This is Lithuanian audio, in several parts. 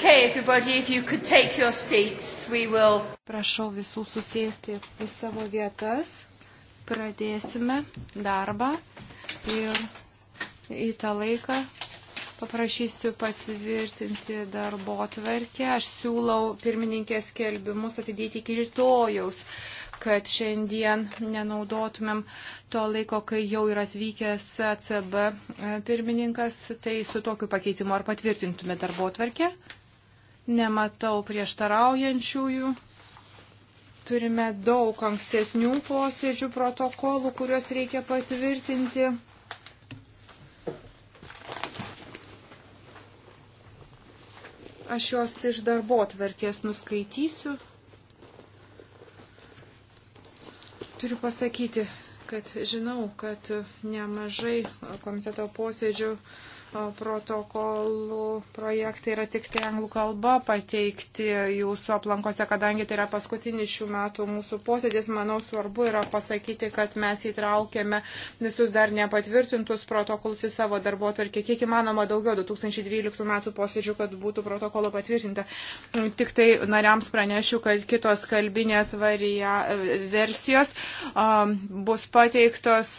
Okay, everybody, if you could take your seats, we will. Prašau visų susėsti į savo vietas. Pradėsime darbą ir į tą laiką paprašysiu patvirtinti darbo tvarkę. Aš siūlau pirmininkės kelbimus atidėti iki rytojaus kad šiandien nenaudotumėm to laiko, kai jau yra atvykęs ACB pirmininkas, tai su tokiu pakeitimu ar patvirtintume darbo tvarkę? nematau prieštaraujančiųjų. Turime daug ankstesnių posėdžių protokolų, kuriuos reikia patvirtinti. Aš juos iš darbo tvarkės nuskaitysiu. Turiu pasakyti, kad žinau, kad nemažai komiteto posėdžių protokolų projektai yra tik tai anglų kalba pateikti jūsų aplankose, kadangi tai yra paskutinis šių metų mūsų posėdis, manau svarbu yra pasakyti, kad mes įtraukėme visus dar nepatvirtintus protokolus į savo darbo atvarkę, kiek įmanoma daugiau 2012 metų posėdžių, kad būtų protokolo patvirtinta. Tik tai nariams pranešiu, kad kitos kalbinės varia, versijos um, bus pateiktos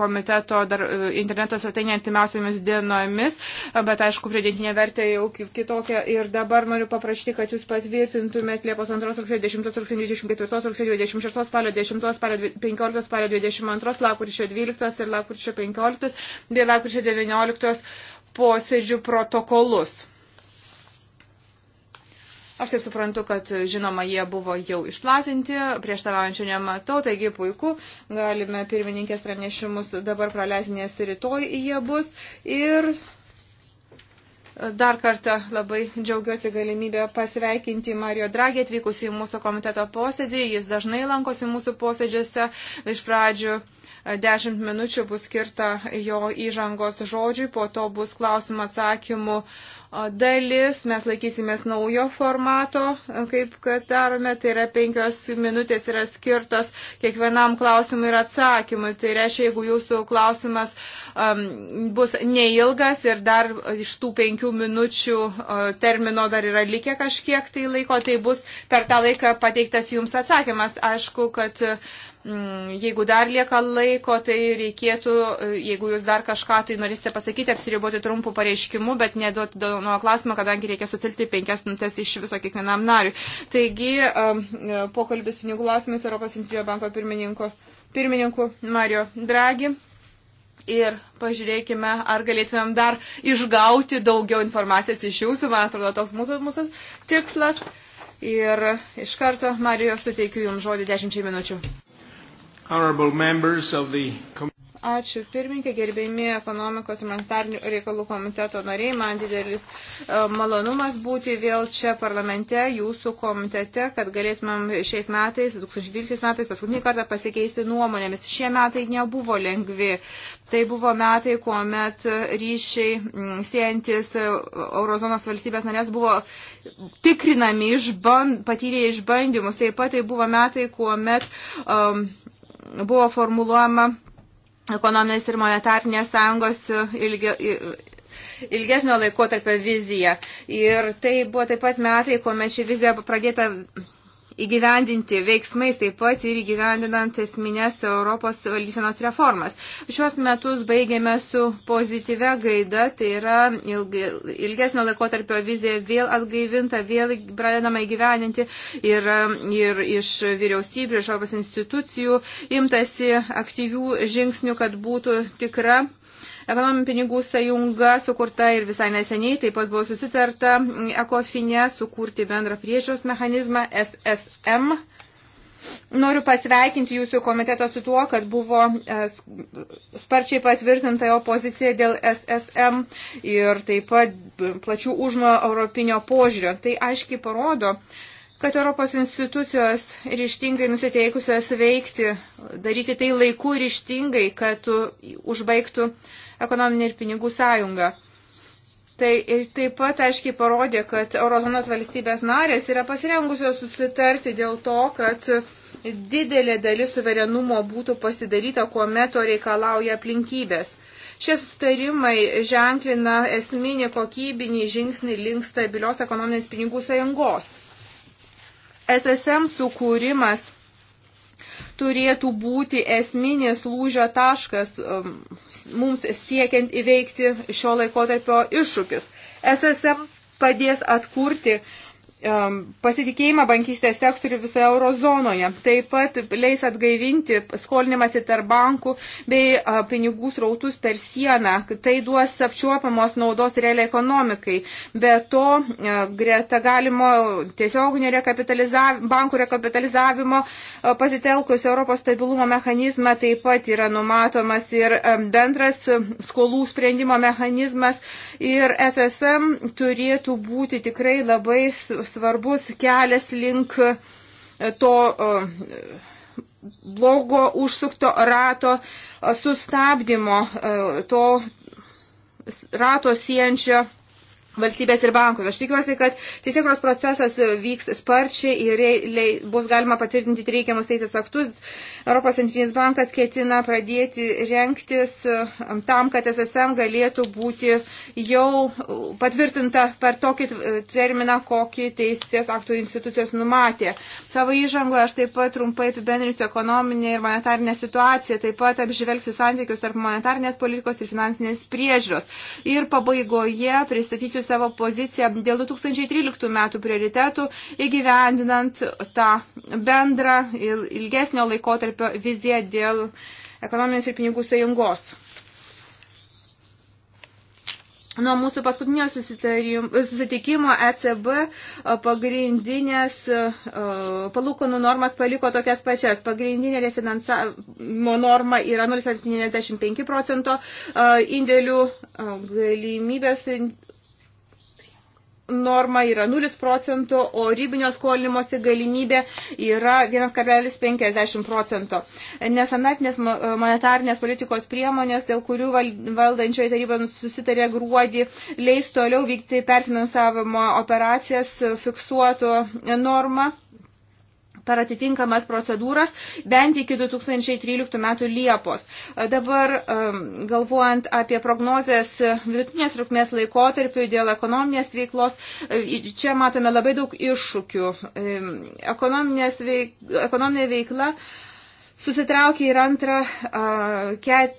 komiteto dar, interneto svetainė antimiausiomis dėl dienomis, bet aišku, pridėtinė vertė jau kitokia. Ir dabar noriu paprašyti, kad jūs patvirtintumėt Liepos 2, rugsėjo 10, rugsėjo 24, rugsėjo 26, spalio 10, spalio 15, spalio 22, lapkričio 12 ir lapkričio 15 bei lapkričio 19 posėdžių protokolus. Aš taip suprantu, kad žinoma, jie buvo jau išplatinti, prieštaraujančių nematau, taigi puiku, galime pirmininkės pranešimus dabar praleisti, nes rytoj jie bus. Ir dar kartą labai džiaugiuosi galimybę pasveikinti Mario Dragį atvykus į mūsų komiteto posėdį. Jis dažnai lankosi mūsų posėdžiuose iš pradžių Dešimt minučių bus skirta jo įžangos žodžiui, po to bus klausimų atsakymų dalis. Mes laikysimės naujo formato, kaip kad darome, tai yra penkios minutės yra skirtos kiekvienam klausimui ir atsakymui. Tai reiškia, jeigu jūsų klausimas um, bus neilgas ir dar iš tų penkių minučių uh, termino dar yra likę kažkiek tai laiko, tai bus per tą laiką pateiktas jums atsakymas. Aišku, kad uh, Mm, jeigu dar lieka laiko, tai reikėtų, e, jeigu jūs dar kažką tai norite pasakyti, apsiriboti trumpų pareiškimų, bet neduoti nuo klausimą, kadangi reikia sutilpti penkias minutės iš viso kiekvienam nariui. Taigi, e, pokalbis pinigų klausimais Europos Centrinio banko pirmininko, pirmininku Mario Dragi. Ir pažiūrėkime, ar galėtumėm dar išgauti daugiau informacijos iš jūsų. Man atrodo, toks mūsų, mūsų tikslas. Ir iš karto, Marijo, suteikiu Jums žodį 10 minučių. Ačiū pirmininkai, gerbėjimi ekonomikos ir monetarinių reikalų komiteto nariai. Man didelis e, malonumas būti vėl čia parlamente, jūsų komitete, kad galėtumėm šiais metais, 2012 metais, paskutinį kartą pasikeisti nuomonėmis. Šie metai nebuvo lengvi. Tai buvo metai, kuomet ryšiai siejantis eurozonos valstybės narės buvo tikrinami, išband, patyrė išbandymus. Taip pat tai buvo metai, kuomet um, buvo formuluojama ekonominės ir monetarnės sąjungos e, ilgi, ilgesnio laikotarpio vizija. Ir tai buvo taip pat metai, kuomet ši vizija pradėta įgyvendinti veiksmais taip pat ir įgyvendinant esminės Europos valdysenos reformas. Šios metus baigėme su pozityvia gaida, tai yra ilgesnio laikotarpio vizija vėl atgaivinta, vėl pradedama įgyvendinti ir, ir iš vyriausybių, iš Europos institucijų imtasi aktyvių žingsnių, kad būtų tikra Ekonominių pinigų sąjunga sukurta ir visai neseniai taip pat buvo susitarta ekofinė sukurti bendrą priežiūros mechanizmą SSM. Noriu pasveikinti jūsų komitetą su tuo, kad buvo e, sparčiai patvirtinta jo pozicija dėl SSM ir taip pat plačių užmo europinio požiūrio. Tai aiškiai parodo, kad Europos institucijos ryštingai nusiteikusios veikti, daryti tai laiku ryštingai, kad užbaigtų uh, ekonominė ir pinigų sąjunga. Tai ir taip pat aiškiai parodė, kad Eurozonos valstybės narės yra pasirengusios susitarti dėl to, kad didelė dalis suverenumo būtų pasidaryta, kuomet to reikalauja aplinkybės. Šie sustarimai ženklina esminį kokybinį žingsnį link stabilios ekonominės pinigų sąjungos. SSM sukūrimas turėtų būti esminės lūžio taškas um, mums siekiant įveikti šio laikotarpio iššūkius. SSM padės atkurti uh, Um, pasitikėjimą bankystės sektorių visoje eurozonoje. Taip pat leis atgaivinti skolinimąsi tarp bankų bei uh, pinigų srautus per sieną. Tai duos apčiuopamos naudos realiai ekonomikai. Be to, uh, greta galimo tiesioginio rekapitalizav... bankų rekapitalizavimo uh, pasitelkus Europos stabilumo mechanizmą taip pat yra numatomas ir um, bendras skolų sprendimo mechanizmas. Ir SSM turėtų būti tikrai labai svarbus kelias link e, to e, blogo užsukto rato e, sustabdymo, to rato siejančio valstybės ir bankus. Aš tikiuosi, kad teisėkros procesas vyks sparčiai ir reiliai, bus galima patvirtinti reikiamus teisės aktus. Europos centrinis bankas ketina pradėti renktis um, tam, kad SSM galėtų būti jau patvirtinta per tokį terminą, kokį teisės aktų institucijos numatė. Savo įžangoje aš taip pat trumpai apibendrinsiu ekonominę ir monetarinę situaciją, taip pat apžvelgsiu santykius tarp monetarinės politikos ir finansinės priežiūros. Ir pabaigoje pristatysiu savo poziciją dėl 2013 metų prioritetų įgyvendinant tą bendrą ilgesnio laikotarpio viziją dėl ekonominės ir pinigų sąjungos. Nuo mūsų paskutinio susitikimo ECB e, pagrindinės e, e, palūkanų normas paliko tokias pačias. Pagrindinė refinansavimo norma yra 0,75 procento indėlių galimybės norma yra 0 procentų, o rybinio skolimosi galimybė yra 1,50 procento. Nesanatinės monetarnės politikos priemonės, dėl kurių valdančioji taryba susitarė gruodį, leis toliau vykti perfinansavimo operacijas fiksuotų normą per atitinkamas procedūras bent iki 2013 metų Liepos. E, dabar e, galvojant apie prognozes vidutinės trukmės laikotarpių dėl ekonominės veiklos, e, čia matome labai daug iššūkių. Veik, ekonominė veikla susitraukė ir antrą ket,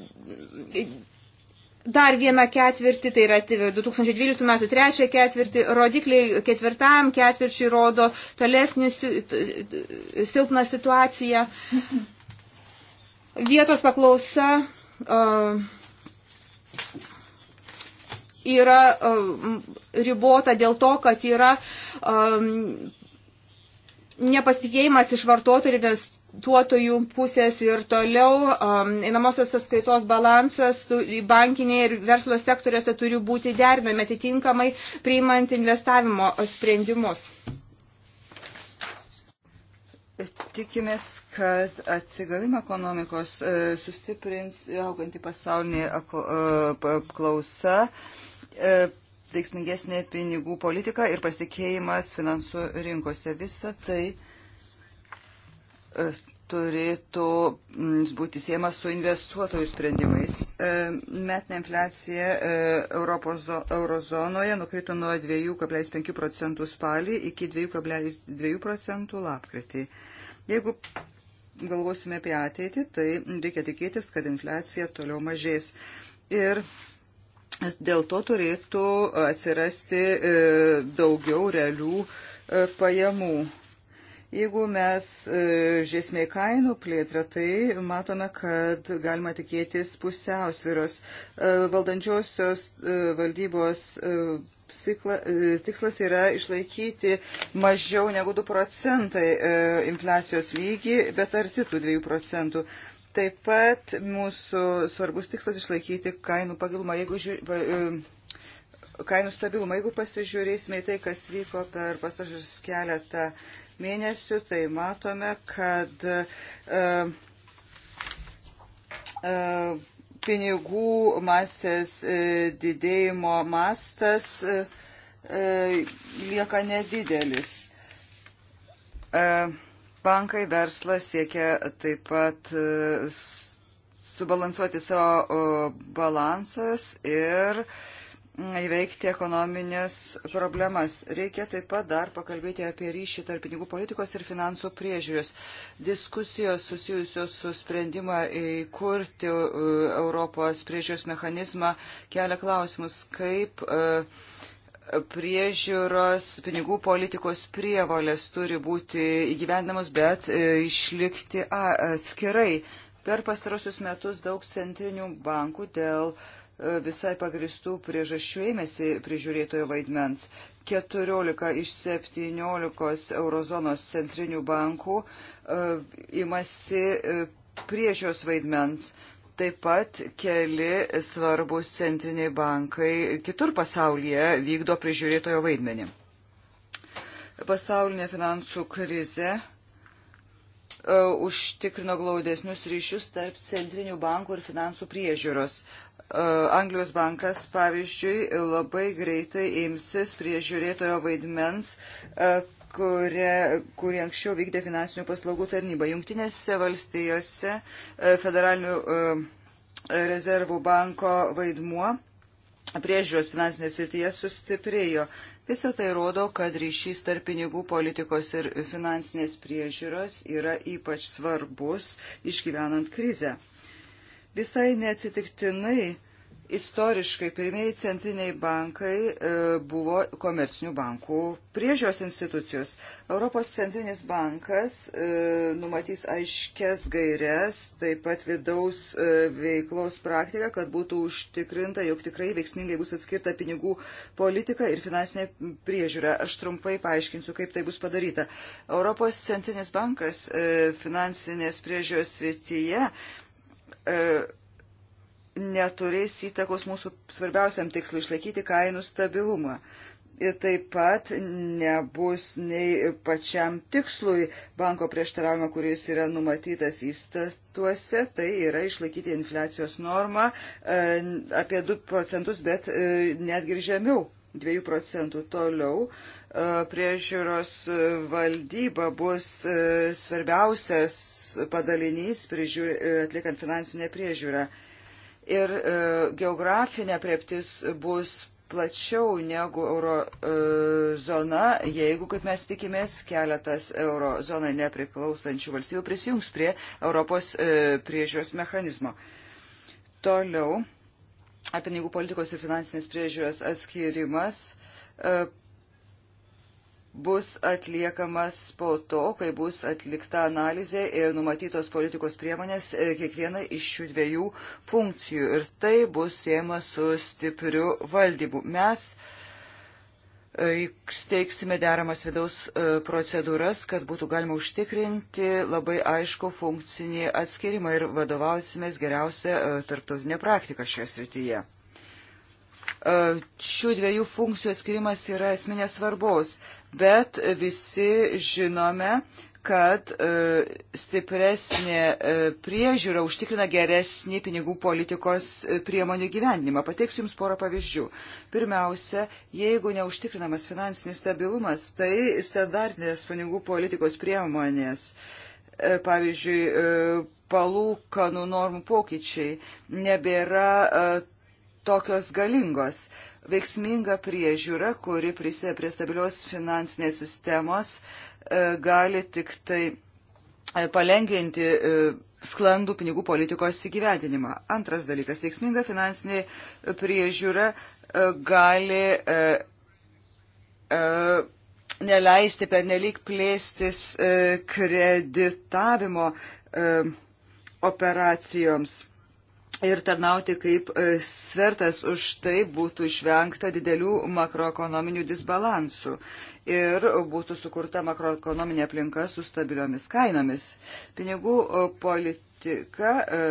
dar vieną ketvirtį, tai yra 2012 metų trečią ketvirtį, rodikliai ketvirtam ketvirčiui rodo tolesnį silpną situaciją. Vietos paklausa yra ribota dėl to, kad yra nepasitikėjimas iš vartotojų ir investuotojų pusės ir toliau um, einamosios sąskaitos balansas bankinėje ir verslo sektoriuose turi būti derinami atitinkamai priimant investavimo sprendimus. Tikimės, kad atsigavimą ekonomikos e, sustiprins auganti pasaulinė e, paklausa, e, veiksmingesnė pinigų politika ir pasitikėjimas finansų rinkose. Visa tai E, turėtų mm, būti siemas su investuotojų sprendimais. E, metinė infliacija e, eurozonoje nukrito nuo 2,5 procentų spalį iki 2,2 procentų lapkritį. Jeigu galvosime apie ateitį, tai reikia tikėtis, kad infliacija toliau mažės. Ir dėl to turėtų atsirasti daugiau realių pajamų Jeigu mes e, žiesmė kainų plėtrą, tai matome, kad galima tikėtis pusiausviros. E, valdančiosios e, valdybos tikslas yra išlaikyti mažiau negu 2 procentai infliacijos lygį, bet arti tų 2 procentų. Taip pat mūsų svarbus tikslas išlaikyti kainų pagilumą. Jeigu žiūrėjau, kainų stabilumą. Jeigu pasižiūrėsime į tai, kas vyko per pastaržius keletą mėnesių, tai matome, kad e, e, pinigų masės e, didėjimo mastas e, e lieka nedidelis. E, bankai verslas siekia taip pat e, subalansuoti savo balansus ir e, įveikti ekonominės problemas. Reikia taip pat dar pakalbėti apie ryšį tarp pinigų politikos ir finansų priežiūros. Diskusijos susijusios su sprendimą įkurti e, Europos priežiūros mechanizmą kelia klausimus, kaip e, priežiūros pinigų politikos prievolės turi būti įgyvendamos, bet e, išlikti atskirai. Per pastarosius metus daug centrinių bankų dėl uh, visai pagristų priežasčių ėmėsi prižiūrėtojo vaidmens. 14 iš 17 eurozonos centrinių bankų e, imasi e, priežios vaidmens. Taip pat keli svarbus centriniai bankai kitur pasaulyje vykdo prižiūrėtojo vaidmenį. Pasaulinė finansų krize e, užtikrino glaudesnius ryšius tarp centrinių bankų ir finansų priežiūros. E, Anglijos bankas, pavyzdžiui, labai greitai imsis priežiūrėtojo vaidmens, e, kurie, kurie anksčiau vykdė finansinių paslaugų tarnybą. Jungtinėse valstijose e, federalinių rezervų banko vaidmuo priežiūros finansinės srityje sustiprėjo. Visą tai rodo, kad ryšys tarp pinigų politikos ir finansinės priežiūros yra ypač svarbus išgyvenant krizę. Visai neatsitiktinai istoriškai pirmieji centriniai bankai e, buvo komercinių bankų priežios institucijos. Europos centrinis bankas e, numatys aiškes gairias, taip pat vidaus e, veiklos praktiką, kad būtų užtikrinta, jog tikrai veiksmingai bus atskirta pinigų politika ir finansinė priežiūra. Aš trumpai paaiškinsiu, kaip tai bus padaryta. Europos centrinis bankas finansinės priežios srityje E, neturės įtakos mūsų svarbiausiam tikslui išlaikyti kainų stabilumą. Ir taip pat nebus nei pačiam tikslui banko prieštaravimo, kuris yra numatytas įstatuose, tai yra išlaikyti infliacijos normą e, apie 2 procentus, bet e, netgi ir žemiau 2 procentų toliau E, priežiūros e, valdyba bus e, svarbiausias padalinys prižiūrė, atliekant finansinę priežiūrą. Ir geografinė prieptis bus plačiau negu eurozona, jeigu, kaip mes tikimės, keletas eurozonai nepriklausančių valstybių prisijungs prie Europos priežiūros mechanizmo. Toliau, pinigų politikos ir finansinės priežiūros atskirimas bus atliekamas po to, kai bus atlikta analizė ir numatytos politikos priemonės e, kiekviena iš šių dviejų funkcijų. Ir tai bus siejama su stipriu valdymu. Mes e, steiksime deramas vidaus e, procedūras, kad būtų galima užtikrinti labai aišku funkcinį atskirimą ir vadovausimės geriausią tarptautinę praktiką šioje srityje šių dviejų funkcijų atskirimas yra esminės svarbos bet visi žinome, kad e, stipresnė e, priežiūra užtikrina geresnį pinigų politikos e, priemonių gyvenimą. Pateiksiu Jums porą pavyzdžių. Pirmiausia, jeigu neužtikrinamas finansinis stabilumas, tai standartinės pinigų politikos priemonės, pavyzdžiui, palūkanų normų pokyčiai nebėra tokios galingos. Veiksminga priežiūra, kuri prisėda prie stabilios finansinės sistemos, e, gali tik tai e, palengvinti e, sklandų pinigų politikos įgyvendinimą. Antras dalykas - veiksminga finansinė priežiūra gali neleisti pernelyg plėstis kreditavimo operacijoms ir tarnauti kaip e, svertas už tai būtų išvengta didelių makroekonominių disbalansų ir būtų sukurta makroekonominė aplinka su stabiliomis kainomis. Pinigų e, politika e,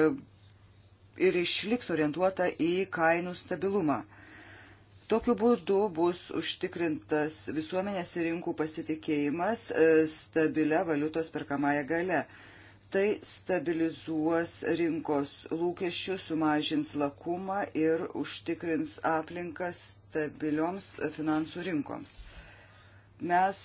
ir išliks orientuota į kainų stabilumą. Tokiu būdu bus užtikrintas visuomenės ir rinkų pasitikėjimas stabilia valiutos perkamąją gale. Tai stabilizuos rinkos lūkesčius, sumažins lakumą ir užtikrins aplinkas stabilioms finansų rinkoms. Mes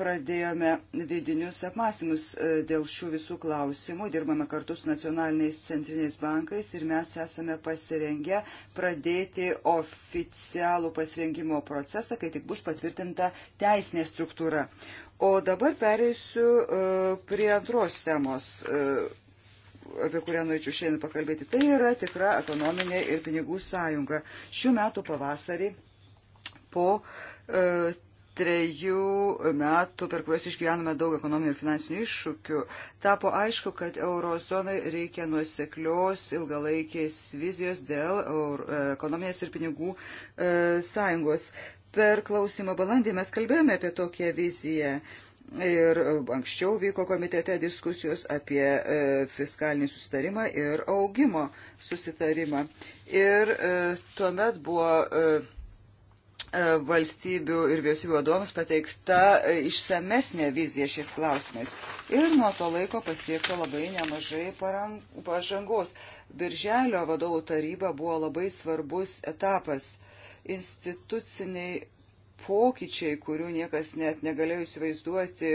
pradėjome vidinius apmąstymus e, dėl šių visų klausimų, dirbame kartu su nacionaliniais centriniais bankais ir mes esame pasirengę pradėti oficialų pasirengimo procesą, kai tik bus patvirtinta teisinė struktūra. O dabar pereisiu e, prie antros temos, e, apie kurią norėčiau šiandien pakalbėti. Tai yra tikra ekonominė ir pinigų sąjunga. Šių metų pavasarį po e, trejų metų, per kuriuos išgyvename daug ekonominių ir finansinių iššūkių, tapo aišku, kad eurozonai reikia nuoseklios ilgalaikės vizijos dėl ekonominės ir pinigų e, sąjungos. Per klausimą balandį mes kalbėjome apie tokią viziją. Ir anksčiau vyko komitete diskusijos apie e, fiskalinį susitarimą ir augimo susitarimą. Ir e, tuomet buvo e, valstybių ir vyriausybių vadovams pateikta išsamesnė vizija šiais klausimais. Ir nuo to laiko pasiekta labai nemažai pažangos. Birželio vadovų taryba buvo labai svarbus etapas instituciniai pokyčiai, kurių niekas net negalėjo įsivaizduoti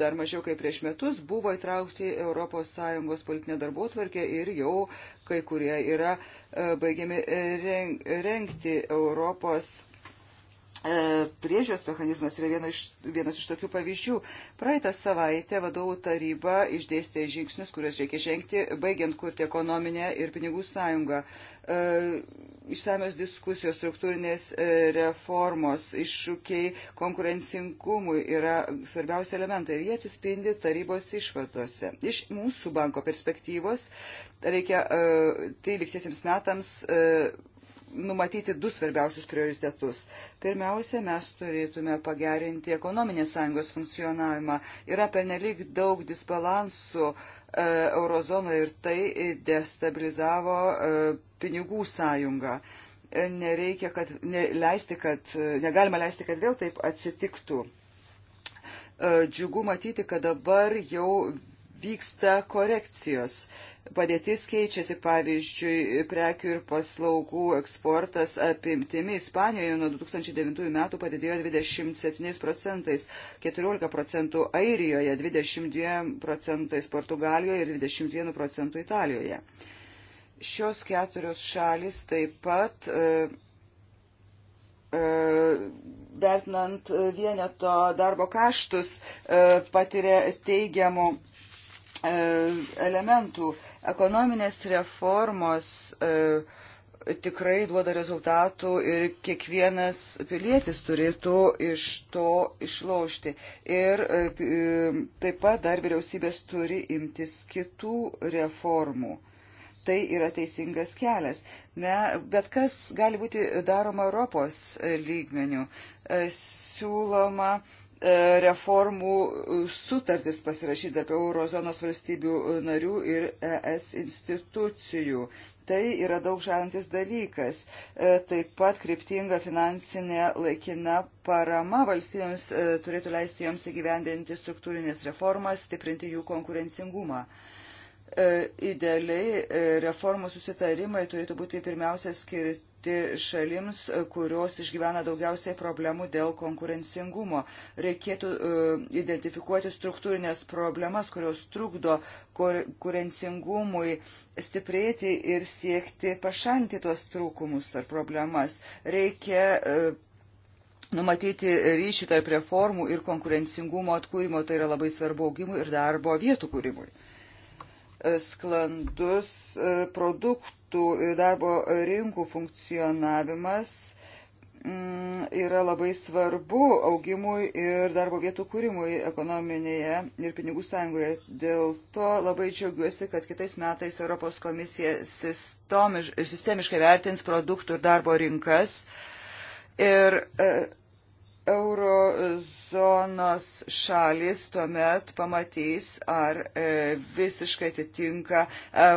dar mažiau kaip prieš metus, buvo įtraukti ES politinė darbo tvarkė ir jau kai kurie yra e, baigiami e, renkti Europos E, priežios mechanizmas yra viena iš, vienas iš tokių pavyzdžių. Praeitą savaitę vadovų taryba išdėstė žingsnius, kuriuos reikia žengti, baigiant kurti ekonominę ir pinigų sąjungą. E, Išsamios diskusijos, struktūrinės e, reformos, iššūkiai konkurencingumui yra svarbiausi elementai ir jie atsispindi tarybos išvadose. Iš mūsų banko perspektyvos reikia e, 13 metams e, numatyti du svarbiausius prioritetus. Pirmiausia, mes turėtume pagerinti ekonominės sąjungos funkcionavimą. Yra pernelyg daug disbalansų e, eurozonoje ir tai destabilizavo e, pinigų sąjungą. E, nereikia, kad, ne, leisti, kad, e, negalima leisti, kad vėl taip atsitiktų. E, džiugu matyti, kad dabar jau vyksta korekcijos. E, padėtis keičiasi, pavyzdžiui, prekių ir paslaugų eksportas apimtimi Ispanijoje nuo 2009 metų padidėjo 27 procentais, 14 procentų Airijoje, 22 procentais Portugalijoje ir 21 procentų Italijoje. Šios keturios šalis taip pat e, e, vertinant vieneto darbo kaštus, e, patiria teigiamų e, elementų Ekonominės reformos e, tikrai duoda rezultatų ir kiekvienas pilietis turėtų iš to išlošti. Ir e, e taip pat dar vyriausybės turi imtis kitų reformų. Tai yra teisingas kelias. Ne, bet kas gali būti daroma Europos lygmenių? E, siūloma e, reformų sutartis pasirašyti apie eurozonos valstybių narių ir ES institucijų. Tai yra daug žalantis dalykas. E, taip pat kryptinga finansinė laikina parama valstybėms e, turėtų leisti joms įgyvendinti struktūrinės reformas, stiprinti jų konkurencingumą e, idealiai reformų susitarimai turėtų būti pirmiausia skirti skirti šalims, kurios išgyvena daugiausiai problemų dėl konkurencingumo. Reikėtų uh, identifikuoti struktūrinės problemas, kurios trukdo konkurencingumui stiprėti ir siekti pašanti tuos trūkumus ar problemas. Reikia uh, numatyti ryšį tarp reformų ir konkurencingumo atkūrimo, tai yra labai svarbu augimui ir darbo vietų kūrimui. E, sklandus produktų vietų ir e, darbo rinkų funkcionavimas mm, yra labai svarbu augimui ir darbo vietų kūrimui ekonominėje ir pinigų sąjungoje. Dėl to labai džiaugiuosi, kad kitais metais Europos komisija sistemiš, sistemiškai vertins produktų ir darbo rinkas ir e, euro eurozonos šalis tuomet pamatys, ar e, visiškai atitinka e,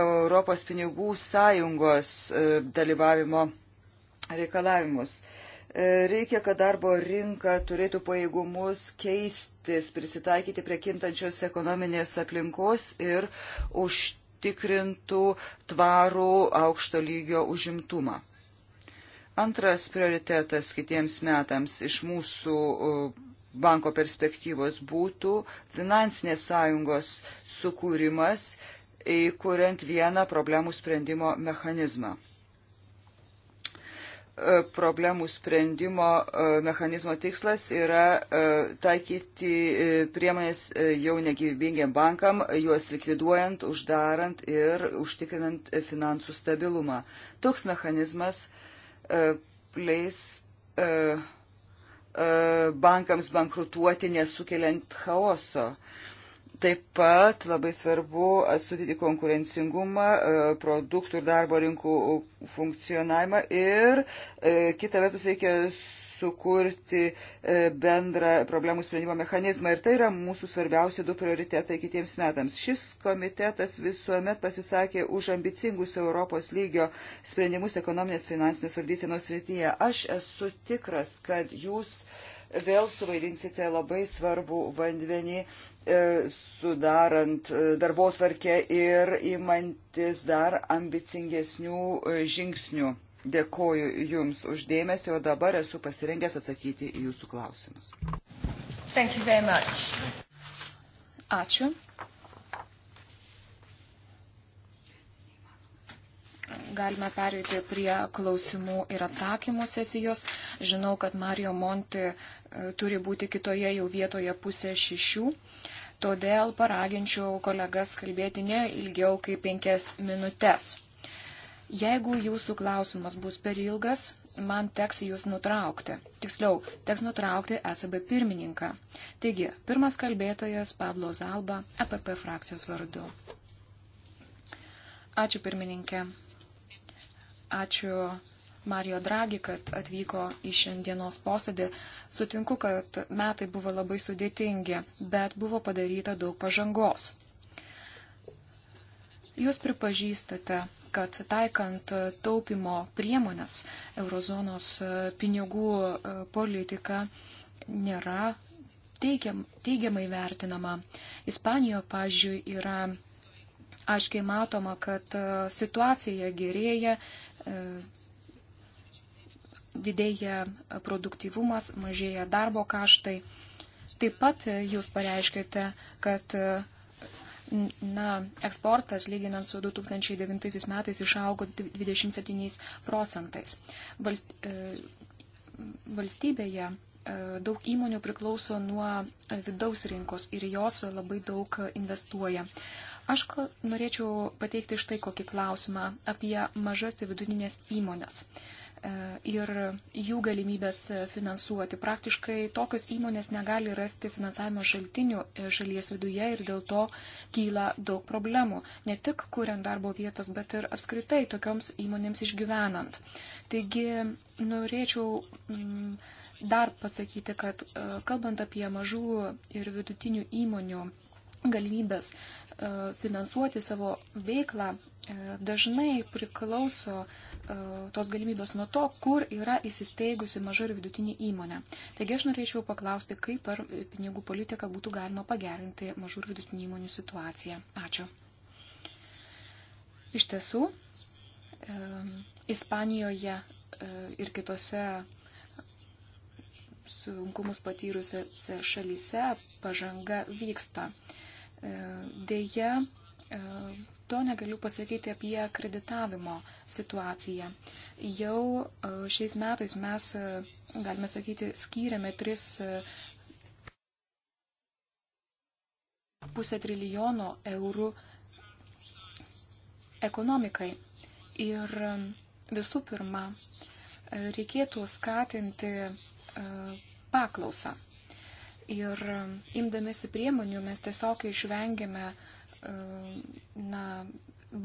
Europos pinigų sąjungos e, dalyvavimo reikalavimus. E, reikia, kad darbo rinka turėtų pajėgumus keistis, prisitaikyti prie kintančios ekonominės aplinkos ir užtikrintų tvarų aukšto lygio užimtumą. Antras prioritetas kitiems metams iš mūsų e, banko perspektyvos būtų finansinės sąjungos sukūrimas, įkuriant vieną problemų sprendimo mechanizmą e, problemų sprendimo e, mechanizmo tikslas yra taikyti priemonės jau negyvybingiam bankam, juos likviduojant, uždarant ir užtikrinant finansų stabilumą. Toks mechanizmas E, leis e, e, bankams bankrutuoti nesukeliant chaoso. Taip pat labai svarbu atstatyti konkurencingumą, produktų ir darbo rinkų funkcionavimą ir kitą vertus reikia sukurti e, bendrą problemų sprendimo mechanizmą. Ir tai yra mūsų svarbiausi du prioritetai kitiems metams. Šis komitetas visuomet pasisakė už ambicingus Europos lygio sprendimus ekonominės finansinės valdysenos rytyje. Aš esu tikras, kad jūs vėl suvaidinsite labai svarbų vandenį, e, sudarant e, darbo tvarkę ir įmantis dar ambicingesnių žingsnių Dėkoju Jums uždėmesį, o dabar esu pasirengęs atsakyti į Jūsų klausimus. Ačiū. Galime perėti prie klausimų ir atsakymų sesijos. Žinau, kad Mario Monti e, turi būti kitoje jau vietoje pusė šešių. Todėl paraginčiau kolegas kalbėti ne ilgiau kaip penkias minutės. Jeigu jūsų klausimas bus per ilgas, man teks jūs nutraukti. Tiksliau, teks nutraukti ECB pirmininką. Taigi, pirmas kalbėtojas Pablo Zalba, EPP frakcijos vardu. Ačiū pirmininkė. Ačiū Mario Draghi, kad atvyko į šiandienos posėdį. Sutinku, kad metai buvo labai sudėtingi, bet buvo padaryta daug pažangos. Jūs pripažįstate, kad taikant taupimo priemonės eurozonos pinigų e, politika nėra teigiam, teigiamai vertinama. Ispanijoje, pažiūrėjau, yra aiškiai matoma, kad e, situacija gerėja, e, didėja produktyvumas, mažėja darbo kaštai. Taip pat jūs pareiškite, kad na, eksportas lyginant su 2009 metais išaugo 27 procentais. Valst, e, valstybėje e, daug įmonių priklauso nuo vidaus rinkos ir jos labai daug investuoja. Aš norėčiau pateikti štai kokį klausimą apie mažas ir vidutinės įmonės. Uh, ir jų galimybės finansuoti. Praktiškai tokios įmonės negali rasti finansavimo šaltinių e, šalies viduje ir dėl to kyla daug problemų. Ne tik kuriant darbo vietas, bet ir apskritai tokioms įmonėms išgyvenant. Taigi norėčiau mm, dar pasakyti, kad e, kalbant apie mažų ir vidutinių įmonių galimybės e, finansuoti savo veiklą e, dažnai priklauso e, tos galimybės nuo to, kur yra įsisteigusi maža ir vidutinė įmonė. Taigi aš norėčiau paklausti, kaip per pinigų politiką būtų galima pagerinti mažų ir vidutinių įmonių situaciją. Ačiū. Iš tiesų, Ispanijoje ir kitose sunkumus patyrusiose šalyse pažanga vyksta. E, Deja, e, to negaliu pasakyti apie kreditavimo situaciją. Jau e, šiais metais mes, e, galime sakyti, skyrėme 3,5 trilijono eurų ekonomikai. Ir visų pirma, reikėtų skatinti paklausą. Ir um, imdamėsi priemonių mes tiesiog išvengėme um, na,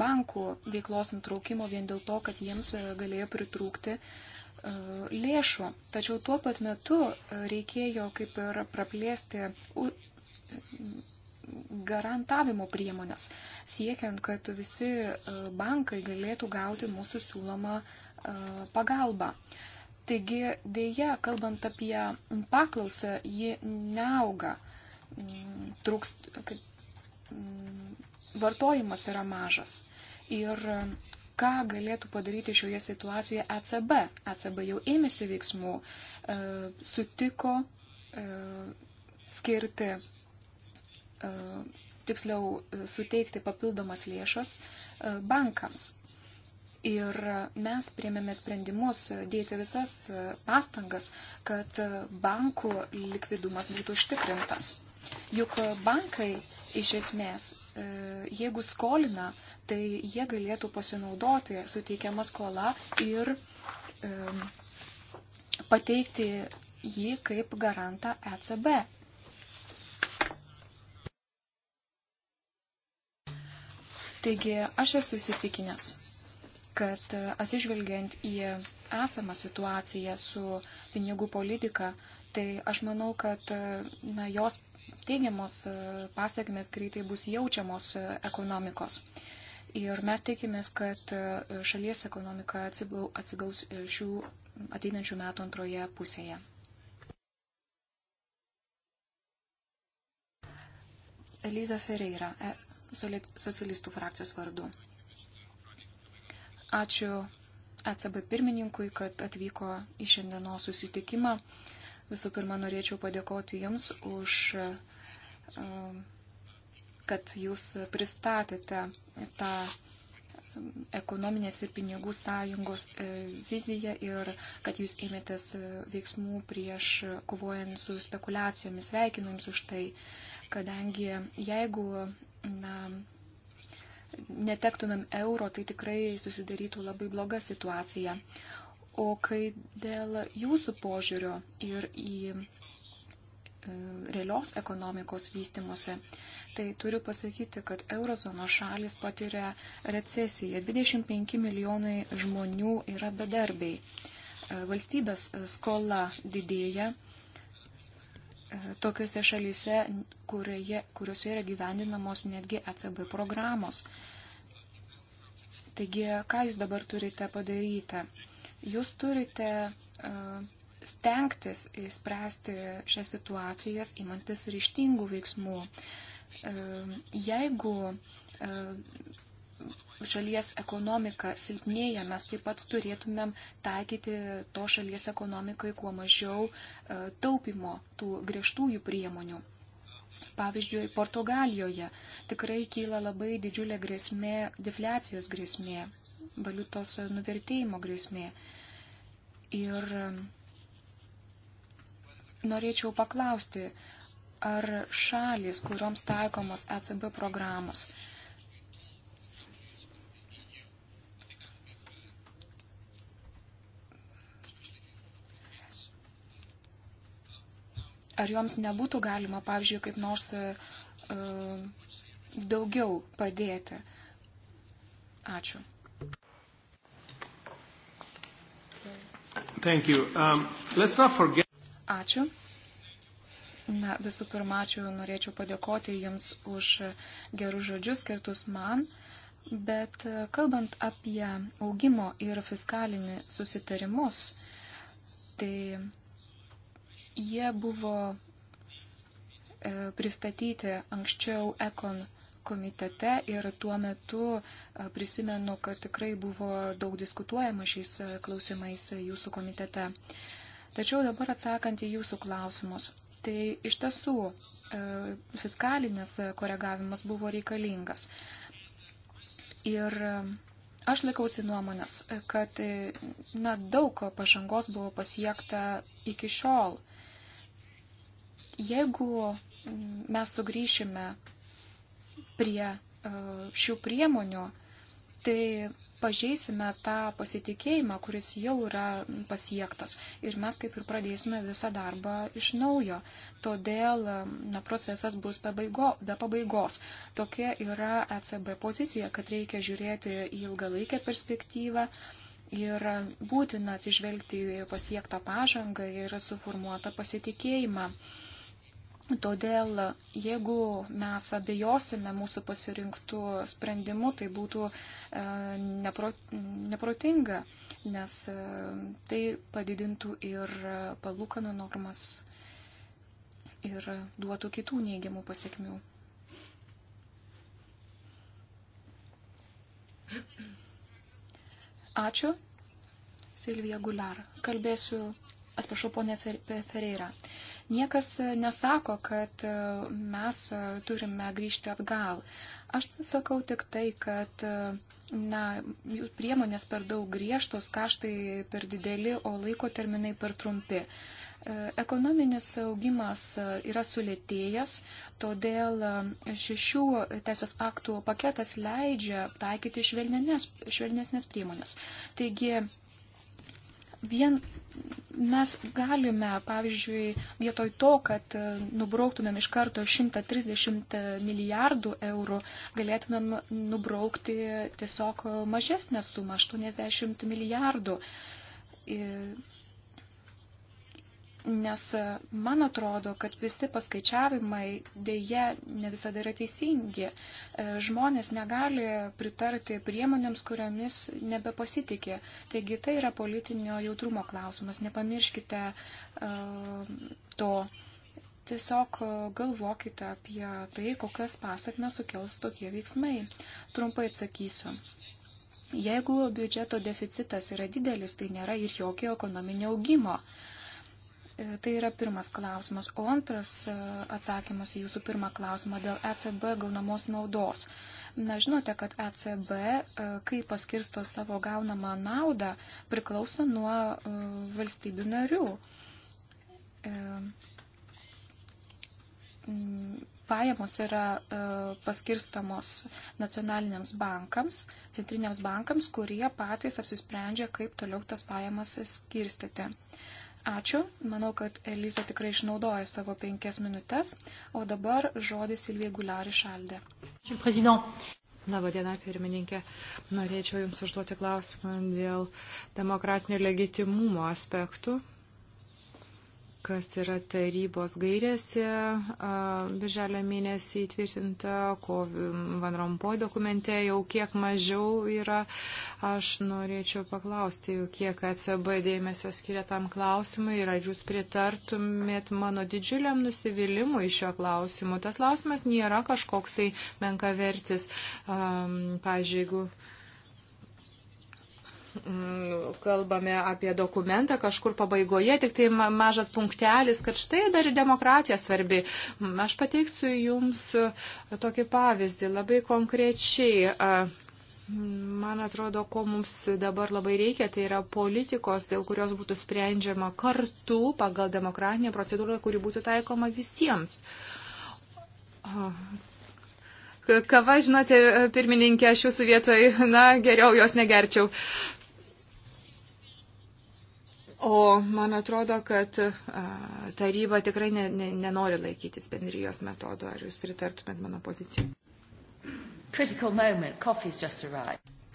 bankų veiklos nutraukimo vien dėl to, kad jiems uh, galėjo pritrūkti uh, lėšų. Tačiau tuo pat metu uh, reikėjo kaip ir praplėsti garantavimo priemonės, siekiant, kad visi bankai galėtų gauti mūsų siūlomą pagalbą. Taigi dėja, kalbant apie paklausą, ji neauga. Trūks, kad vartojimas yra mažas. Ir ką galėtų padaryti šioje situacijoje ECB? ECB jau ėmėsi veiksmų, e, sutiko e, skirti, e, tiksliau e, suteikti papildomas lėšas e, bankams. Ir mes priemėme sprendimus dėti visas pastangas, kad bankų likvidumas būtų užtikrintas. Juk bankai iš esmės, e, jeigu skolina, tai jie galėtų pasinaudoti suteikiamą skolą ir e, pateikti jį kaip garantą ECB. Taigi aš esu įsitikinęs, kad e, atsižvelgiant į esamą situaciją su pinigų politika, tai aš manau, kad e, na, jos teigiamos e, pasiekmes greitai bus jaučiamos ekonomikos. Ir mes tikimės, kad šalies ekonomika atsigaus šių ateinančių metų antroje pusėje. Eliza Ferreira, socialistų frakcijos vardu. Ačiū ECB pirmininkui, kad atvyko į šiandieno susitikimą. Visų pirma, norėčiau padėkoti Jums už, um, kad Jūs pristatėte tą um, ekonominės ir pinigų sąjungos e, viziją ir kad Jūs ėmėtės e, veiksmų prieš kovojant su spekulacijomis. Sveikinu Jums už tai, kadangi jeigu na, netektumėm euro, tai tikrai susidarytų labai bloga situacija. O kai dėl jūsų požiūrio ir į e, realios ekonomikos vystimuose, tai turiu pasakyti, kad eurozono šalis patiria recesiją. 25 milijonai žmonių yra bedarbiai. E, valstybės skola didėja, tokiuose šalyse, kurioje, kuriuose yra gyvendinamos netgi ECB programos. Taigi, ką jūs dabar turite padaryti? Jūs turite uh, stengtis įspręsti šias situacijas, imantis ryštingų veiksmų. Uh, jeigu uh, šalies ekonomika silpnėja, mes taip pat turėtumėm taikyti to šalies ekonomikai kuo mažiau e, taupimo tų griežtųjų priemonių. Pavyzdžiui, Portugalijoje tikrai kyla labai didžiulė grėsmė, defliacijos grėsmė, valiutos nuvertėjimo grėsmė. Ir e, norėčiau paklausti, ar šalis, kuriuoms taikomos ECB programos, Ar joms nebūtų galima, pavyzdžiui, kaip nors e, e, daugiau padėti? Ačiū. Thank you. Um, let's not forget... Ačiū. Na, visų pirma, ačiū, norėčiau padėkoti Jums už gerus žodžius skirtus man, bet e, kalbant apie augimo ir fiskalinį susitarimus, tai Jie buvo e, pristatyti anksčiau Ekon komitete ir tuo metu e, prisimenu, kad tikrai buvo daug diskutuojama šiais e, klausimais jūsų komitete. Tačiau dabar atsakant į jūsų klausimus, tai iš tiesų fiskalinis koregavimas buvo reikalingas. Ir Aš laikausi nuomonės, kad na, daug pažangos buvo pasiekta iki šiol. Jeigu mm, mes sugrįšime prie e, šių priemonių, tai pažeisime tą pasitikėjimą, kuris jau yra pasiektas. Ir mes kaip ir pradėsime visą darbą iš naujo. Todėl mm, na, procesas bus pabaigo, be pabaigos. Tokia yra ECB pozicija, kad reikia žiūrėti į ilgalaikę perspektyvą ir būtina atsižvelgti į pasiektą pažangą ir suformuotą pasitikėjimą. Todėl, jeigu mes abejosime mūsų pasirinktų sprendimų, tai būtų e, nepro, neprotinga, nes e, tai padidintų ir palūkanų normas ir duotų kitų neigiamų pasiekmių. Ačiū. Silvija Gular. Kalbėsiu, atsiprašau, ponė Fer Ferreira. Fer Niekas e, nesako, kad e, mes e, turime grįžti atgal. Aš sakau tik tai, kad na, priemonės per daug griežtos, kaštai per dideli, o laiko terminai per trumpi. Ekonominis augimas yra sulėtėjęs, todėl šešių teisės aktų paketas leidžia taikyti švelnesnės priemonės. Taigi vien mes galime, pavyzdžiui, vietoj to, kad e, nubrauktumėm iš karto 130 e, milijardų eurų, galėtumėm nubraukti tiesiog mažesnę sumą - 80 milijardų. Ir Nes e, man atrodo, kad visi paskaičiavimai dėje ne visada yra teisingi. E, žmonės negali pritarti priemonėms, kuriamis nebepasitikė. Taigi tai yra politinio jautrumo klausimas. Nepamirškite uh, to. Tiesiog galvokite apie tai, kokias pasakmes sukels tokie veiksmai. Trumpai atsakysiu. Jeigu biudžeto deficitas yra didelis, tai nėra ir jokio ekonominio augimo. Uh, E, tai yra pirmas klausimas. O antras e, atsakymas į jūsų pirmą klausimą dėl ECB gaunamos naudos. Na, žinote, kad ECB, e, kai paskirsto savo gaunamą naudą, priklauso nuo valstybių narių. Pajamos yra paskirstamos nacionaliniams bankams, centriniams bankams, kurie patys apsisprendžia, kaip toliau tas pajamas skirstyti. Ačiū. Manau, kad Eliza tikrai išnaudoja savo penkias minutės, o dabar žodis Silvija Guliari šaldė. Labą dieną, pirmininkė. Norėčiau Jums užduoti klausimą dėl demokratinio legitimumo aspektų kas yra tarybos gairėse birželio mėnesį įtvirtinta, ko Van Rompuy dokumente jau kiek mažiau yra. Aš norėčiau paklausti, kiek ECB dėmesio skiria tam klausimui ir ar jūs pritartumėt mano didžiuliam nusivylimui šio klausimu. Tas klausimas nėra kažkoks tai menkavertis. Um, pažiūrėjau, jeigu Mm, kalbame apie dokumentą kažkur pabaigoje, tik tai mažas punktelis, kad štai dar ir demokratija svarbi. Mm, aš pateiksiu Jums e, tokį pavyzdį labai konkrečiai. E, man atrodo, ko mums dabar labai reikia, tai yra politikos, dėl kurios būtų sprendžiama kartu pagal demokratinę procedūrą, kuri būtų taikoma visiems. Kava, žinote, pirmininkė, aš jūsų vietoj, na, geriau jos negerčiau. Uh, O man atrodo, kad taryba tikrai ne, ne, nenori laikytis bendrijos metodo. Ar jūs pritartumėt mano pozicijai?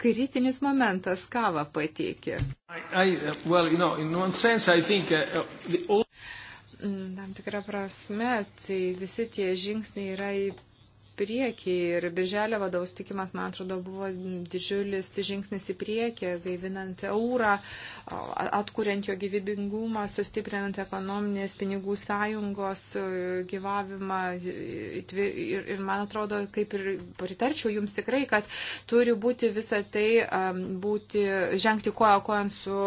Kritinis momentas kava pateikė. Uh, well, you know, uh, uh all... Mm, tam tikrą prasme, tai visi tie žingsniai yra į priekį ir birželio vadovus tikimas, man atrodo, buvo didžiulis žingsnis į priekį, gaivinant eurą, atkuriant jo gyvybingumą, sustiprinant ekonominės pinigų sąjungos e, gyvavimą. Ir, ir man atrodo, kaip ir pritarčiau jums tikrai, kad turi būti visą tai būti, žengti koja kojant su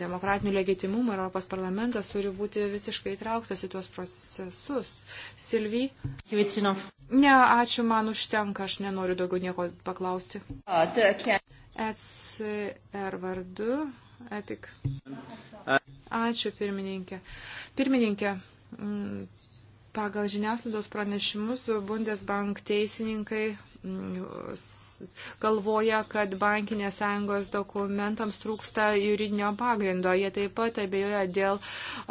demokratiniu legitimumu. Europos parlamentas turi būti visiškai įtrauktas į tuos procesus. Silvi. Kvicinov. Ne, ačiū, man užtenka, aš nenoriu daugiau nieko paklausti. ECR vardu, EPIC. Ačiū, pirmininkė. Pirmininkė, pagal žiniaslaidos pranešimus Bundesbank teisininkai galvoja, kad bankinės sąjungos dokumentams trūksta juridinio pagrindo. Jie taip pat abejoja dėl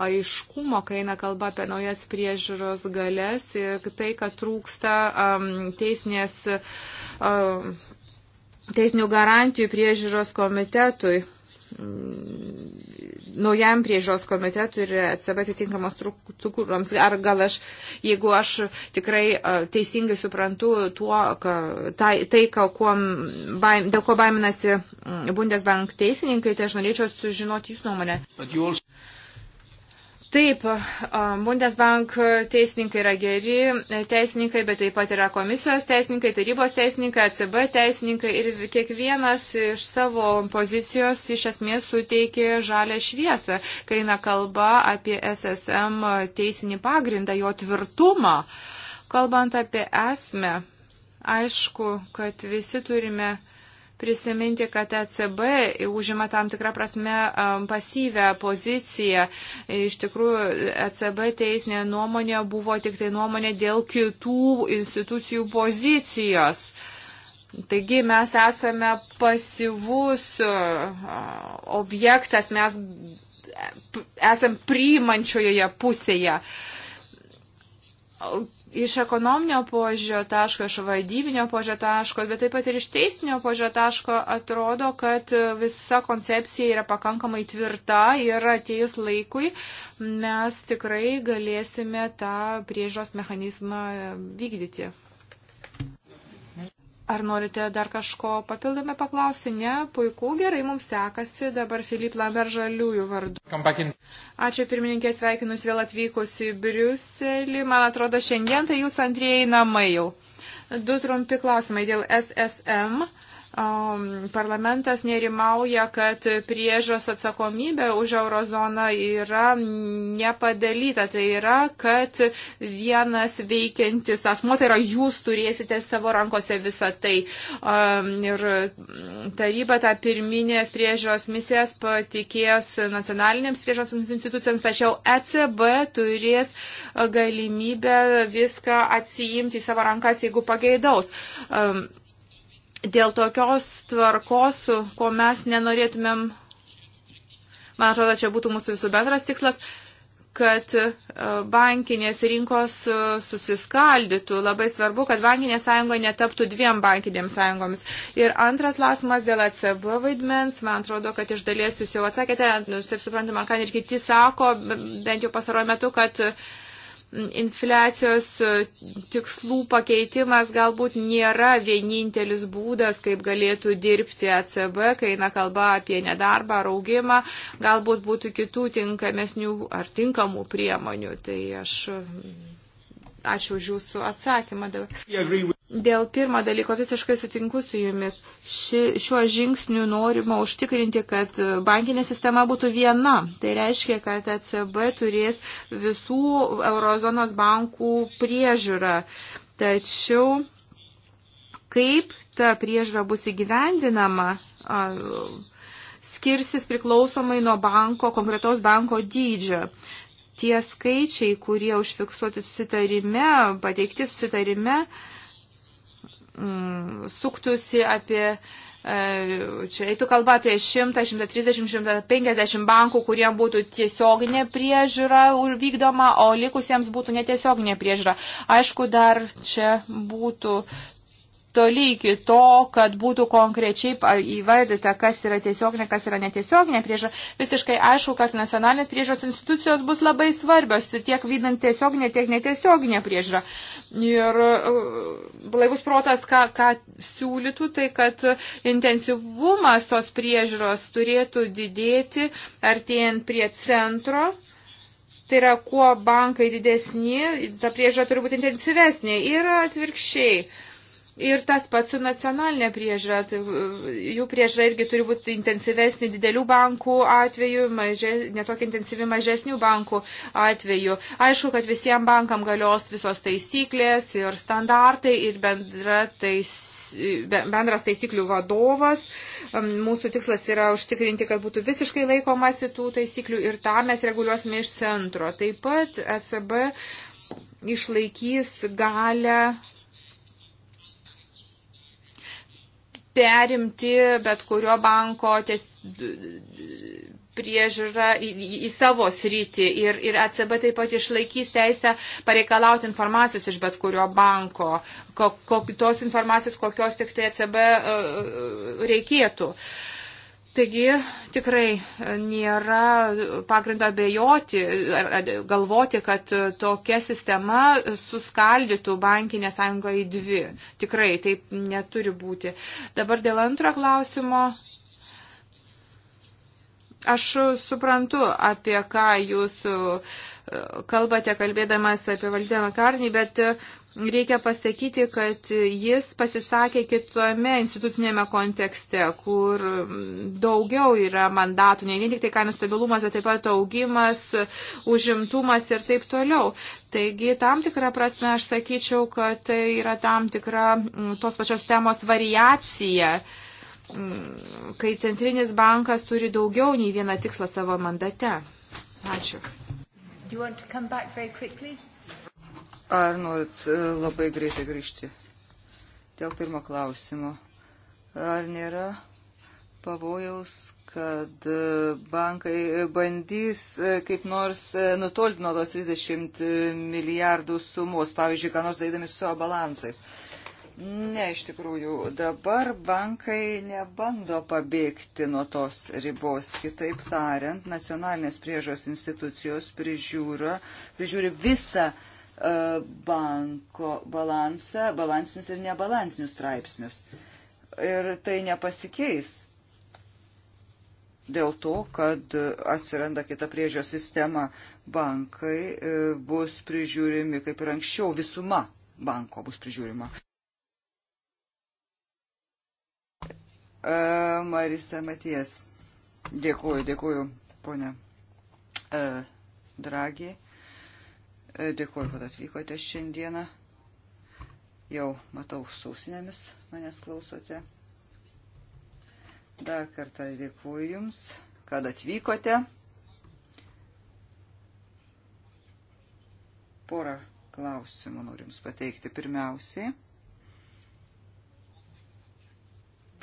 aiškumo, kai eina kalba apie naujas priežiūros galės ir tai, kad trūksta um, teisinės. Um, Teisinių garantijų priežiūros komitetui naujam priežiūros komitetui ir ECB atitinkamos struktūroms. Ar gal aš, jeigu aš tikrai teisingai suprantu tuo, ka, tai, tai ka, kuo, baim, dėl ko baiminasi Bundesbank teisininkai, tai aš norėčiau sužinoti jūsų nuomonę. Also... Taip, Bundesbank teisininkai yra geri teisininkai, bet taip pat yra komisijos teisininkai, tarybos teisininkai, ACB teisininkai ir kiekvienas iš savo pozicijos iš esmės suteikė žalę šviesą, kai eina kalba apie SSM teisinį pagrindą, jo tvirtumą. Kalbant apie esmę, aišku, kad visi turime prisiminti, kad ECB užima tam tikrą prasme um, pasyvę poziciją. Iš tikrųjų, ECB teisinė nuomonė buvo tik tai nuomonė dėl kitų institucijų pozicijos. Taigi mes esame pasyvus uh, objektas, mes esame priimančioje pusėje iš ekonominio požiūrio taško, iš vadybinio požiūrio taško, bet taip pat ir iš teisinio požiūrio taško atrodo, kad visa koncepcija yra pakankamai tvirta ir atėjus laikui mes tikrai galėsime tą priežos mechanizmą vykdyti. Ar norite dar kažko papildomai paklausti? Ne, puiku, gerai mums sekasi. Dabar Filip Lamber žaliųjų vardu. Ačiū pirmininkė, sveikinus vėl atvykus į Briuselį. Man atrodo, šiandien tai jūsų antrieji namai jau. Du trumpi klausimai dėl SSM. Uh, Parlamentas nerimauja, kad priežos atsakomybė už eurozoną yra nepadalyta. Tai yra, kad vienas veikiantis asmo, tai yra jūs turėsite savo rankose visą tai. Ir taryba tą pirminės priežos misijas patikės nacionalinėms priežos institucijoms, tačiau ECB turės galimybę viską atsijimti į savo rankas, jeigu pageidaus. Um, dėl tokios tvarkos, ko mes nenorėtumėm, man atrodo, čia būtų mūsų visų bendras tikslas, kad e, bankinės rinkos e, susiskaldytų. Labai svarbu, kad bankinė sąjunga netaptų dviem bankinėms sąjungomis. Ir antras klausimas dėl ACB vaidmens. Man atrodo, kad iš dalies jūs jau atsakėte, nu, taip suprantama, ką ir kiti sako, bent jau pasarojo metu, kad uh, infliacijos e, tikslų pakeitimas galbūt nėra vienintelis būdas, kaip galėtų dirbti ECB, kai eina kalba apie nedarbą ar augimą, galbūt būtų kitų tinkamesnių ar tinkamų priemonių. Tai aš Ačiū už jūsų atsakymą dabar. Dėl pirmo dalyko visiškai sutinku su jumis. Ši, šiuo žingsniu norima užtikrinti, kad bankinė sistema būtų viena. Tai reiškia, kad ECB turės visų eurozonos bankų priežiūrą. Tačiau kaip ta priežiūra bus įgyvendinama, skirsis priklausomai nuo banko, konkretaus banko dydžio tie skaičiai, kurie užfiksuoti susitarime, pateikti susitarime, mm, suktusi apie e, Čia eitų kalba apie 100, 130, 150 bankų, kurie būtų tiesioginė priežiūra vykdoma, o likusiems būtų netiesioginė priežiūra. Aišku, dar čia būtų toli iki to, kad būtų konkrečiai įvardyta, kas yra tiesioginė, kas yra netiesioginė prieža. Visiškai aišku, kad nacionalinės priežos institucijos bus labai svarbios, tiek vykdant tiesioginę, tiek netiesioginę priežą. Ir uh, blaivus protas, ką, ką siūlytų, tai kad intensyvumas tos priežos turėtų didėti artėjant prie centro tai yra, kuo bankai didesni, ta priežiūra turi būti intensyvesnė ir atvirkščiai. Uh, Ir tas pats su nacionalinė priežiūra, tai e, jų priežiūra irgi turi būti intensyvesnė didelių bankų atveju, mažė, netokia intensyvi mažesnių bankų atveju. Aišku, kad visiems bankam galios visos taisyklės ir standartai ir bendra taisyklė e, bendras taisyklių vadovas. Mūsų tikslas yra užtikrinti, kad būtų visiškai laikomasi tų taisyklių ir tą mes reguliuosime iš centro. Taip pat ECB išlaikys galę perimti bet kurio banko priežiūrą į, į savo sritį ir, ir ECB taip pat išlaikys teisę pareikalauti informacijos iš bet kurio banko, ko, ko, tos informacijos, kokios tik tai ECB uh, e, e, reikėtų. Uh, Taigi tikrai e, nėra pagrindo abejoti, galvoti, kad e, tokia sistema suskaldytų bankinę sąjungą į dvi. Tikrai taip neturi būti. Dabar dėl antro klausimo Aš suprantu, apie ką jūs e, kalbate, kalbėdamas apie Valdeną Karnį, bet e, reikia pasakyti, kad jis pasisakė kitome institucinėme kontekste, kur daugiau yra mandatų, ne vien tik tai kainų stabilumas, bet taip pat augimas, užimtumas ir taip toliau. Taigi, tam tikrą prasme aš sakyčiau, kad tai yra tam tikra tos pačios temos variacija. Uh, kai centrinis bankas turi daugiau nei vieną tikslą savo mandate. Ačiū. Ar norit e, labai greitai grįžti? Dėl pirmo klausimo. Ar nėra pavojaus, kad e, bankai bandys e, kaip nors nutolti nuo tos 30 milijardų sumos, pavyzdžiui, ką nors daidami su savo balansais? Uh, Ne, iš tikrųjų, dabar bankai nebando pabėgti nuo tos ribos. Kitaip tariant, nacionalinės priežos institucijos prižiūra, prižiūri visą uh, banko balansą, balansinius ir nebalansinius straipsnius. Ir tai nepasikeis dėl to, kad atsiranda kita priežios sistema. Bankai uh, bus prižiūrimi kaip ir anksčiau, visuma banko bus prižiūrima. E, Marisa Matijas. Dėkuoju, dėkuoju, ponia e, Dragi. E, dėkuoju, kad atvykote šiandieną. Jau matau, sausinėmis manęs klausote. Dar kartą dėkuoju Jums, kad atvykote. Porą klausimų noriu Jums pateikti. Pirmiausiai,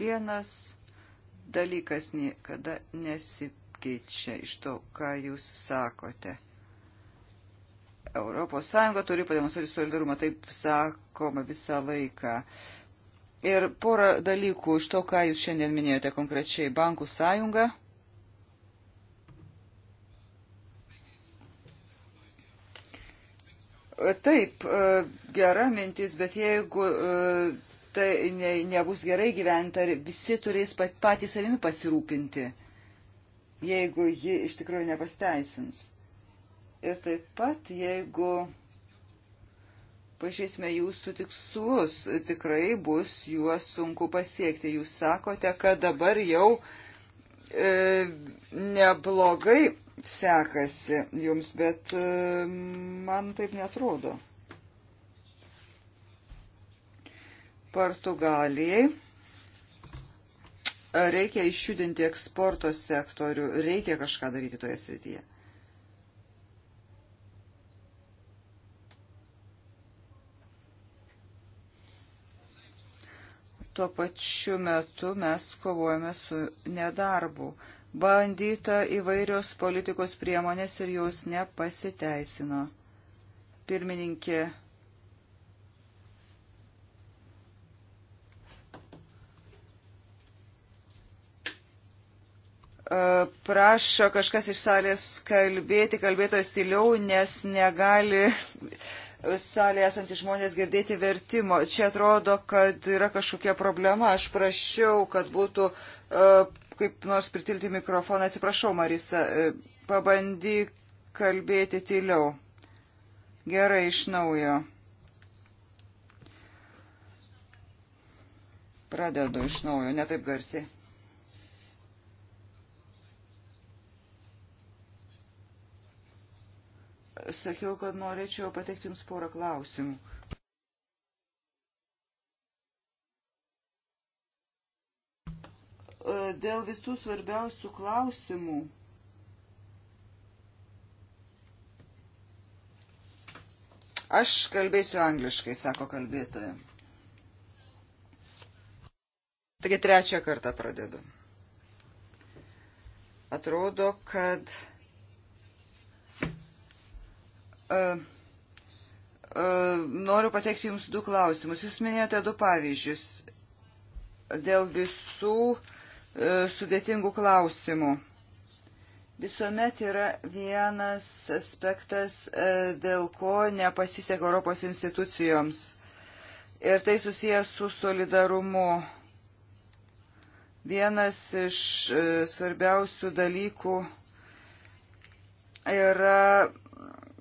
Vienas dalykas niekada nesikeičia iš to, ką jūs sakote. Europos Sąjunga turi pademonstruoti solidarumą, taip sakoma visą laiką. Ir porą dalykų iš to, ką jūs šiandien minėjote konkrečiai. Bankų sąjunga. Taip, e, gera mintis, bet jeigu e, tai ne, nebus gerai gyventi, ar visi turės pat, patys savimi pasirūpinti, jeigu ji iš tikrųjų nepasteisins. Ir taip pat, jeigu pažiūrėsime jūsų tikslus, tikrai bus juos sunku pasiekti. Jūs sakote, kad dabar jau e, neblogai sekasi jums, bet e, man taip netrodo. Portugalijai. Reikia išjudinti eksporto sektorių, reikia kažką daryti toje srityje. Tuo pačiu metu mes kovojame su nedarbu. Bandyta įvairios politikos priemonės ir jos nepasiteisino. Pirmininkė E, prašo kažkas iš salės kalbėti, kalbėtojas tyliau, nes negali salėje esantys žmonės girdėti vertimo. Čia atrodo, kad yra kažkokia problema. Aš prašiau, kad būtų e, kaip nors pritilti mikrofoną. Atsiprašau, Marisa, e, pabandyk kalbėti tyliau. Gerai, iš naujo. Pradedu iš naujo, netaip garsiai. sakiau, kad norėčiau pateikti Jums porą klausimų. E, dėl visų svarbiausių klausimų Aš kalbėsiu angliškai, sako kalbėtoja. Taigi trečią kartą pradedu. Atrodo, kad E, e, noriu pateikti Jums du klausimus. Jūs minėjote du pavyzdžius dėl visų e, sudėtingų klausimų. Visuomet yra vienas aspektas, dėl ko nepasiseka Europos institucijoms. Ir tai susijęs su solidarumu. Vienas iš svarbiausių dalykų yra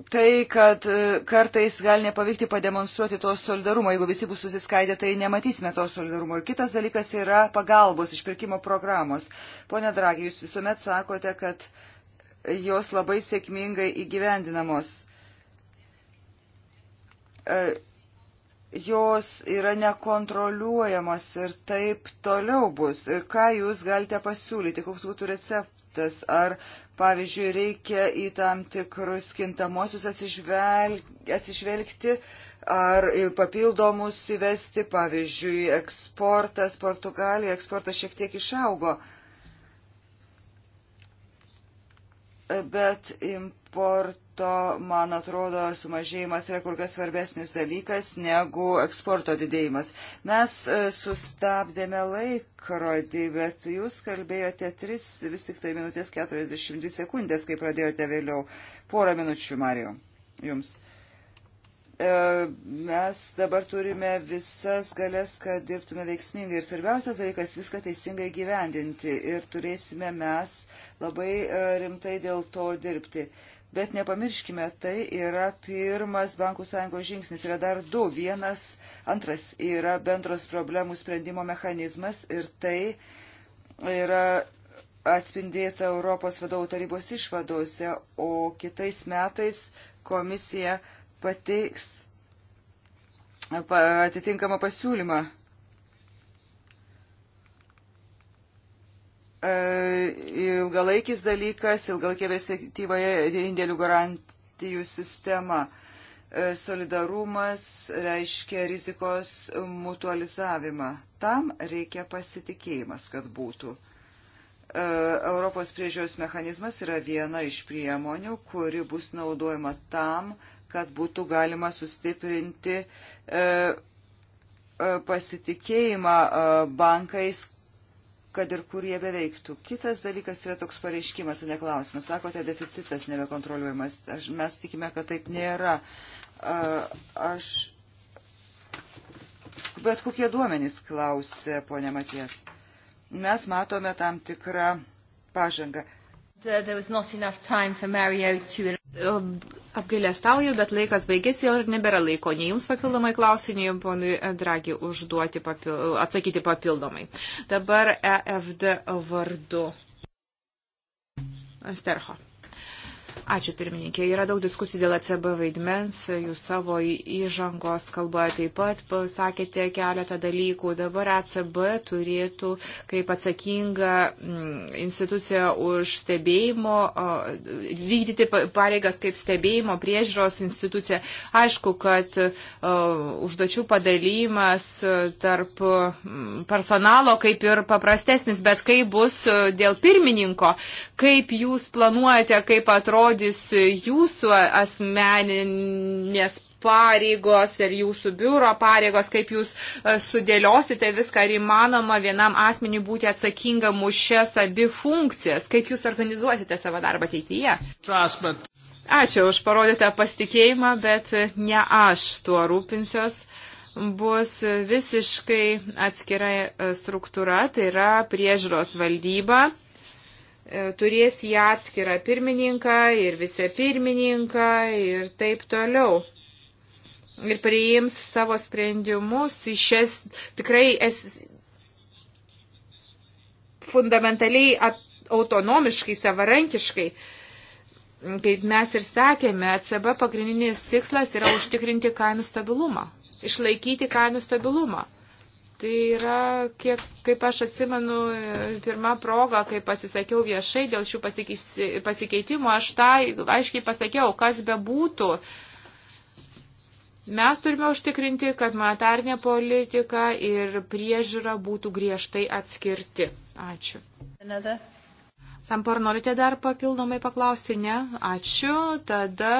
tai, kad e, kartais gali nepavykti pademonstruoti to solidarumo. Jeigu visi bus susiskaidę, tai nematysime to solidarumo. Ir kitas dalykas yra pagalbos išpirkimo programos. Pone Dragi, jūs visuomet sakote, kad jos labai sėkmingai įgyvendinamos. E, jos yra nekontroliuojamos ir taip toliau bus. Ir ką jūs galite pasiūlyti, koks būtų receptas? aspektas, ar, pavyzdžiui, reikia į tam tikrus kintamosius atsižvelgti, ar papildomus įvesti, pavyzdžiui, eksportas Portugalija, eksportas šiek tiek išaugo. Bet import importo, man atrodo, sumažėjimas yra kur kas svarbesnis dalykas negu eksporto didėjimas. Mes e, sustabdėme laikrodį, bet jūs kalbėjote 3, vis tik tai minutės 42 sekundės, kai pradėjote vėliau. Porą minučių, Mario, jums e, mes dabar turime visas galės, kad dirbtume veiksmingai. Ir svarbiausias dalykas - viską teisingai gyvendinti. Ir turėsime mes labai e, rimtai dėl to dirbti. Bet nepamirškime, tai yra pirmas bankų sąjungos žingsnis. Yra dar du. Vienas, antras yra bendros problemų sprendimo mechanizmas ir tai yra atspindėta Europos vadovų tarybos išvadose, o kitais metais komisija pateiks atitinkamą pasiūlymą E, ilgalaikis dalykas, ilgalaikė perspektyvoje indėlių garantijų sistema. E, solidarumas reiškia rizikos mutualizavimą. Tam reikia pasitikėjimas, kad būtų. E, Europos priežiūros mechanizmas yra viena iš priemonių, kuri bus naudojama tam, kad būtų galima sustiprinti pasitikėjimą bankais, kad ir kur jie beveiktų. Kitas dalykas yra toks pareiškimas, o ne klausimas. Sakote, deficitas nebekontroliuojamas. Aš, mes tikime, kad taip nėra. Aš. Bet kokie duomenys klausė, ponė Maties. Mes matome tam tikrą pažangą. To... Apgailestauju, bet laikas baigėsi ir nebėra laiko nei jums papildomai klausimai, nei ponui Dragi užduoti, papil... atsakyti papildomai. Dabar EFD vardu. Sterho. Ačiū pirmininkė. Yra daug diskusijų dėl ECB vaidmens. Jūs savo įžangos kalboje taip pat pasakėte keletą dalykų. Dabar ECB turėtų kaip atsakinga mm, institucija už stebėjimo, vykdyti pareigas kaip stebėjimo priežiūros institucija. Aišku, kad užduočių padalymas tarp mm, personalo kaip ir paprastesnis, bet kaip bus dėl pirmininko, kaip jūs planuojate, kaip atrodo atrodys jūsų asmeninės pareigos ir jūsų biuro pareigos, kaip jūs e, sudėliosite viską, ar įmanoma vienam asmeniu būti atsakingam už šias abi funkcijas, kaip jūs organizuosite savo darbą ateityje. Trust, but... Ačiū už parodytą pasitikėjimą, bet ne aš tuo rūpinsiuos. Bus visiškai atskira e, struktūra, tai yra priežiūros valdyba. E, turės jį atskirą pirmininką ir vicepirmininką ir taip toliau. Ir priims savo sprendimus iš šias tikrai es, fundamentaliai at, autonomiškai, savarankiškai. Kaip mes ir sakėme, ECB pagrindinis tikslas yra užtikrinti kainų stabilumą, išlaikyti kainų stabilumą. Tai yra, kiek, kaip aš atsimenu, pirmą progą, kai pasisakiau viešai dėl šių pasikeitimų, aš tą aiškiai pasakiau, kas be būtų. Mes turime užtikrinti, kad monetarnė politika ir priežiūra būtų griežtai atskirti. Ačiū. Another. Sampar, norite dar papildomai paklausti? Ne? Ačiū. Tada.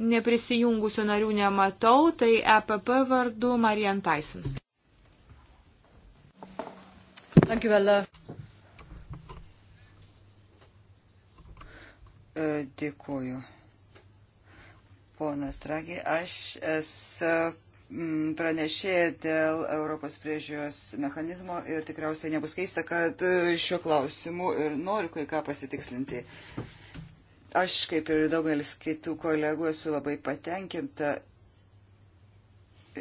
Neprisijungusių narių nematau, tai EPP vardu Marian Tyson. E, dėkuoju. Ponas Dragi, aš esu mm, pranešėja dėl Europos priežiūros mechanizmo ir tikriausiai nebus keista, kad e, šiuo klausimu ir noriu kai ką pasitikslinti. Aš, kaip ir daugelis kitų kolegų, esu labai patenkinta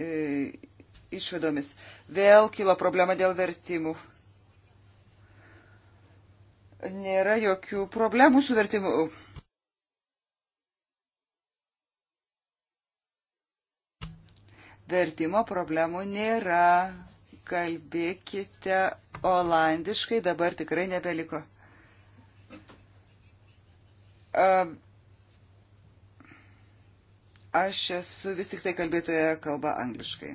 e, išvadomis. Vėl kilo problema dėl vertimų. Nėra jokių problemų su vertimu. Vertimo problemų nėra. Kalbėkite olandiškai, dabar tikrai nebeliko. Aš esu vis tik tai kalbėtoje kalba angliškai.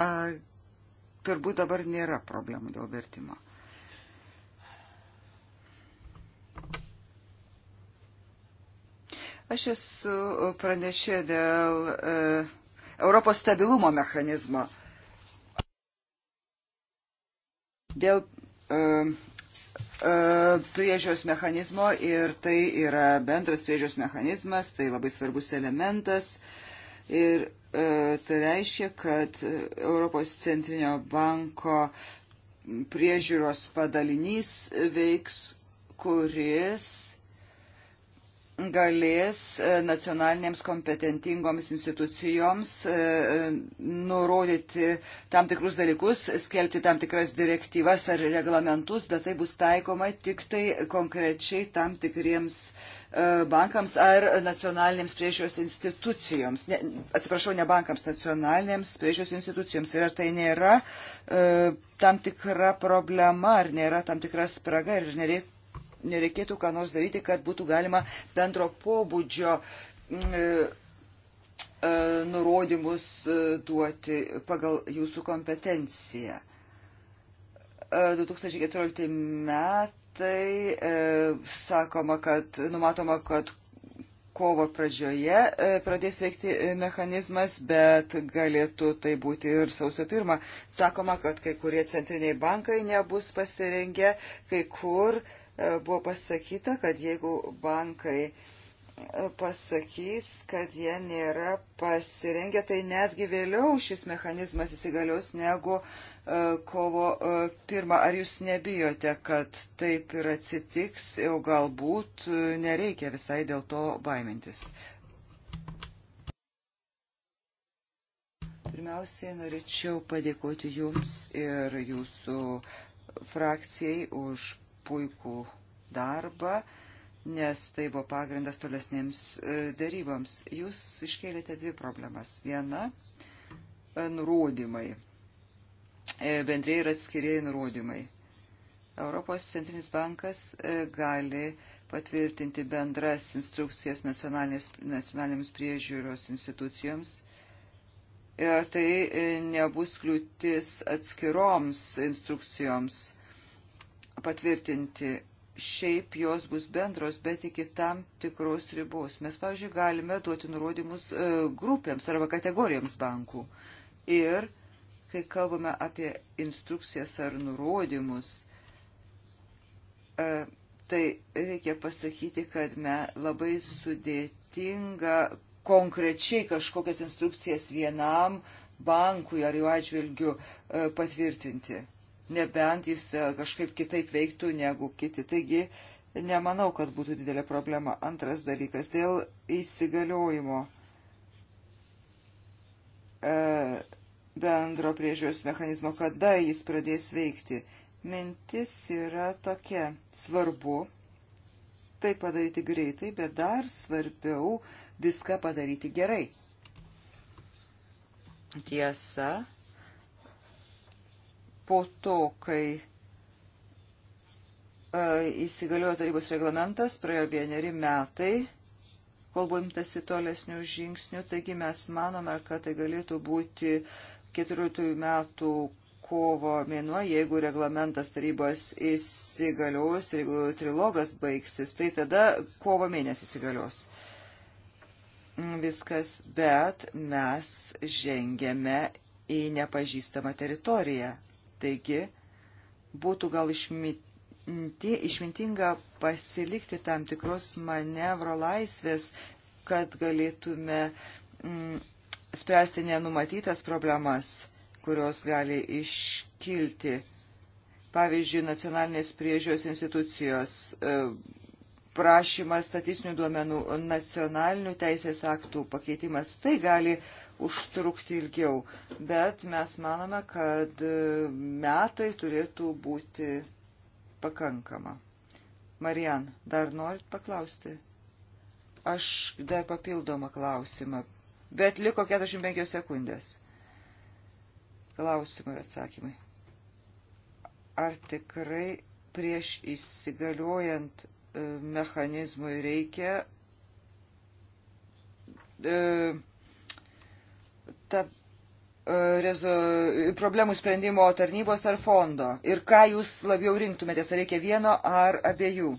A, turbūt dabar nėra problemų dėl vertimo. Aš esu pranešė dėl e, Europos stabilumo mechanizmo. Dėl e, e priežios mechanizmo ir tai yra bendras priežios mechanizmas, tai labai svarbus elementas. Ir e, tai reiškia, kad Europos centrinio banko priežiūros padalinys veiks, kuris galės e, nacionalinėms kompetentingoms institucijoms e, nurodyti tam tikrus dalykus, skelbti tam tikras direktyvas ar reglamentus, bet tai bus taikoma tik tai konkrečiai tam tikriems e, bankams ar nacionalinėms priežiūros institucijoms. Ne, atsiprašau, ne bankams, nacionalinėms priežiūros institucijoms. Ir ar tai nėra e, tam tikra problema, ar nėra tam tikra spraga, ir nereikia nereikėtų ką nors daryti, kad būtų galima bendro pobūdžio mm, e, e, nurodymus e, duoti pagal jūsų kompetenciją. 2014 metai sakoma, kad numatoma, kad kovo pradžioje pradės veikti mechanizmas, bet galėtų tai būti ir sausio pirmą. Sakoma, kad kai kurie centriniai bankai nebus pasirengę, kai kur uh, E, buvo pasakyta, kad jeigu bankai e, pasakys, kad jie nėra pasirengę, tai netgi vėliau šis mechanizmas įsigalios negu e, kovo pirmą. Ar jūs nebijote, kad taip ir atsitiks, jau galbūt nereikia visai dėl to baimintis? Pirmiausiai norėčiau padėkoti Jums ir Jūsų frakcijai už puikų darbą, nes tai buvo pagrindas tolesnėms e, daryboms. Jūs iškėlėte dvi problemas. Viena e, - nurodymai. E, Bendrėjai ir atskiriai nurodymai. Europos centrinis bankas gali patvirtinti bendras instrukcijas nacionalinėms priežiūros institucijoms. Ir tai nebus kliūtis atskiroms instrukcijoms patvirtinti. Šiaip jos bus bendros, bet iki tam tikros ribos. Mes, pavyzdžiui, galime duoti nurodymus e, grupėms arba kategorijoms bankų. Ir kai kalbame apie instrukcijas ar nurodymus, e, tai reikia pasakyti, kad me labai sudėtinga konkrečiai kažkokias instrukcijas vienam bankui ar jų atžvilgių e, patvirtinti nebent jis e, kažkaip kitaip veiktų negu kiti. Taigi, nemanau, kad būtų didelė problema. Antras dalykas, dėl įsigaliojimo e, bendro priežiūros mechanizmo, kada jis pradės veikti. Mintis yra tokia, svarbu tai padaryti greitai, bet dar svarbiau viską padaryti gerai. Tiesa, po to, kai e, įsigaliojo tarybos reglamentas, praėjo vieneri metai, kol buvo imtasi tolesnių žingsnių, taigi mes manome, kad tai galėtų būti 14 metų kovo mėnuo, jeigu reglamentas tarybos įsigalios, jeigu trilogas baigsis, tai tada kovo mėnesį įsigalios. Viskas, bet mes žengėme į nepažįstamą teritoriją. Taigi, būtų gal išminti, išmintinga pasilikti tam tikros manevro laisvės, kad galėtume mm, spręsti nenumatytas problemas, kurios gali iškilti. Pavyzdžiui, nacionalinės priežios institucijos e, prašymas statistinių duomenų, nacionalinių teisės aktų pakeitimas, tai gali užtrukti ilgiau, bet mes manome, kad e, metai turėtų būti pakankama. Marian, dar norit paklausti? Aš dar papildomą klausimą, bet liko 45 sekundės. Klausimai ir atsakymai. Ar tikrai prieš įsigaliojant e, mechanizmui reikia e, ta, e, rezo, problemų sprendimo tarnybos ar fondo? Ir ką jūs labiau rinktumėtės, ar reikia vieno ar abiejų?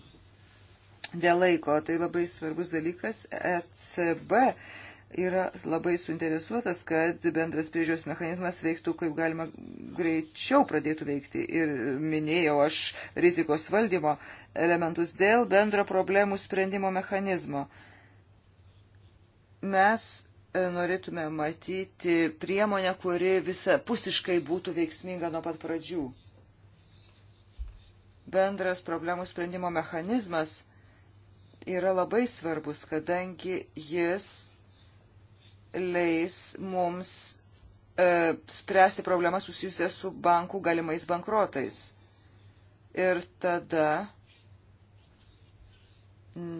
Dėl laiko, tai labai svarbus dalykas. ECB yra labai suinteresuotas, kad bendras priežiūros mechanizmas veiktų kaip galima greičiau pradėtų veikti. Ir minėjau aš rizikos valdymo elementus dėl bendro problemų sprendimo mechanizmo. Mes E, norėtume matyti priemonę, kuri visa pusiškai būtų veiksminga nuo pat pradžių. Bendras problemų sprendimo mechanizmas yra labai svarbus, kadangi jis leis mums e, spręsti problemą susijusią su bankų galimais bankrotais. Ir tada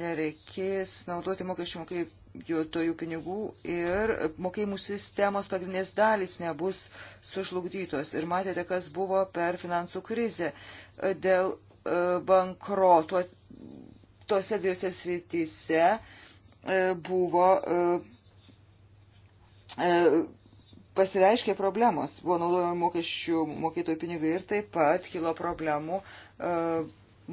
nereikės naudoti mokesčių mokėjų juotojų pinigų ir mokėjimų sistemos pagrindinės dalys nebus sužlugdytos. Ir matėte, kas buvo per finansų krizę dėl e, bankroto tose dviejose srityse e, buvo e, pasireiškė problemos, buvo naudojami mokesčių mokėtojų pinigai ir taip pat kilo problemų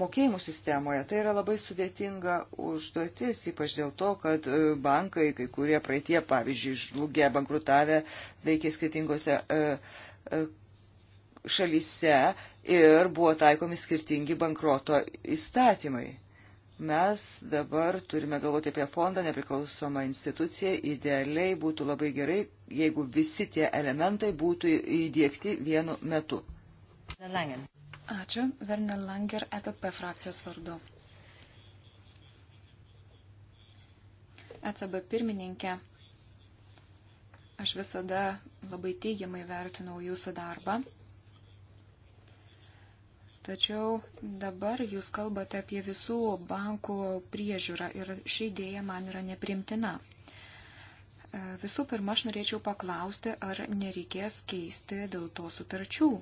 mokėjimų sistemoje. Tai yra labai sudėtinga užduotis, ypač dėl to, kad e, bankai, kai kurie praeitie, pavyzdžiui, žlugė, bankrutavę, veikė skirtingose e, e, šalyse ir buvo taikomi skirtingi bankroto įstatymai. Mes dabar turime galvoti apie fondą, nepriklausomą instituciją. Idealiai būtų labai gerai, jeigu visi tie elementai būtų įdėkti vienu metu. Langen. Ačiū. Werner Langer, EPP frakcijos vardu. ECB pirmininkė, aš visada labai teigiamai vertinau jūsų darbą. Tačiau dabar jūs kalbate apie visų bankų priežiūrą ir ši idėja man yra neprimtina. Visų pirma, aš norėčiau paklausti, ar nereikės keisti dėl to sutarčių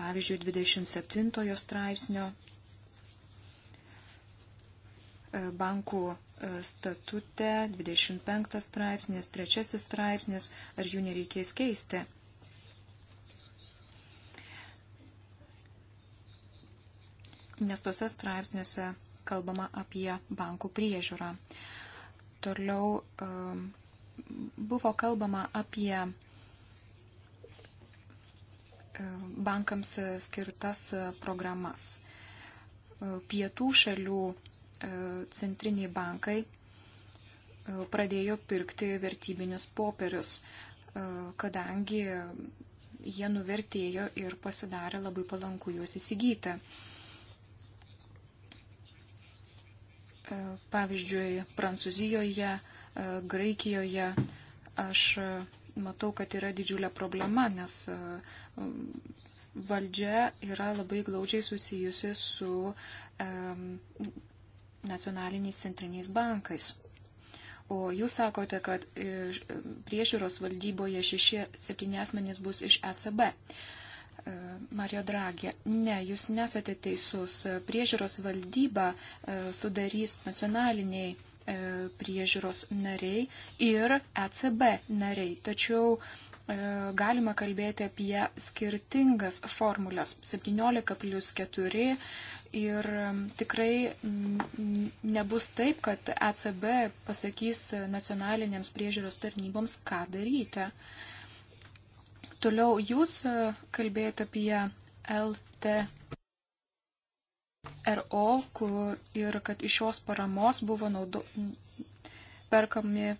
pavyzdžiui, 27 straipsnio e, bankų e, statute, 25 straipsnis, 3 straipsnis, ar jų nereikės keisti. Nes tuose straipsniuose kalbama apie bankų priežiūrą. Toliau e, buvo kalbama apie bankams skirtas programas. Pietų šalių e, centriniai bankai e, pradėjo pirkti vertybinius popierius, e, kadangi jie nuvertėjo ir pasidarė labai palanku juos įsigyti. Pavyzdžiui, Prancūzijoje, Graikijoje aš matau, kad yra didžiulė problema, nes e, valdžia yra labai glaudžiai susijusi su e, nacionaliniais centriniais bankais. O jūs sakote, kad e, priežiūros valdyboje šeši, septyni asmenys bus iš ECB. Mario Dragė, ne, jūs nesate teisus. Priežiūros valdyba sudarys nacionaliniai E, priežiūros nariai ir ECB nariai. Tačiau e, galima kalbėti apie skirtingas formulės 17 plus 4 ir tikrai nebus taip, kad ECB pasakys nacionalinėms priežiūros tarnyboms, ką daryti. Toliau jūs e, kalbėjote apie LT RO kur, ir kad iš šios paramos buvo naudo, perkami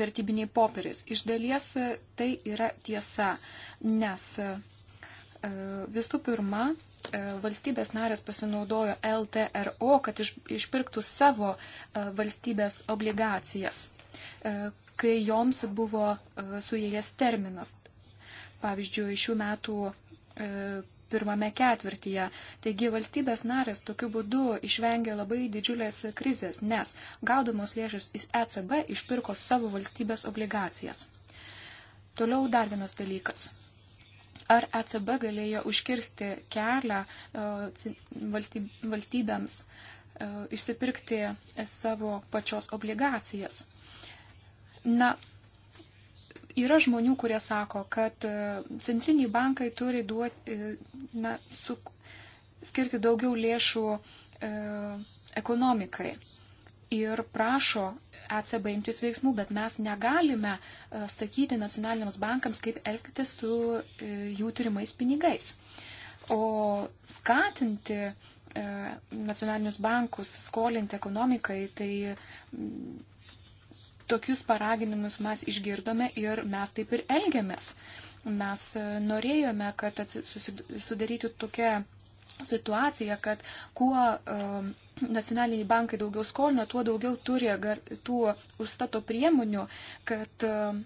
vertybiniai popieriais. Iš dalies tai yra tiesa, nes e, visų pirma, e, valstybės narės pasinaudojo LTRO, kad iš, išpirktų savo e, valstybės obligacijas, kai joms buvo suėjęs terminas. Pavyzdžiui, šių metų pirmame ketvirtyje. Taigi valstybės narės tokiu būdu išvengė labai didžiulės krizės, nes gaudamos lėšas į ECB išpirko savo valstybės obligacijas. Toliau dar vienas dalykas. Ar ECB galėjo užkirsti kelią e, valstybėms e, išsipirkti savo pačios obligacijas? Na, Yra žmonių, kurie sako, kad e, centriniai bankai turi duoti, e, na, su, skirti daugiau lėšų e, ekonomikai ir prašo ECB imtis veiksmų, bet mes negalime e, sakyti nacionaliniams bankams, kaip elgtis su e, jų turimais pinigais. O skatinti e, nacionalinius bankus skolinti ekonomikai, tai Tokius paraginimus mes išgirdome ir mes taip ir elgiamės. Mes e, norėjome, kad sudaryti tokia situacija, kad kuo um, nacionaliniai bankai daugiau skolina, tuo daugiau turi gar, tų užstato priemonių, kad, um,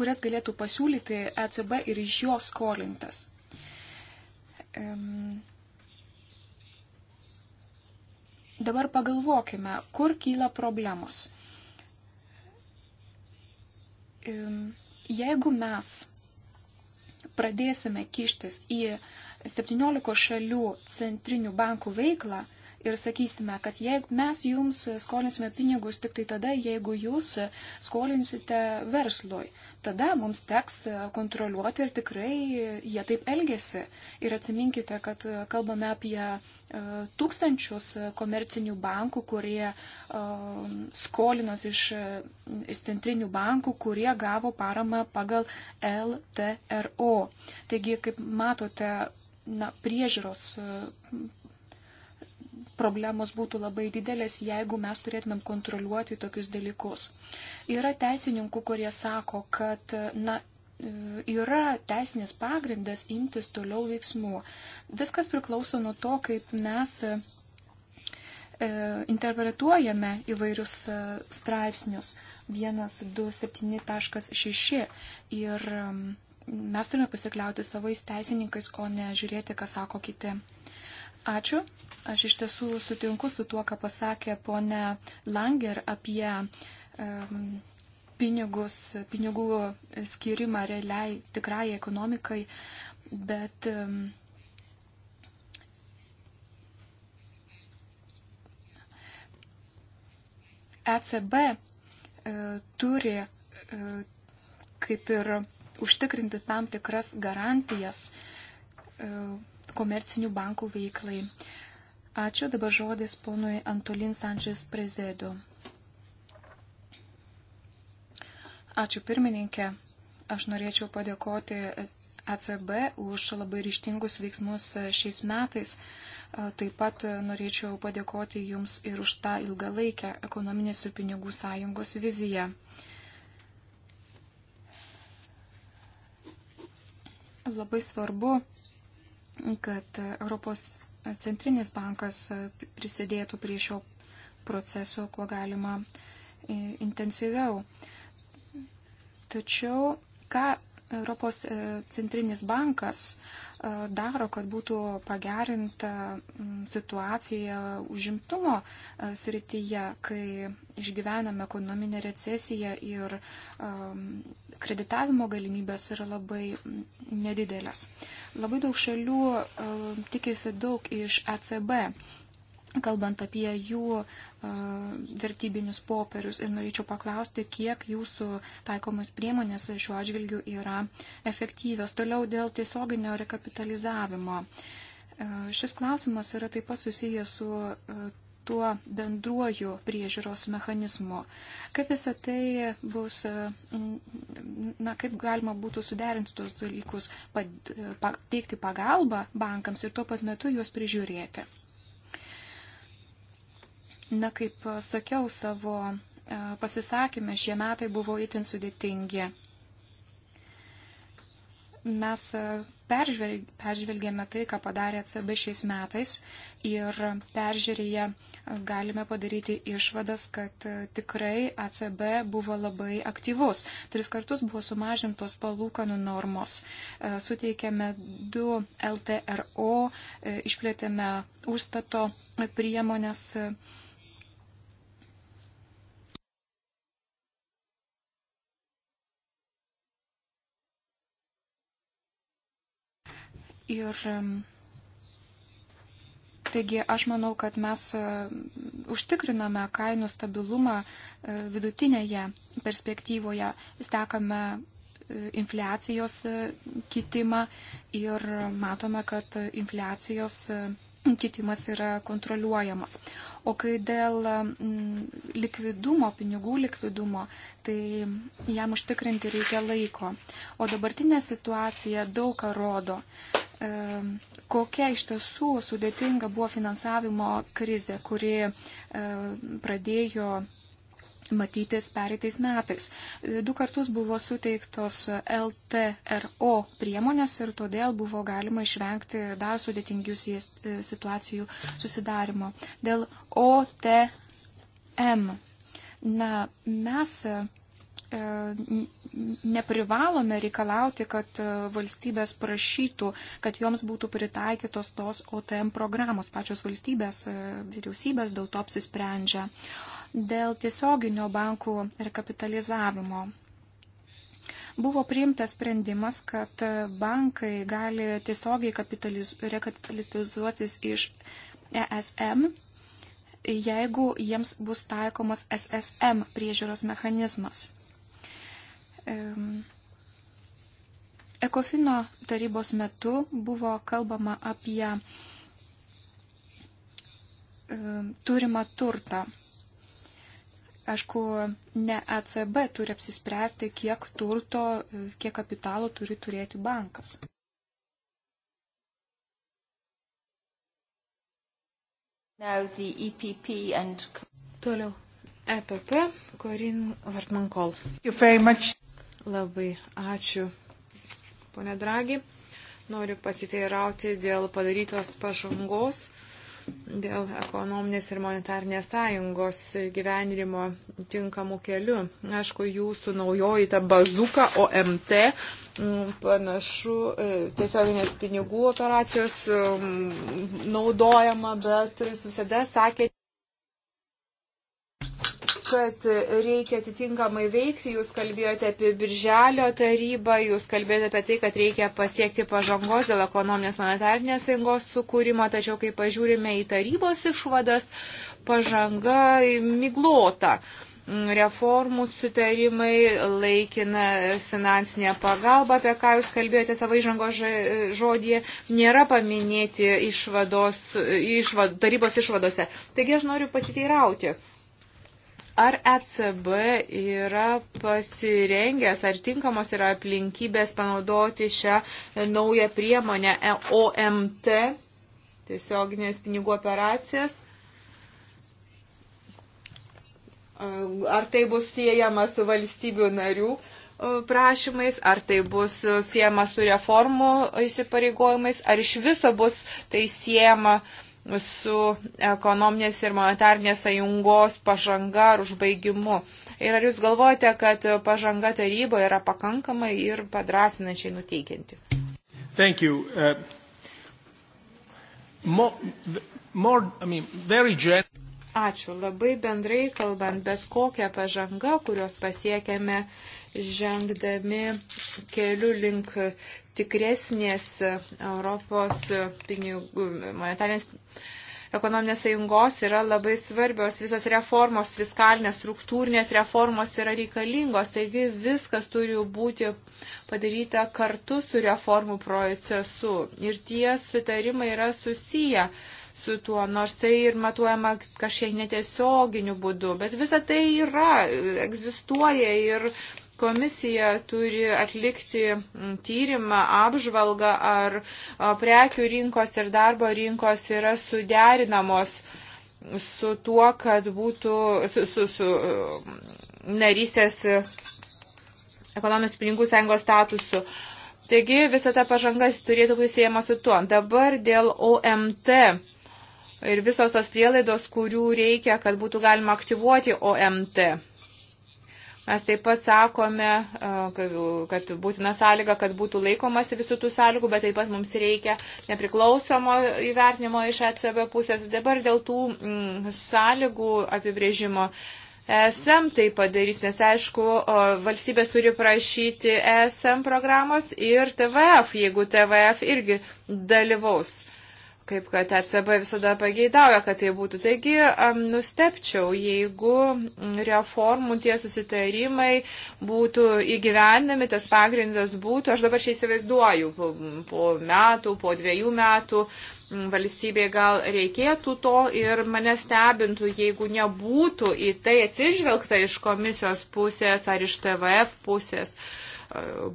kurias galėtų pasiūlyti ECB ir iš jo skolintas. Um, dabar pagalvokime, kur kyla problemos jeigu mes pradėsime kištis į 17 šalių centrinių bankų veiklą, ir sakysime, kad jeigu mes jums skolinsime pinigus tik tai tada, jeigu jūs skolinsite verslui, tada mums teks kontroliuoti ir tikrai jie taip elgesi. Ir atsiminkite, kad kalbame apie e, tūkstančius komercinių bankų, kurie e, skolinos iš, iš centrinių bankų, kurie gavo paramą pagal LTRO. Taigi, kaip matote, na, priežiūros problemos būtų labai didelės, jeigu mes turėtumėm kontroliuoti tokius dalykus. Yra teisininkų, kurie sako, kad, na, yra teisinės pagrindas imtis toliau veiksmų. Viskas priklauso nuo to, kaip mes e, interpretuojame įvairius e, straipsnius 127.6 ir mes turime pasikliauti savais teisininkais, o ne žiūrėti, ką sako kiti. Ačiū. Aš iš tiesų sutinku su tuo, ką pasakė ponia Langer apie um, pinigus, pinigų skirimą realiai tikrai ekonomikai, bet um, ECB e, turi e, kaip ir užtikrinti tam tikras garantijas e, komercinių bankų veiklai. Ačiū, dabar žodis ponui Antolin Sančias Prezedo. Ačiū pirmininkė. Aš norėčiau padėkoti ECB už labai ryštingus veiksmus šiais metais. Taip pat norėčiau padėkoti Jums ir už tą ilgalaikę ekonominės ir pinigų sąjungos viziją. Labai svarbu kad Europos centrinis bankas prisidėtų prie šio proceso, kuo galima e, intensyviau. Tačiau, ką Europos e, centrinis bankas E, daro, kad būtų pagerinta situacija užimtumo e, srityje, kai išgyvename ekonominę recesiją ir e, kreditavimo galimybės yra labai nedidelės. Labai daug šalių tikisi daug iš ECB kalbant apie jų vertybinius popierius ir norėčiau paklausti, kiek jūsų taikomos priemonės šiuo atžvilgiu yra efektyvios. Toliau dėl tiesioginio rekapitalizavimo. Šis klausimas yra taip pat susijęs su tuo bendruoju priežiūros mechanizmu. Kaip visą tai bus, na, kaip galima būtų suderinti tos dalykus, pateikti pagalbą bankams ir tuo pat metu juos prižiūrėti. Na, kaip sakiau savo e, pasisakymę, šie metai buvo itin sudėtingi. Mes e, peržvelg, peržvelgėme tai, ką padarė CB šiais metais ir peržiūrėję e, galime padaryti išvadas, kad tikrai ACB buvo labai aktyvus. Tris kartus buvo sumažintos palūkanų normos. Suteikėme du LTRO, išplėtėme užstato priemonės Ir taigi aš manau, kad mes e, užtikriname kainų stabilumą e, vidutinėje perspektyvoje, stekame e, infliacijos kitimą ir matome, kad infliacijos kitimas yra kontroliuojamas. O kai dėl mm, likvidumo, pinigų likvidumo, tai jam užtikrinti reikia laiko. O dabartinė situacija daug ką rodo, e, kokia iš tiesų sudėtinga buvo finansavimo krizė, kuri e, pradėjo matytis pereitais metais. Du kartus buvo suteiktos LTRO priemonės ir todėl buvo galima išvengti dar sudėtingių e, situacijų susidarimo. Dėl OTM. Na, mes e, neprivalome reikalauti, kad e, valstybės prašytų, kad joms būtų pritaikytos tos OTM programos. Pačios valstybės, vyriausybės dėl to apsisprendžia dėl tiesioginio bankų rekapitalizavimo. Buvo priimtas sprendimas, kad bankai gali tiesiogiai rekapitalizuotis iš ESM, jeigu jiems bus taikomas SSM priežiūros mechanizmas. Ekofino tarybos metu buvo kalbama apie turimą turtą Aišku, ne ECB turi apsispręsti, kiek turto, kiek kapitalo turi turėti bankas. E and... Toliau. EPP, Korin Vartmankol. Labai ačiū, ponė Dragi. Noriu pasiteirauti dėl padarytos pažangos dėl ekonominės ir monetarnės sąjungos gyvenimo tinkamų kelių. Aišku, jūsų naujoji ta bazuka OMT panašu e, tiesioginės pinigų operacijos naudojama, bet jūs visada sakėte, kad reikia atitinkamai veikti. Jūs kalbėjote apie Birželio tarybą, jūs kalbėjote apie tai, kad reikia pasiekti pažangos dėl ekonominės monetarnės sąjungos sukūrimo, tačiau kai pažiūrime į tarybos išvadas, pažanga miglota reformų sutarimai, laikina finansinė pagalba, apie ką jūs kalbėjote savo įžangos žodį, nėra paminėti išvados, išvad, tarybos išvadose. Taigi aš noriu pasiteirauti, Ar ECB yra pasirengęs, ar tinkamos yra aplinkybės panaudoti šią naują priemonę EOMT, tiesioginės pinigų operacijas? Ar tai bus siejama su valstybių narių e, prašymais, ar tai bus siejama su reformų įsipareigojimais, ar iš viso bus tai siejama uh, su ekonominės ir monetarnės sąjungos pažanga ar užbaigimu. Ir ar jūs galvojate, kad pažanga taryboje yra pakankamai ir padrasinančiai nuteikianti? Thank you. Uh, more, more, I mean, very gen... Ačiū. Labai bendrai kalbant, bet kokia pažanga, kurios pasiekėme žengdami keliu link tikresnės Europos pinigų monetarinės ekonominės sąjungos yra labai svarbios, visos reformos, fiskalinės, struktūrinės reformos yra reikalingos, taigi viskas turi būti padaryta kartu su reformų procesu ir tie sutarimai yra susiję su tuo, nors tai ir matuojama kažkiek netiesioginiu būdu, bet visa tai yra, egzistuoja ir Komisija turi atlikti mm, tyrimą, apžvalgą, ar prekių rinkos ir darbo rinkos yra suderinamos su tuo, kad būtų su, su, su narystės ekonomijos pinigų sąjungos statusu. Taigi visą tą pažangą turėtų būti siejama su tuo. Dabar dėl OMT ir visos tos prielaidos, kurių reikia, kad būtų galima aktyvuoti OMT. Mes taip pat sakome, kad būtina sąlyga, kad būtų laikomasi visų tų sąlygų, bet taip pat mums reikia nepriklausomo įvertinimo iš ECB pusės. Dabar dėl tų mm, sąlygų apibrėžimo. ESM tai padarys, nes aišku, valstybės turi prašyti ESM programos ir TVF, jeigu TVF irgi dalyvaus kaip kad ECB visada pageidauja, kad tai būtų. Taigi nustepčiau, jeigu reformų tie susitarimai būtų įgyvendami, tas pagrindas būtų, aš dabar šiai įsivaizduoju, po, po metų, po dviejų metų valstybėje gal reikėtų to ir mane stebintų, jeigu nebūtų į tai atsižvelgta iš komisijos pusės ar iš TVF pusės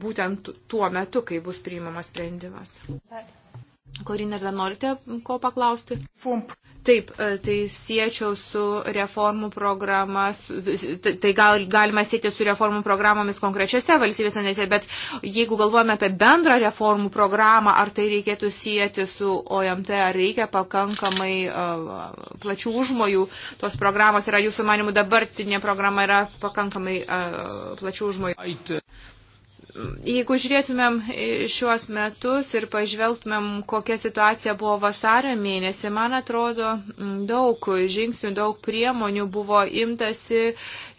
būtent tuo metu, kai bus priimamas sprendimas. Bet. Korin, ar dar norite ko paklausti? Fump. Taip, e, tai siečiau su reformų programa, tai gal, galima sėti su reformų programomis konkrečiose valstybėse, nes, bet jeigu galvojame apie bendrą reformų programą, ar tai reikėtų sieti su OMT, ar reikia pakankamai uh, plačių užmojų tos programos, yra jūsų manimų dabartinė programa yra pakankamai uh, plačių užmojų. Jeigu žiūrėtumėm šiuos metus ir pažvelgtumėm, kokia situacija buvo vasario mėnesį, man atrodo, daug žingsnių, daug priemonių buvo imtasi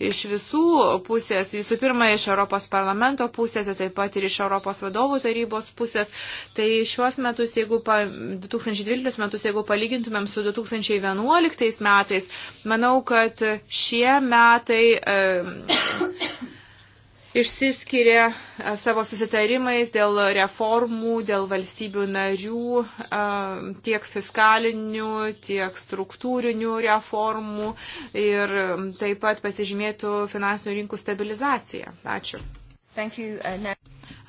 iš visų pusės, visų pirma, iš Europos parlamento pusės, taip pat ir iš Europos vadovų tarybos pusės. Tai šiuos metus, jeigu pa, 2012 metus, jeigu palygintumėm su 2011 metais, manau, kad šie metai. E, išsiskiria e, savo susitarimais dėl reformų, dėl valstybių narių, e, tiek fiskalinių, tiek struktūrinių reformų ir taip pat pasižymėtų finansinių rinkų stabilizacija. Ačiū. Uh,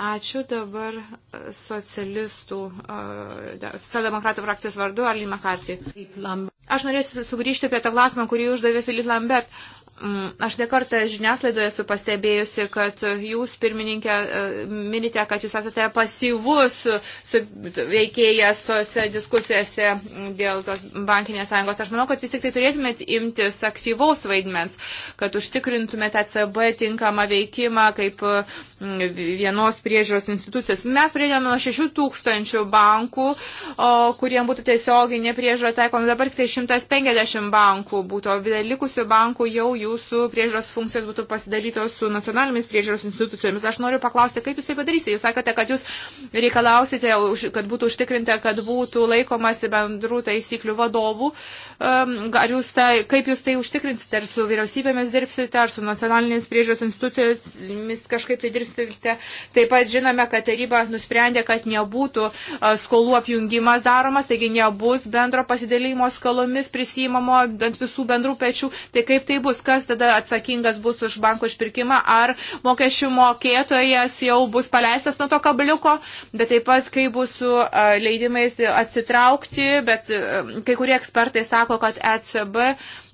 Ačiū dabar e, socialistų, socialdemokratų frakcijos vardu Arlį Makartį. Aš norėsiu sugrįžti prie to klausimą, kurį uždavė Filip Lambert. Mm, aš nekartą žiniasklaidoje esu pastebėjusi, kad jūs, pirmininkė, e, minite, kad jūs esate pasyvus veikėjas tose diskusijose dėl tos bankinės sąjungos. Aš manau, kad vis tik tai turėtumėt imtis aktyvaus vaidmens, kad užtikrintumėte ECB tinkamą veikimą kaip vienos priežiūros institucijos. Mes pradėjome nuo 6 tūkstančių bankų, kuriem būtų tiesioginė priežiūra taikoma. Dabar tik tai 150 bankų būtų, o likusių bankų jau jūsų priežiūros funkcijos būtų pasidalytos su nacionalinėmis priežiūros institucijomis. Aš noriu paklausti, kaip jūs tai padarysite. Jūs sakėte, kad jūs reikalausite, kad būtų užtikrinta, kad būtų laikomasi bendrų taisyklių vadovų. Ehm, ar jūs tai, kaip jūs tai užtikrinsite? Ar su vyriausybėmis dirbsite, ar su nacionalinėmis priežiūros institucijomis kažkaip tai dirbsite? svarstysite. Taip pat žinome, kad taryba nusprendė, kad nebūtų skolų apjungimas daromas, taigi nebus bendro pasidalėjimo skolomis prisimamo bent visų bendrų pečių. Tai kaip tai bus, kas tada atsakingas bus už banko išpirkimą, ar mokesčių mokėtojas jau bus paleistas nuo to kabliuko, bet taip pat kaip bus su leidimais atsitraukti, bet kai kurie ekspertai sako, kad ECB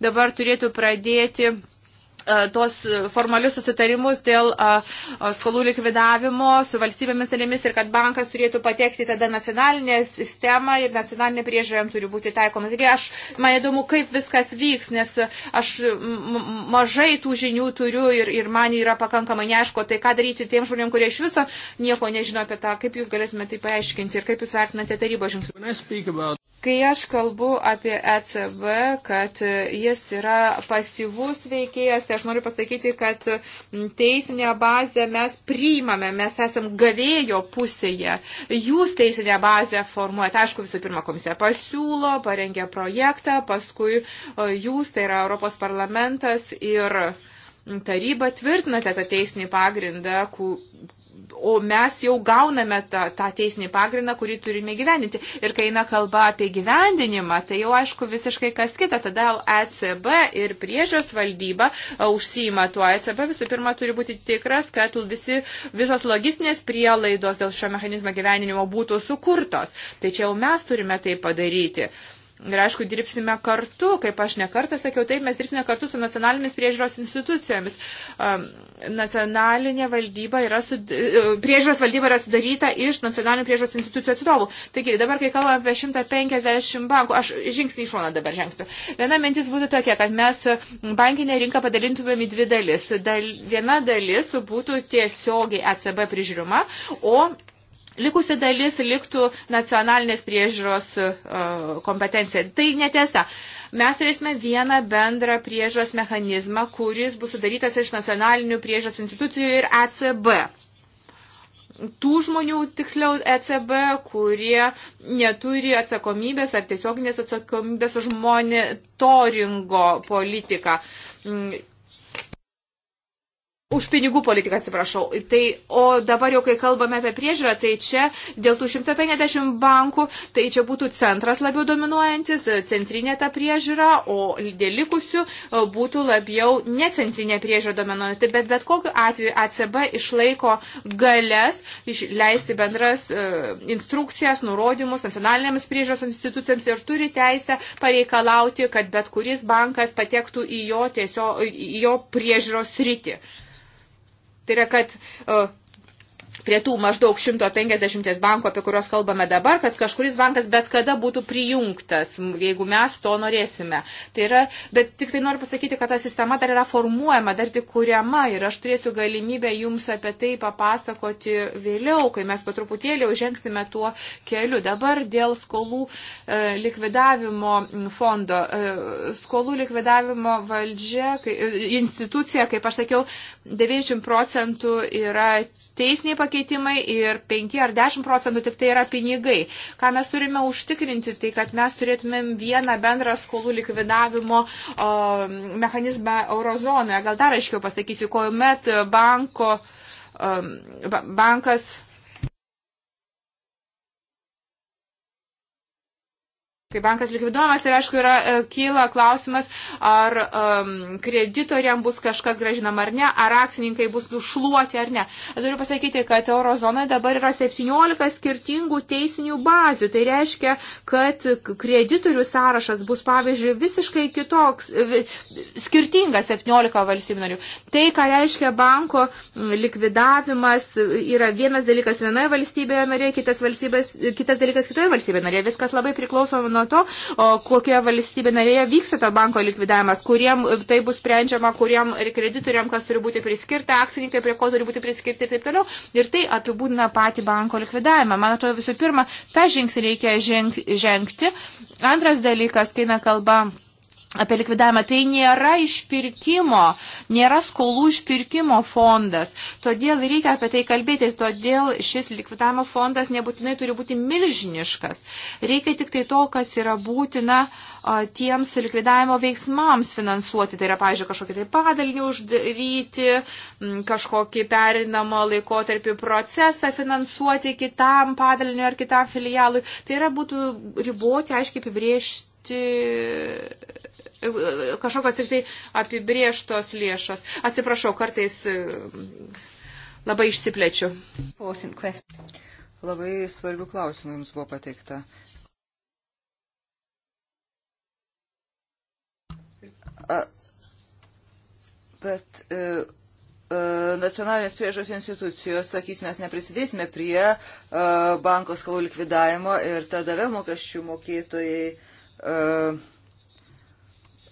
dabar turėtų pradėti tuos formalius susitarimus dėl skolų likvidavimo su valstybėmis narėmis ir kad bankas turėtų patekti tada nacionalinę sistemą ir nacionalinė priežiūra jam turi būti taikoma. Taigi aš, man įdomu, kaip viskas vyks, nes aš mažai tų žinių turiu ir, ir man yra pakankamai neaišku, tai ką daryti tiem žmonėm, kurie iš viso nieko nežino apie tą, kaip jūs galėtumėte tai paaiškinti ir kaip jūs vertinate tarybos žingsnius. Kai aš kalbu apie ECB, kad jis yra pasyvus veikėjas, tai aš noriu pasakyti, kad teisinę bazę mes priimame, mes esam gavėjo pusėje. Jūs teisinę bazę formuojate, aišku, visų pirma komisija pasiūlo, parengia projektą, paskui jūs, tai yra Europos parlamentas ir taryba tvirtinate tą teisinį pagrindą, ku, o mes jau gauname tą, tą teisinį pagrindą, kurį turime gyveninti. Ir kai eina kalba apie gyvendinimą, tai jau aišku visiškai kas kita. Tada ECB ir priežios valdyba e, užsijima tuo. ECB visų pirma turi būti tikras, kad visi, visos logistinės prielaidos dėl šio mechanizmo gyveninimo būtų sukurtos. Tai čia jau mes turime tai padaryti. Ir aišku, dirbsime kartu, kaip aš nekartą sakiau, taip mes dirbsime kartu su nacionalinėmis priežiūros institucijomis. Um, nacionalinė valdyba yra, sud... E, priežiūros valdyba yra sudaryta iš nacionalinių priežiūros institucijų atstovų. Taigi dabar, kai kalbame apie 150 bankų, aš žingsnį į šoną dabar žengsiu. Viena mintis būtų tokia, kad mes bankinę rinką padalintumėm į dvi dalis. Dal... Viena dalis būtų tiesiogiai ECB prižiūrima, o likusi dalis liktų nacionalinės priežiūros e, kompetencija. Tai netiesa. Mes turėsime vieną bendrą priežiūros mechanizmą, kuris bus sudarytas iš nacionalinių priežiūros institucijų ir ECB tų žmonių, tiksliau ECB, kurie neturi atsakomybės ar tiesioginės atsakomybės už monitoringo politiką. Mm, Už pinigų politiką, atsiprašau. Tai, o dabar jau, kai kalbame apie priežiūrą, tai čia dėl tų 150 bankų, tai čia būtų centras labiau dominuojantis, centrinė ta priežiūra, o dėl likusių e, būtų labiau necentrinė priežiūra dominuojanti. Bet bet kokiu atveju ACB išlaiko galės leisti bendras e, instrukcijas, nurodymus nacionalinėms priežiūros institucijams ir turi teisę pareikalauti, kad bet kuris bankas patektų į jo, tiesio, į jo priežiūros rytį. Tai yra, kad prie tų maždaug 150 bankų, apie kuriuos kalbame dabar, kad kažkuris bankas bet kada būtų prijungtas, jeigu mes to norėsime. Tai yra, bet tik tai noriu pasakyti, kad ta sistema dar yra formuojama, dar tik kuriama ir aš turėsiu galimybę jums apie tai papasakoti vėliau, kai mes patruputėlį užžengsime tuo keliu. Dabar dėl skolų e, likvidavimo fondo. E, skolų likvidavimo valdžia, kai, e, institucija, kaip aš sakiau, 90 procentų yra teisiniai pakeitimai ir 5 ar 10 procentų tik tai yra pinigai. Ką mes turime užtikrinti, tai kad mes turėtumėm vieną bendrą skolų likvidavimo o, mechanizmą eurozonoje. Gal dar aiškiau pasakysiu, kuomet banko, o, bankas Kai bankas likviduojamas ir aišku yra e, kyla klausimas, ar um, kreditoriam bus kažkas gražinama ar ne, ar akcininkai bus nušluoti ar ne. Turiu pasakyti, kad eurozonoje dabar yra 17 skirtingų teisinių bazių. Tai reiškia, kad kreditorių sąrašas bus, pavyzdžiui, visiškai kitoks, e, skirtingas 17 valstybių narių. Tai, ką reiškia banko likvidavimas, e, yra vienas dalykas vienoje valstybėje narėje, kitas, kitas dalykas kitoje valstybėje narėje. Viskas labai priklauso nuo nuo to, kokioje valstybė narėje vyksta to banko likvidavimas, kuriem e, tai bus sprendžiama, kuriem ir kreditoriam, kas turi būti priskirta, akcininkai prie ko turi būti priskirti ir taip toliau. Ir tai apibūdina patį banko likvidavimą. Man atrodo, visų pirma, tą žingsnį reikia žengti. Antras dalykas, kai na kalba apie likvidavimą. Tai nėra išpirkimo, nėra skolų išpirkimo fondas. Todėl reikia apie tai kalbėti. Todėl šis likvidavimo fondas nebūtinai turi būti milžiniškas. Reikia tik tai to, kas yra būtina tiems likvidavimo veiksmams finansuoti. Tai yra, pavyzdžiui, kažkokį tai padalinį uždaryti, kažkokį perinamo laikotarpį procesą finansuoti kitam padaliniui ar kitam filialui. Tai yra būtų riboti, aiškiai, apibriežti kažkokios tik tai apibrieštos lėšos. Atsiprašau, kartais e, labai išsiplečiu. Labai svarbių klausimų jums buvo pateikta. A, bet e, e, nacionalinės priežos institucijos sakys, mes neprisidėsime prie e, banko skalų likvidavimo ir tada vėl mokesčių mokėtojai e,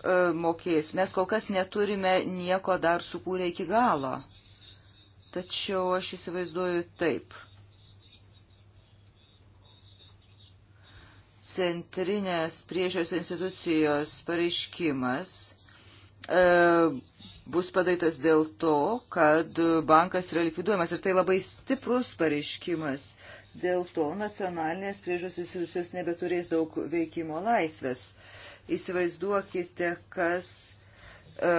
E, mokės. Mes kol kas neturime nieko dar sukūrę iki galo. Tačiau aš įsivaizduoju taip. Centrinės priežios institucijos pareiškimas e, bus padaitas dėl to, kad bankas yra likviduojamas ir tai labai stiprus pareiškimas. Dėl to nacionalinės priežios institucijos nebeturės daug veikimo laisvės. E, Įsivaizduokite, kas e,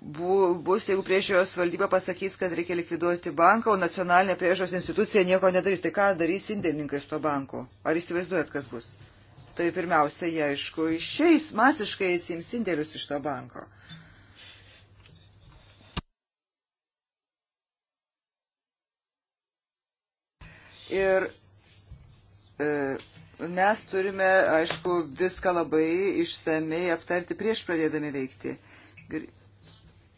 bu, bus, jeigu priežiūros valdyba pasakys, kad reikia likviduoti banką, o nacionalinė priežiūros institucija nieko nedarys. Tai ką darys indėlininkai su to banku? Ar įsivaizduojat, kas bus? Tai pirmiausia, jie aišku, išeis masiškai atsims indėlius iš to banko. Ir e, Mes turime, aišku, viską labai išsamei aptarti prieš pradėdami veikti.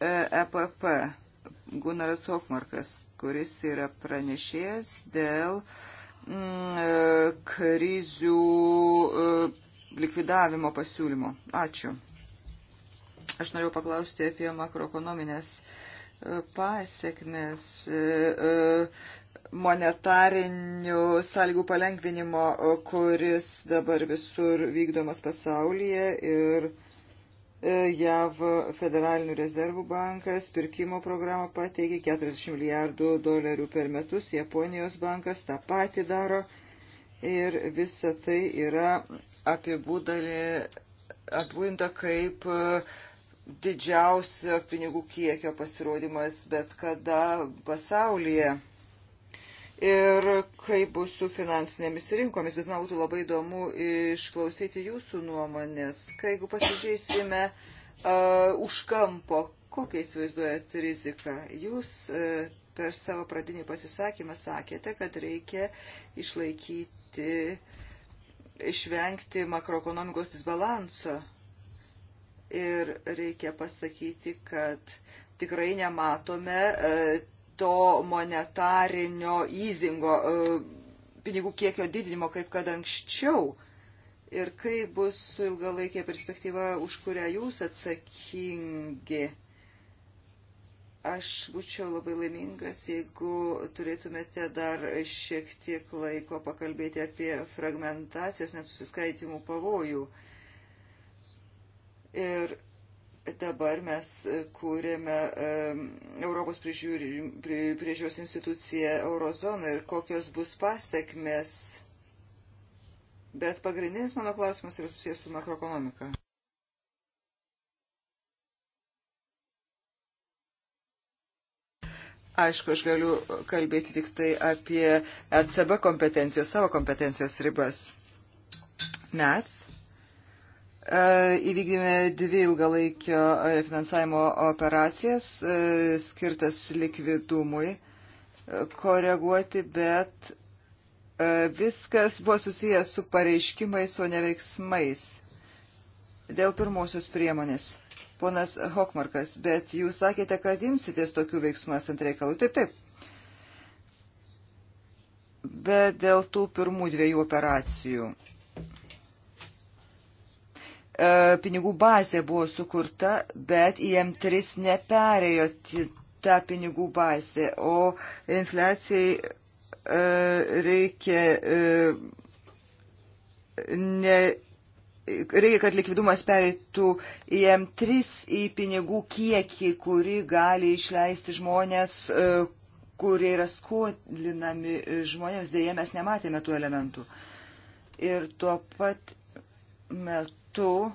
EPP e Gunaras Okmarkas, kuris yra pranešėjęs dėl mm, e, krizių e, likvidavimo pasiūlymo. Ačiū. Aš noriu paklausti apie makroekonominės pasiekmes monetarinių sąlygų palengvinimo, kuris dabar visur vykdomas pasaulyje ir e, JAV Federalinių rezervų bankas pirkimo programą pateikė 40 milijardų dolerių per metus, Japonijos bankas tą patį daro ir visa tai yra apibūdinta kaip e, didžiausio pinigų kiekio pasirodymas bet kada pasaulyje ir kaip bus su finansinėmis rinkomis, bet man būtų labai įdomu išklausyti jūsų nuomonės. Kai jeigu pasižiūrėsime uh, už kampo, kokią įsivaizduojat riziką, jūs uh, per savo pradinį pasisakymą sakėte, kad reikia išlaikyti, išvengti makroekonomikos disbalanso. Ir reikia pasakyti, kad tikrai nematome uh, to monetarinio įzingo, e, pinigų kiekio didinimo, kaip kad anksčiau. Ir kaip bus su ilgalaikė perspektyva, už kurią jūs atsakingi. Aš būčiau labai laimingas, jeigu turėtumėte dar šiek tiek laiko pakalbėti apie fragmentacijos nesusiskaitimų pavojų. Ir dabar mes e, kūrėme e, Europos priežiūros instituciją Eurozoną ir kokios bus pasiekmes. Bet pagrindinis mano klausimas yra susijęs su makroekonomika. Aišku, aš galiu kalbėti tik tai apie ECB kompetencijos, savo kompetencijos ribas. Mes E, įvykdėme dvi ilgalaikio refinansavimo operacijas e, skirtas likvidumui e, koreguoti, bet viskas buvo susijęs su pareiškimais, o ne veiksmais. Dėl pirmosios priemonės. Ponas Hokmarkas, bet jūs sakėte, kad imsitės tokių veiksmų esant reikalų. Taip, taip. Bet dėl tų pirmų dviejų operacijų E, pinigų bazė buvo sukurta, bet IM3 neperėjo tą pinigų bazę, o infliacijai e, reikia, e, ne, reikia, kad likvidumas pereitų IM3 į pinigų kiekį, kurį gali išleisti žmonės, kurie yra skolinami žmonėms, dėje mes nematėme tų elementų. Ir tuo pat metu metu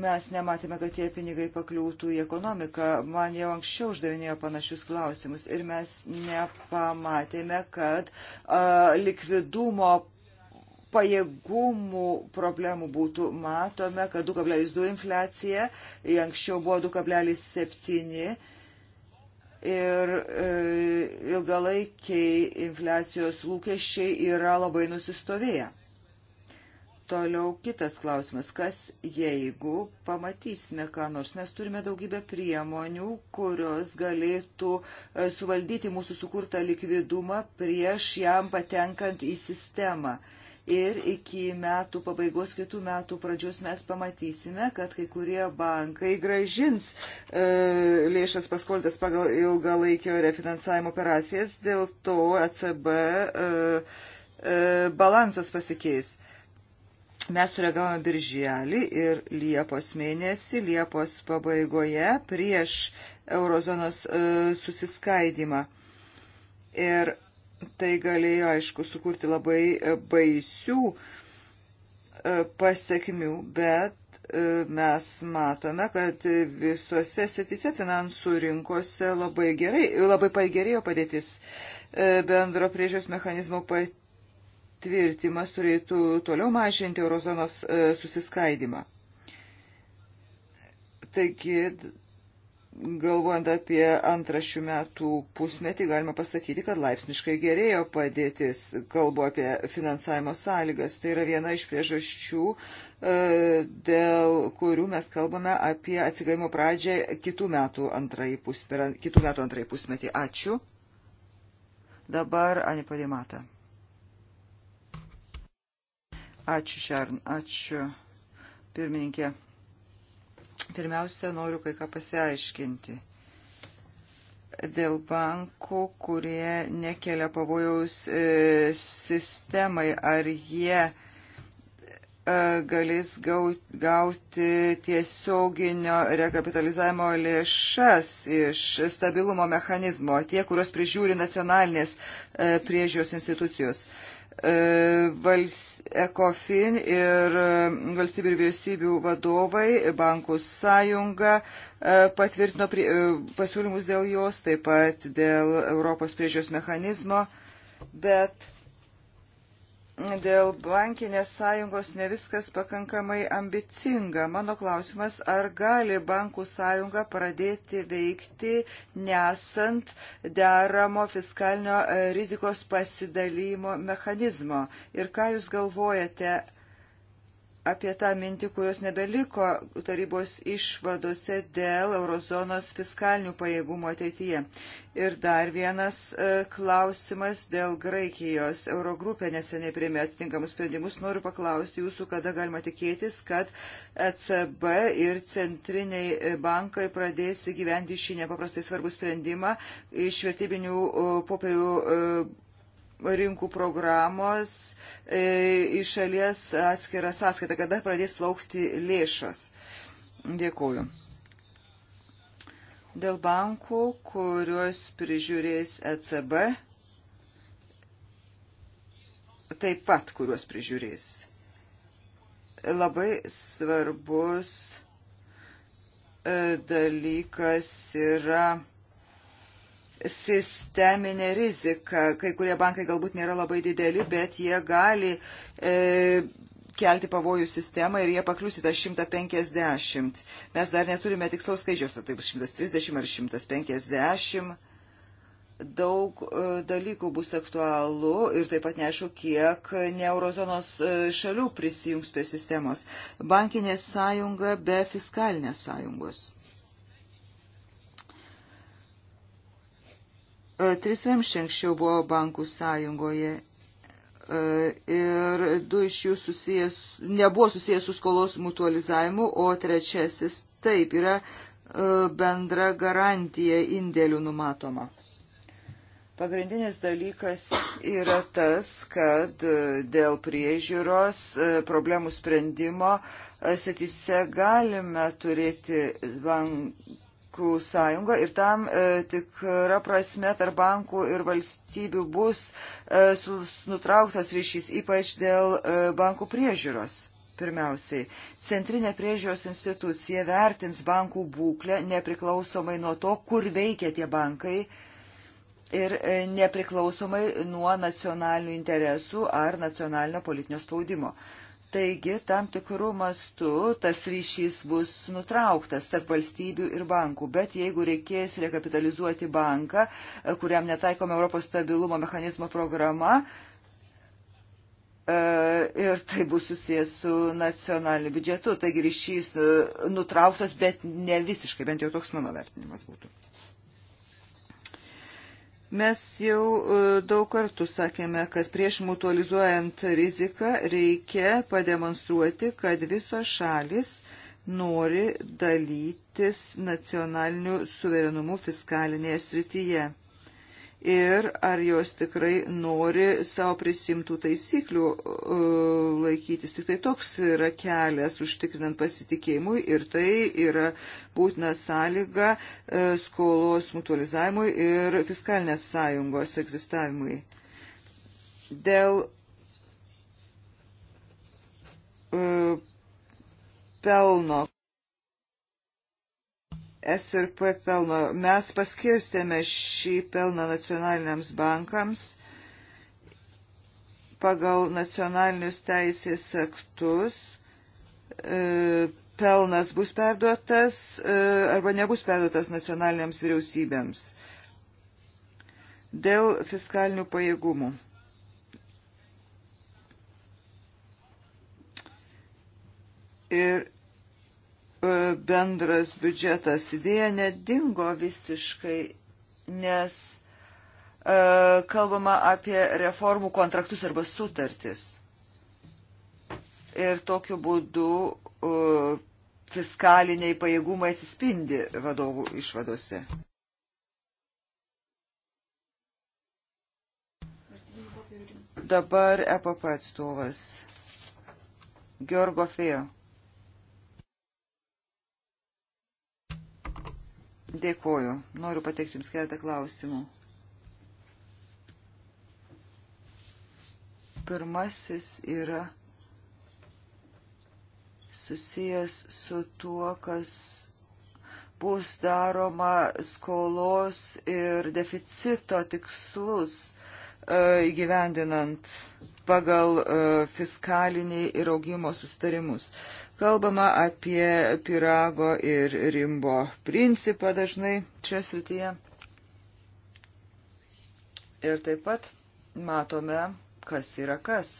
mes nematėme, kad tie pinigai pakliūtų į ekonomiką. Man jau anksčiau uždavinėjo panašius klausimus ir mes nepamatėme, kad a, likvidumo pajėgumų problemų būtų. Matome, kad 2,2 infliacija, anksčiau buvo 2,7 ir e, ilgalaikiai infliacijos lūkesčiai yra labai nusistovėję. Toliau kitas klausimas, kas jeigu pamatysime, ką nors mes turime daugybę priemonių, kurios galėtų e, suvaldyti mūsų sukurtą likvidumą prieš jam patenkant į sistemą. Ir iki metų pabaigos, kitų metų pradžios mes pamatysime, kad kai kurie bankai gražins e, lėšas paskoltas pagal ilgalaikio refinansavimo operacijas, dėl to ECB e, e, balansas pasikeis mes sureagavome birželį ir Liepos mėnesį, Liepos pabaigoje prieš eurozonos e, susiskaidimą. Ir tai galėjo, aišku, sukurti labai e, baisių e, pasiekmių, bet e, mes matome, kad visose sėtise finansų rinkose labai gerai, labai pagerėjo padėtis bendro priežios mechanizmo pat tvirtimas turėtų toliau mažinti eurozonos e, susiskaidimą. Taigi, galvojant apie antrą šių metų pusmetį, galima pasakyti, kad laipsniškai gerėjo padėtis, kalbu apie finansavimo sąlygas. Tai yra viena iš priežasčių, e, dėl kurių mes kalbame apie atsigavimo pradžią kitų metų antrąjį, pusperą, kitų metų antrąjį pusmetį. Ačiū. Dabar Anipadėmata. Ačiū, Šern. Ačiū, pirmininkė. Pirmiausia, noriu kai ką pasiaiškinti. Dėl bankų, kurie nekelia pavojaus e, sistemai, ar jie e, galės gauti tiesioginio rekapitalizavimo lėšas iš stabilumo mechanizmo, tie, kurios prižiūri nacionalinės e, priežiūros institucijos. E, vals, ECOFIN ir e, valstybių ir vyriausybių vadovai, bankų sąjunga e, patvirtino prie, pasiūlymus dėl jos, taip pat dėl Europos priežios mechanizmo, bet dėl bankinės sąjungos ne viskas pakankamai ambicinga. Mano klausimas, ar gali bankų sąjunga pradėti veikti nesant deramo fiskalinio e, rizikos pasidalymo mechanizmo? Ir ką Jūs galvojate apie tą mintį, kurios nebeliko tarybos išvadose dėl eurozonos fiskalinių pajėgumų ateityje? Ir dar vienas e, klausimas dėl Graikijos. Eurogrupė neseniai priėmė atitinkamus sprendimus. Noriu paklausti jūsų, kada galima tikėtis, kad ECB ir centriniai e, bankai pradės įgyventi šį nepaprastai svarbų sprendimą iš vertybinių e, popierių rinkų programos iš šalies atskirą sąskaitą, kada pradės plaukti lėšos. Dėkuoju dėl bankų, kuriuos prižiūrės ECB, taip pat kuriuos prižiūrės. Labai svarbus e, dalykas yra sisteminė rizika. Kai kurie bankai galbūt nėra labai dideli, bet jie gali e, kelti pavojų sistemą ir jie paklius į tą 150. Mes dar neturime tikslaus skaičiaus, ar tai bus 130 ar 150. Daug e, dalykų bus aktualu ir taip pat neaišku, kiek ne eurozonos e, šalių prisijungs prie sistemos. Bankinė sąjunga be fiskalinės sąjungos. E, tris ramščiai anksčiau buvo bankų sąjungoje E, ir du iš jų susijęs, nebuvo susijęs su skolos mutualizavimu, o trečiasis taip yra e, bendra garantija indėlių numatoma. Pagrindinis dalykas yra tas, kad e, dėl priežiūros problemų sprendimo sėtise galime turėti bank, bankų sąjunga ir tam e, tikra prasme tarp bankų ir valstybių bus e, nutrauktas ryšys, ypač dėl e, bankų priežiūros. Pirmiausiai, centrinė priežiūros institucija vertins bankų būklę nepriklausomai nuo to, kur veikia tie bankai ir e, nepriklausomai nuo nacionalinių interesų ar nacionalinio politinio spaudimo. E, Taigi, tam tikrų mastų tas ryšys bus nutrauktas tarp valstybių ir bankų, bet jeigu reikės rekapitalizuoti banką, e, kuriam netaikoma Europos stabilumo mechanizmo programa, e, ir tai bus susijęs su nacionaliniu biudžetu, taigi ryšys e, nutrauktas, bet ne visiškai, bent jau toks mano vertinimas būtų. Mes jau e, daug kartų sakėme, kad prieš mutualizuojant riziką reikia pademonstruoti, kad visos šalis nori dalytis nacionaliniu suverenumu fiskalinėje srityje ir ar jos tikrai nori savo prisimtų taisyklių e, laikytis. Tik tai toks yra kelias užtikrinant pasitikėjimui ir tai yra būtina sąlyga e, skolos mutualizavimui ir fiskalinės sąjungos egzistavimui. Dėl e, pelno. SRP pelno. Mes paskirstėme šį pelną nacionaliniams bankams pagal nacionalinius teisės aktus e, pelnas bus perduotas e, arba nebus perduotas nacionaliniams vyriausybėms dėl fiskalinių pajėgumų. Ir E, bendras biudžetas idėja nedingo visiškai, nes e, kalbama apie reformų kontraktus arba sutartis. Ir tokiu būdu e, fiskaliniai pajėgumai atsispindi vadovų išvadose. Dabar EPP atstovas Georgo Fejo. Dėkoju. Noriu pateikti Jums keletą klausimų. Pirmasis yra susijęs su tuo, kas bus daroma skolos ir deficito tikslus e, įgyvendinant pagal e, fiskalinį ir augimo sustarimus. Kalbama apie pirago ir rimbo principą dažnai čia srityje. Ir taip pat matome, kas yra kas.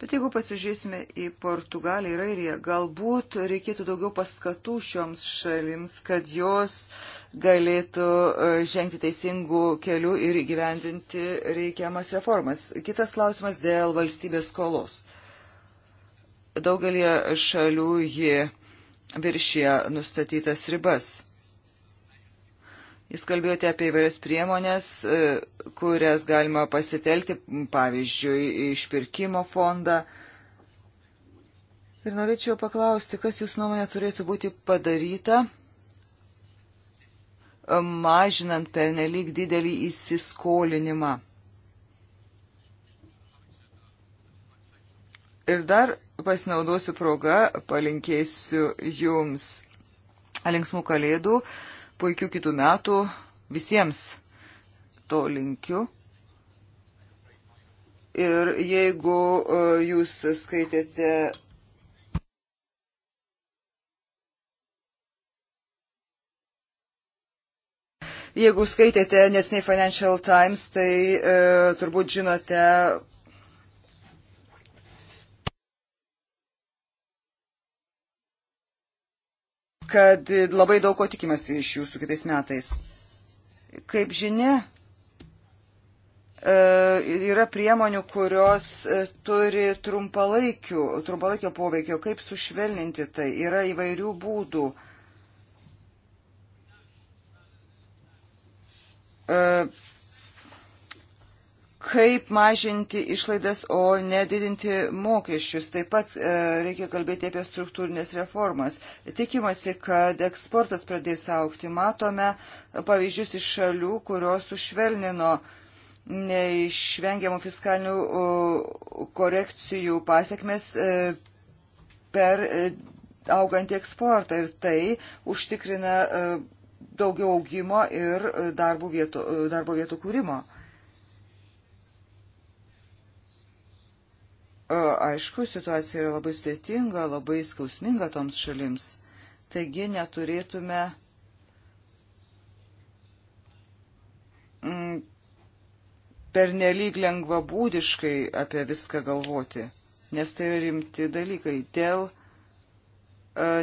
Bet jeigu pasižiūrėsime į Portugaliją ir Airiją, galbūt reikėtų daugiau paskatų šioms šalims, kad jos galėtų e, žengti teisingų kelių ir įgyvendinti reikiamas reformas. Kitas klausimas dėl valstybės skolos. Daugelie šalių ji viršė nustatytas ribas. Jūs kalbėjote apie įvairias priemonės, e, kurias galima pasitelkti, pavyzdžiui, išpirkimo fondą. Ir norėčiau paklausti, kas jūs nuomonė turėtų būti padaryta, mažinant pernelyg didelį įsiskolinimą. Ir dar Pasinaudosiu progą, palinkėsiu jums linksmų kalėdų, puikių kitų metų, visiems to linkiu. Ir jeigu e, jūs skaitėte Jeigu skaitėte nesnei Financial Times, tai e, turbūt žinote kad labai daug ko tikimasi iš jūsų kitais metais. Kaip žinia, e, yra priemonių, kurios e, turi trumpalaikio poveikio. Kaip sušvelninti tai? Yra įvairių būdų. E, kaip mažinti išlaidas, o nedidinti mokesčius. Taip pat e, reikia kalbėti apie struktūrinės reformas. Tikimasi, kad eksportas pradės aukti. Matome pavyzdžius iš šalių, kurios sušvelnino neišvengiamų fiskalinių korekcijų pasiekmes e, per e, augantį eksportą ir tai užtikrina e, daugiau augimo ir darbo vietų, darbo vietų kūrimo. Aišku, situacija yra labai sudėtinga, labai skausminga toms šalims. Taigi neturėtume mm, pernelyg lengvabūdiškai apie viską galvoti, nes tai yra rimti dalykai dėl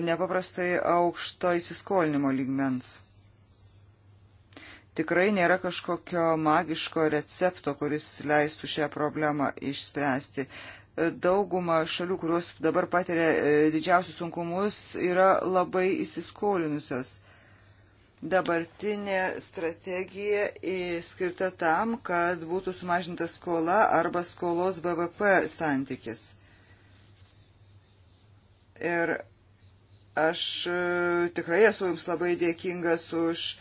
nepaprastai aukšto įsiskolinimo lygmens. Tikrai nėra kažkokio magiško recepto, kuris leistų šią problemą išspręsti dauguma šalių, kurios dabar patiria e, didžiausius sunkumus, yra labai įsiskolinusios. Dabartinė strategija skirta tam, kad būtų sumažinta skola arba skolos BVP santykis. Ir aš e, tikrai esu Jums labai dėkingas už e,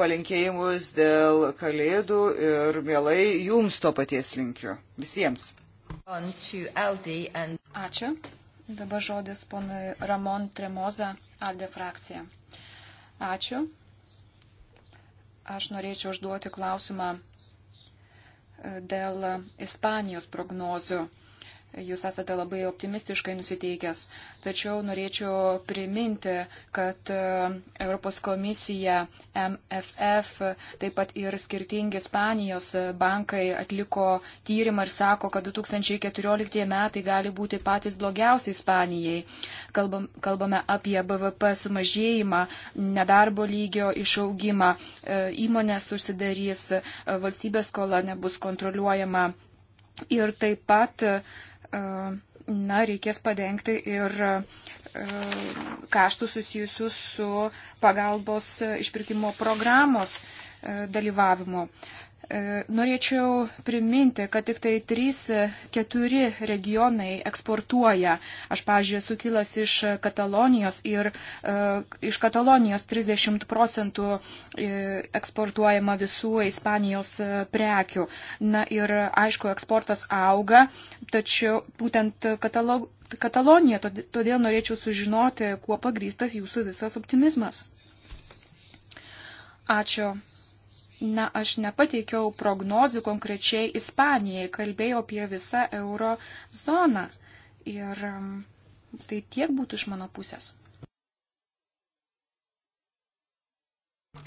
palinkėjimus dėl kalėdų ir mielai Jums to paties linkiu. Visiems. And... Ačiū. Dabar žodis ponui Ramon Tremoza, Alde frakcija. Ačiū. Aš norėčiau užduoti klausimą e, dėl Ispanijos prognozių Jūs esate labai optimistiškai nusiteikęs, tačiau norėčiau priminti, kad e, Europos komisija, MFF, taip pat ir skirtingi Ispanijos bankai atliko tyrimą ir sako, kad 2014 metai gali būti patys blogiausi Ispanijai. Kalbam, kalbame apie BVP sumažėjimą, nedarbo lygio išaugimą, e, įmonės užsidarys, e, valstybės skola nebus kontroliuojama. Ir taip pat E, na, reikės padengti ir e, kaštų susijusius su pagalbos e, išpirkimo programos dalyvavimu. E, norėčiau priminti, kad tik tai 3-4 e, regionai eksportuoja. Aš, pažiūrėjau, esu kilęs iš Katalonijos ir e, iš Katalonijos 30 procentų e, eksportuojama visų Ispanijos e, prekių. Na ir aišku, eksportas auga, tačiau būtent katalog, Katalonija, todėl norėčiau sužinoti, kuo pagrystas jūsų visas optimizmas. Ačiū. Na, aš nepateikiau prognozių konkrečiai Ispanijai, kalbėjau apie visą euro zoną. Ir um, tai tiek būtų iš mano pusės.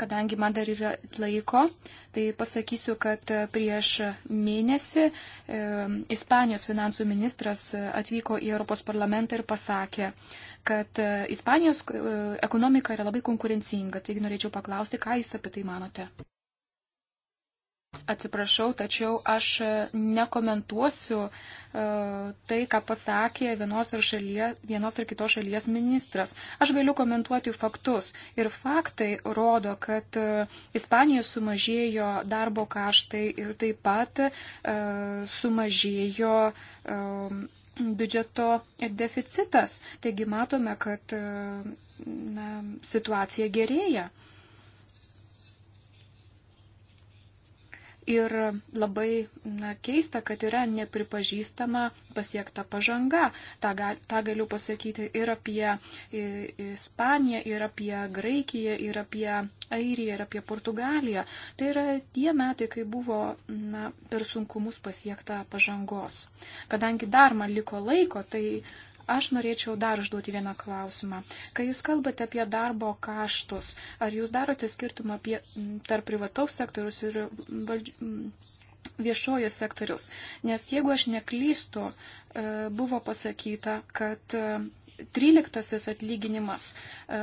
Kadangi man dar yra laiko, tai pasakysiu, kad e, prieš mėnesį e, Ispanijos finansų ministras atvyko į Europos parlamentą ir pasakė, kad e, Ispanijos e, ekonomika yra labai konkurencinga. Taigi norėčiau paklausti, ką Jūs apie tai manote. Atsiprašau, tačiau aš e, nekomentuosiu uh, tai, ką pasakė vienos ar, šalies, vienos ar kitos šalies ministras. Aš galiu komentuoti faktus. Ir faktai rodo, kad uh, e, Ispanijoje sumažėjo darbo kaštai ir taip pat uh, sumažėjo. Uh, biudžeto deficitas. Taigi matome, kad na, situacija gerėja. Uh, Ir labai na, keista, kad yra nepripažįstama pasiekta pažanga. Ta, ga, ta galiu pasakyti ir apie Ispaniją, ir apie Graikiją, ir apie Airiją, ir apie Portugaliją. Tai yra tie metai, kai buvo na, per sunkumus pasiekta pažangos. Kadangi dar man liko laiko, tai Aš norėčiau dar užduoti vieną klausimą. Kai jūs kalbate apie darbo kaštus, ar jūs darote skirtumą apie, tarp privataus sektorius ir valdž... viešojo sektorius? Nes jeigu aš neklystu, e, buvo pasakyta, kad 13 atlyginimas e,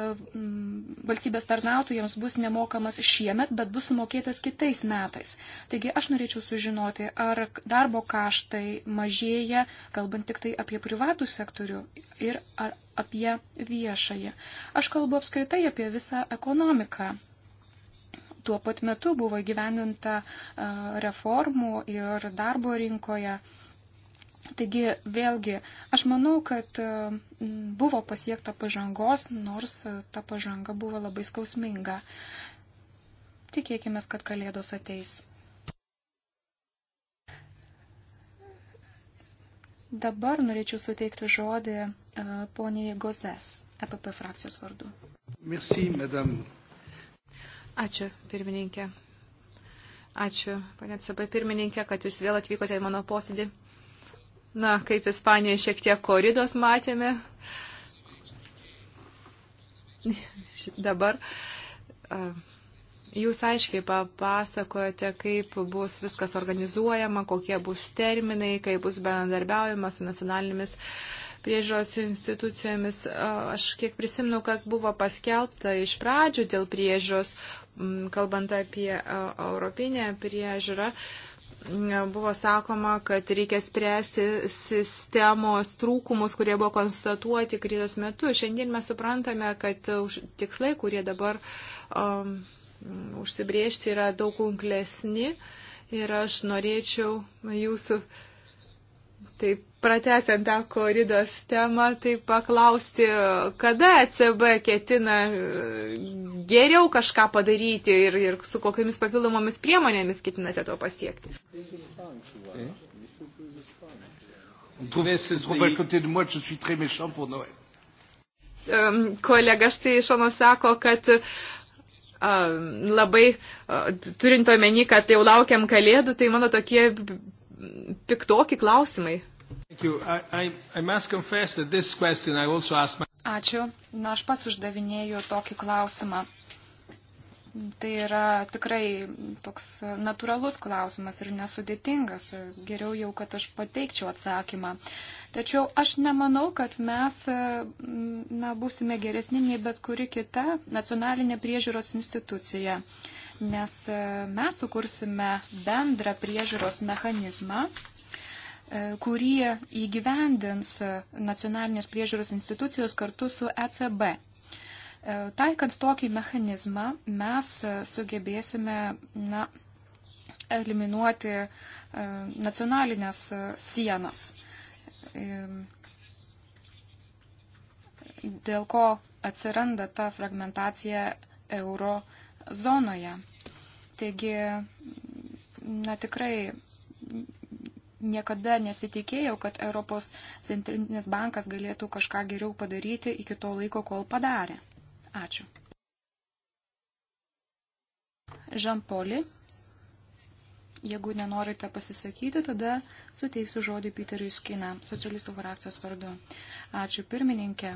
valstybės tarnautojams bus nemokamas šiemet, bet bus sumokėtas kitais metais. Taigi aš norėčiau sužinoti, ar darbo kaštai mažėja, kalbant tik tai apie privatų sektorių ir ar apie viešąjį. Aš kalbu apskritai apie visą ekonomiką. Tuo pat metu buvo gyveninta e, reformų ir darbo rinkoje uh, Taigi vėlgi, aš manau, kad e, buvo pasiekta pažangos, nors e, ta pažanga buvo labai skausminga. Tikėkime, kad kalėdos ateis. Dabar norėčiau suteikti žodį e, poniai Gozes, EPP frakcijos vardu. Merci, madame. Ačiū, pirmininkė. Ačiū, ponė CB pirmininkė, kad jūs vėl atvykote į mano posėdį. Na, kaip Ispanijoje šiek tiek koridos matėme. Dabar jūs aiškiai papasakojate, kaip bus viskas organizuojama, kokie bus terminai, kaip bus bendarbiaujama su nacionalinėmis priežiūros institucijomis. Aš kiek prisimenu, kas buvo paskelbta iš pradžių dėl priežiūros, kalbant apie europinę priežiūrą buvo sakoma, kad reikia spręsti sistemos trūkumus, kurie buvo konstatuoti krizės metu. Šiandien mes suprantame, kad tikslai, kurie dabar um, užsibriežti, yra daug kunklesni ir aš norėčiau jūsų Taip, pratesiant tą koridos temą, tai paklausti, kada ECB ketina e, geriau kažką padaryti ir, ir su kokiamis papildomomis priemonėmis ketinate to pasiekti. Kolega štai iš šono sako, kad labai e, turint omeny, kad jau laukiam kalėdų, tai mano tokie piktoki klausimai. I, I, I Ačiū. Na, aš pats uždavinėjau tokį klausimą. Tai yra tikrai toks natūralus klausimas ir nesudėtingas. Geriau jau, kad aš pateikčiau atsakymą. Tačiau aš nemanau, kad mes na, būsime geresni nei bet kuri kita nacionalinė priežiūros institucija, nes mes sukursime bendrą priežiūros mechanizmą kurį įgyvendins nacionalinės priežiūros institucijos kartu su ECB. E, taikant tokį mechanizmą mes e, sugebėsime na, eliminuoti e, nacionalinės sienas, dėl ko atsiranda ta fragmentacija euro zonoje. Taigi, na tikrai niekada nesitikėjau, kad Europos centrinis bankas galėtų kažką geriau padaryti iki to laiko, kol padarė. Ačiū. Žampoli, jeigu nenorite pasisakyti, tada suteiksiu žodį Piteriui Skina, socialistų frakcijos vardu. Ačiū pirmininkė.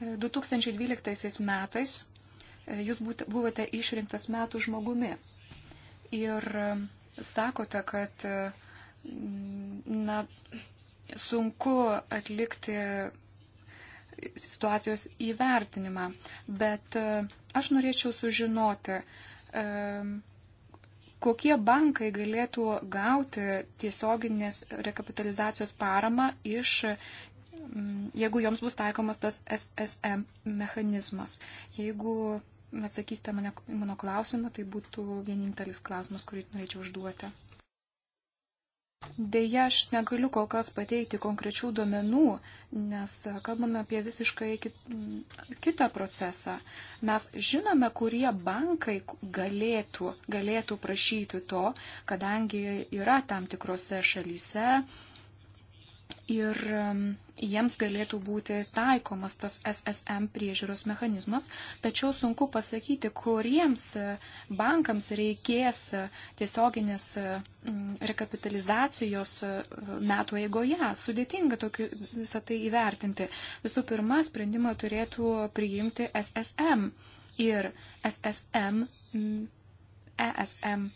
E, 2012 metais jūs buvote išrinktas metų žmogumi. Ir e, sakote, kad e, na, sunku atlikti situacijos įvertinimą, bet e, aš norėčiau sužinoti, e, kokie bankai galėtų gauti tiesioginės rekapitalizacijos paramą iš, jeigu joms bus taikomas tas SSM mechanizmas. Jeigu atsakysite mane, mano klausimą, tai būtų vienintelis klausimas, kurį norėčiau užduoti. Deja, aš negaliu kol kas pateikti konkrečių duomenų, nes kalbame apie visiškai kitą procesą. Mes žinome, kurie bankai galėtų, galėtų prašyti to, kadangi yra tam tikrose šalyse ir um, jiems galėtų būti taikomas tas SSM priežiūros mechanizmas, tačiau sunku pasakyti, kuriems uh, bankams reikės uh, tiesioginės uh, rekapitalizacijos metų eigoje. Sudėtinga tokiu, visą tai įvertinti. Visų pirma, sprendimą turėtų priimti SSM ir SSM, ESM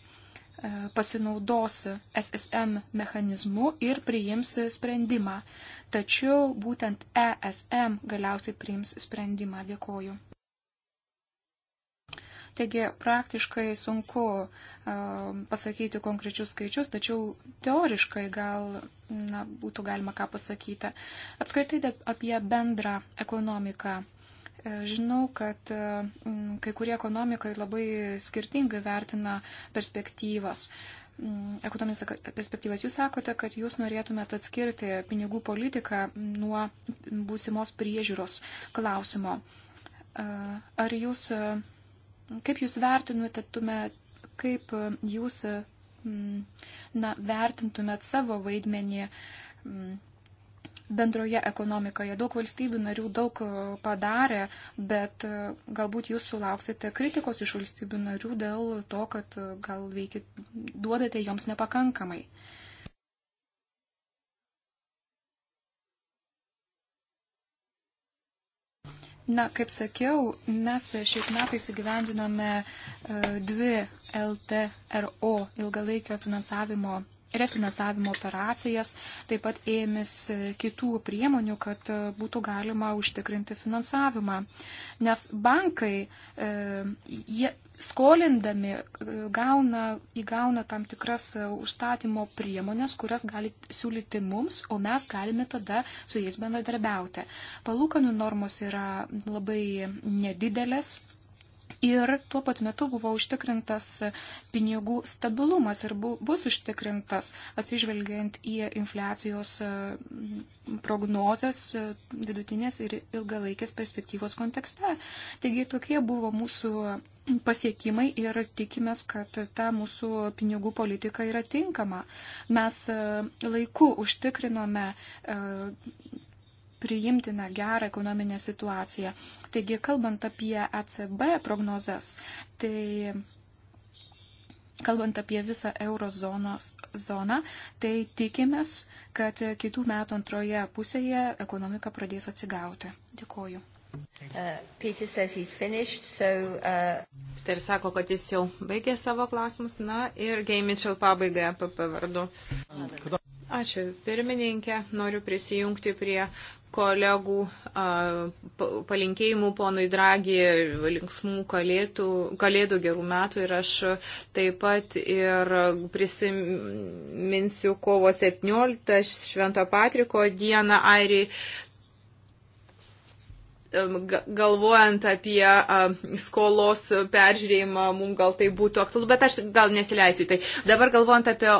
E, pasinaudos SSM mechanizmu ir priims sprendimą. Tačiau būtent ESM galiausiai priims sprendimą. Dėkoju. Taigi praktiškai sunku e, pasakyti konkrečius skaičius, tačiau teoriškai gal na, būtų galima ką pasakyti. Apskritai apie bendrą ekonomiką E, žinau, kad e, kai kurie ekonomikai labai skirtingai vertina perspektyvas. Ekonominės perspektyvas jūs sakote, kad jūs norėtumėte atskirti pinigų politiką nuo būsimos priežiūros klausimo. E, ar jūs, kaip jūs vertinate, kaip jūs na, vertintumėt savo vaidmenį bendroje ekonomikoje. Daug valstybių narių daug e, padarė, bet e, galbūt jūs sulauksite kritikos iš valstybių narių dėl to, kad e, gal veikit, duodate joms nepakankamai. Na, kaip sakiau, mes šiais metais įgyvendinome dvi LTRO ilgalaikio finansavimo refinansavimo operacijas, taip pat ėmėsi kitų priemonių, kad būtų galima užtikrinti finansavimą. Nes bankai, e, jie skolindami, e, gauna, įgauna tam tikras užstatymo priemonės, kurias gali siūlyti mums, o mes galime tada su jais bendradarbiauti. Palūkanų normos yra labai nedidelės Ir tuo pat metu buvo užtikrintas pinigų stabilumas ir bu, bus užtikrintas atsižvelgiant į infliacijos prognozes e, vidutinės ir ilgalaikės perspektyvos kontekste. Taigi tokie buvo mūsų pasiekimai ir tikimės, kad ta mūsų pinigų politika yra tinkama. Mes e, laiku užtikrinome e, priimtiną gerą ekonominę situaciją. Taigi, kalbant apie ECB prognozes, tai Kalbant apie visą eurozonos zoną, tai tikimės, kad kitų metų antroje pusėje ekonomika pradės atsigauti. Dėkoju. Uh, Peteris so, uh... sako, kad jis jau baigė savo klausimus. Na ir Gay Mitchell pabaigai apie pavardu. Ačiū, pirmininkė. Noriu prisijungti prie kolegų palinkėjimų ponui Dragi, linksmų kalėdų, kalėdų gerų metų ir aš taip pat ir prisiminsiu kovo 17 Švento Patriko dieną Airijai galvojant apie skolos peržiūrėjimą, mums gal tai būtų aktualu, bet aš gal nesileisiu. Tai dabar galvojant apie,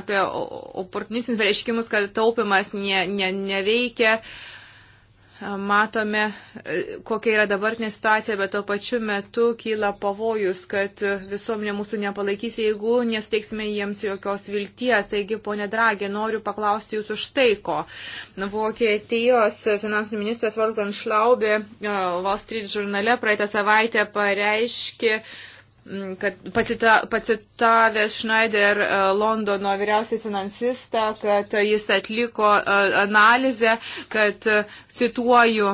apie oportunistinius pareiškimus, kad taupimas ne, ne, neveikia, matome, e, kokia yra dabartinė situacija, bet tuo pačiu metu kyla pavojus, kad visuomenė mūsų nepalaikys, jeigu nesuteiksime jiems jokios vilties. Taigi, ponė Dragė, noriu paklausti jūsų štai ko. Vokietijos finansų ministras Volkan Šlaubė e, Wall Street žurnale praeitą savaitę pareiškė, kad pacita, pacitavęs Schneider e, Londono vyriausiai finansistą, kad e, jis atliko e, analizę, kad cituoju.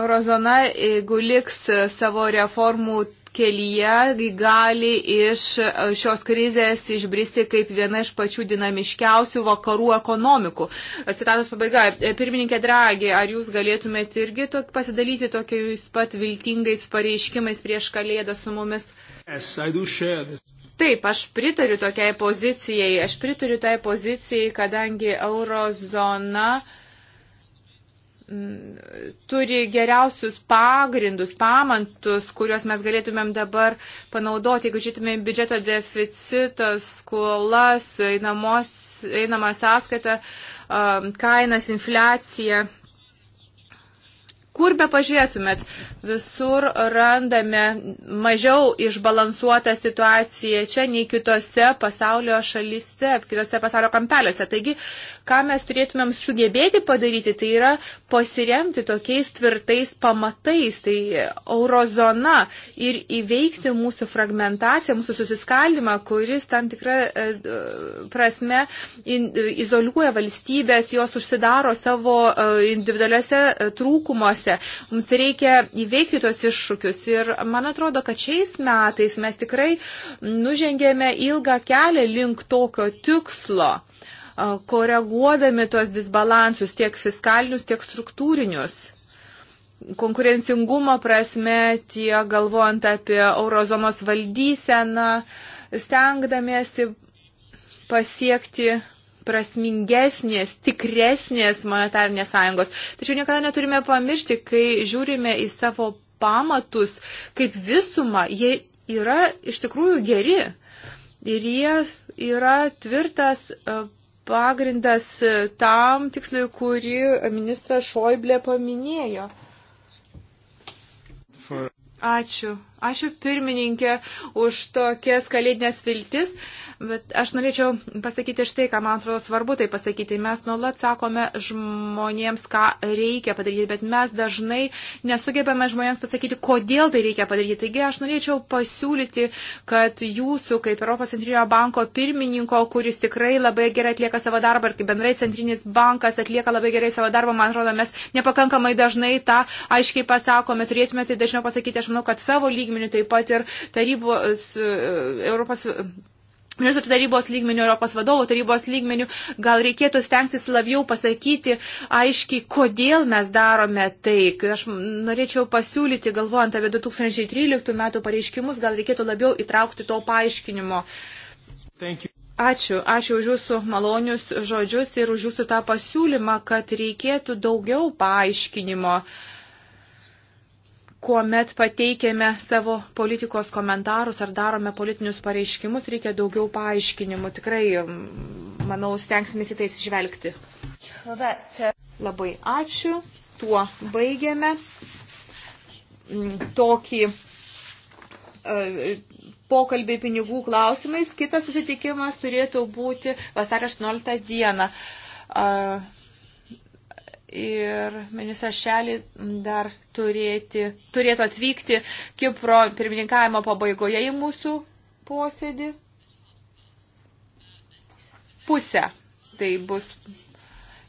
Eurozona, jeigu liks savo reformų kelyje gali iš e, šios krizės išbristi kaip viena iš pačių dinamiškiausių vakarų ekonomikų. Citatos pabaiga. E, pirmininkė Dragi, ar jūs galėtumėte irgi tok, pasidalyti tokiais pat viltingais pareiškimais prieš kalėdą su mumis? Yes, Taip, aš pritariu tokiai pozicijai. Aš pritariu tai pozicijai, kadangi eurozona. Uh, turi geriausius pagrindus, pamantus, kuriuos mes galėtumėm dabar panaudoti, jeigu žiūrėtumėm biudžeto deficitas, skolas, einamos, einamą sąskaitą, um, kainas, infliaciją kur be pažiūrėtumėt, visur randame mažiau išbalansuotą situaciją čia nei kitose pasaulio šalyse, kitose pasaulio kampeliuose. Taigi, ką mes turėtumėm sugebėti padaryti, tai yra pasiremti tokiais tvirtais pamatais, tai eurozona ir įveikti mūsų fragmentaciją, mūsų susiskaldimą, kuris tam tikrą e, prasme izoliuoja valstybės, jos užsidaro savo e, individualiuose e, trūkumuose procese. Mums reikia įveikti tos iššūkius ir man atrodo, kad šiais metais mes tikrai nužengėme ilgą kelią link tokio tikslo koreguodami tos disbalansus tiek fiskalinius, tiek struktūrinius konkurencingumo prasme, tiek galvojant apie eurozomos valdyseną, stengdamiesi pasiekti prasmingesnės, tikresnės monetarnės sąjungos. Tačiau niekada neturime pamiršti, kai žiūrime į savo pamatus kaip visumą, jie yra iš tikrųjų geri. Ir jie yra tvirtas e, pagrindas e, tam tikslui, kurį ministras Šoiblė paminėjo. Ačiū. Ačiū pirmininkė už tokias kalėdinės viltis. Uh, Bet aš norėčiau pasakyti štai, ką man atrodo svarbu tai pasakyti. Mes nuolat sakome žmonėms, ką reikia padaryti, bet mes dažnai nesugebame žmonėms pasakyti, kodėl tai reikia padaryti. Taigi aš norėčiau pasiūlyti, kad jūsų, kaip Europos centrinio banko pirmininko, kuris tikrai labai gerai atlieka savo darbą ir kaip bendrai centrinis bankas atlieka labai gerai savo darbą, man atrodo, mes nepakankamai dažnai tą aiškiai pasakome, turėtume tai dažniau pasakyti, aš manau, kad savo lygmenių taip pat ir tarybos e, Europos Ministrų tarybos lygmenių, Europos vadovų tarybos lygmenių, gal reikėtų stengtis labiau pasakyti aiškiai, kodėl mes darome tai. Aš norėčiau pasiūlyti, galvojant apie 2013 metų pareiškimus, gal reikėtų labiau įtraukti to paaiškinimo. Ačiū, ačiū už jūsų malonius žodžius ir už jūsų tą pasiūlymą, kad reikėtų daugiau paaiškinimo. Uh, kuomet pateikėme savo politikos komentarus ar darome politinius pareiškimus, reikia daugiau paaiškinimų. Tikrai, mm, manau, stengsimės į tai atsižvelgti. Labai ačiū. Tuo baigėme mm, tokį e, pokalbį pinigų klausimais. Kitas susitikimas turėtų būti vasario 18 dieną. E, ir ministras Šelį dar turėti, turėtų atvykti Kipro pirmininkavimo pabaigoje į mūsų posėdį. Pusę tai bus.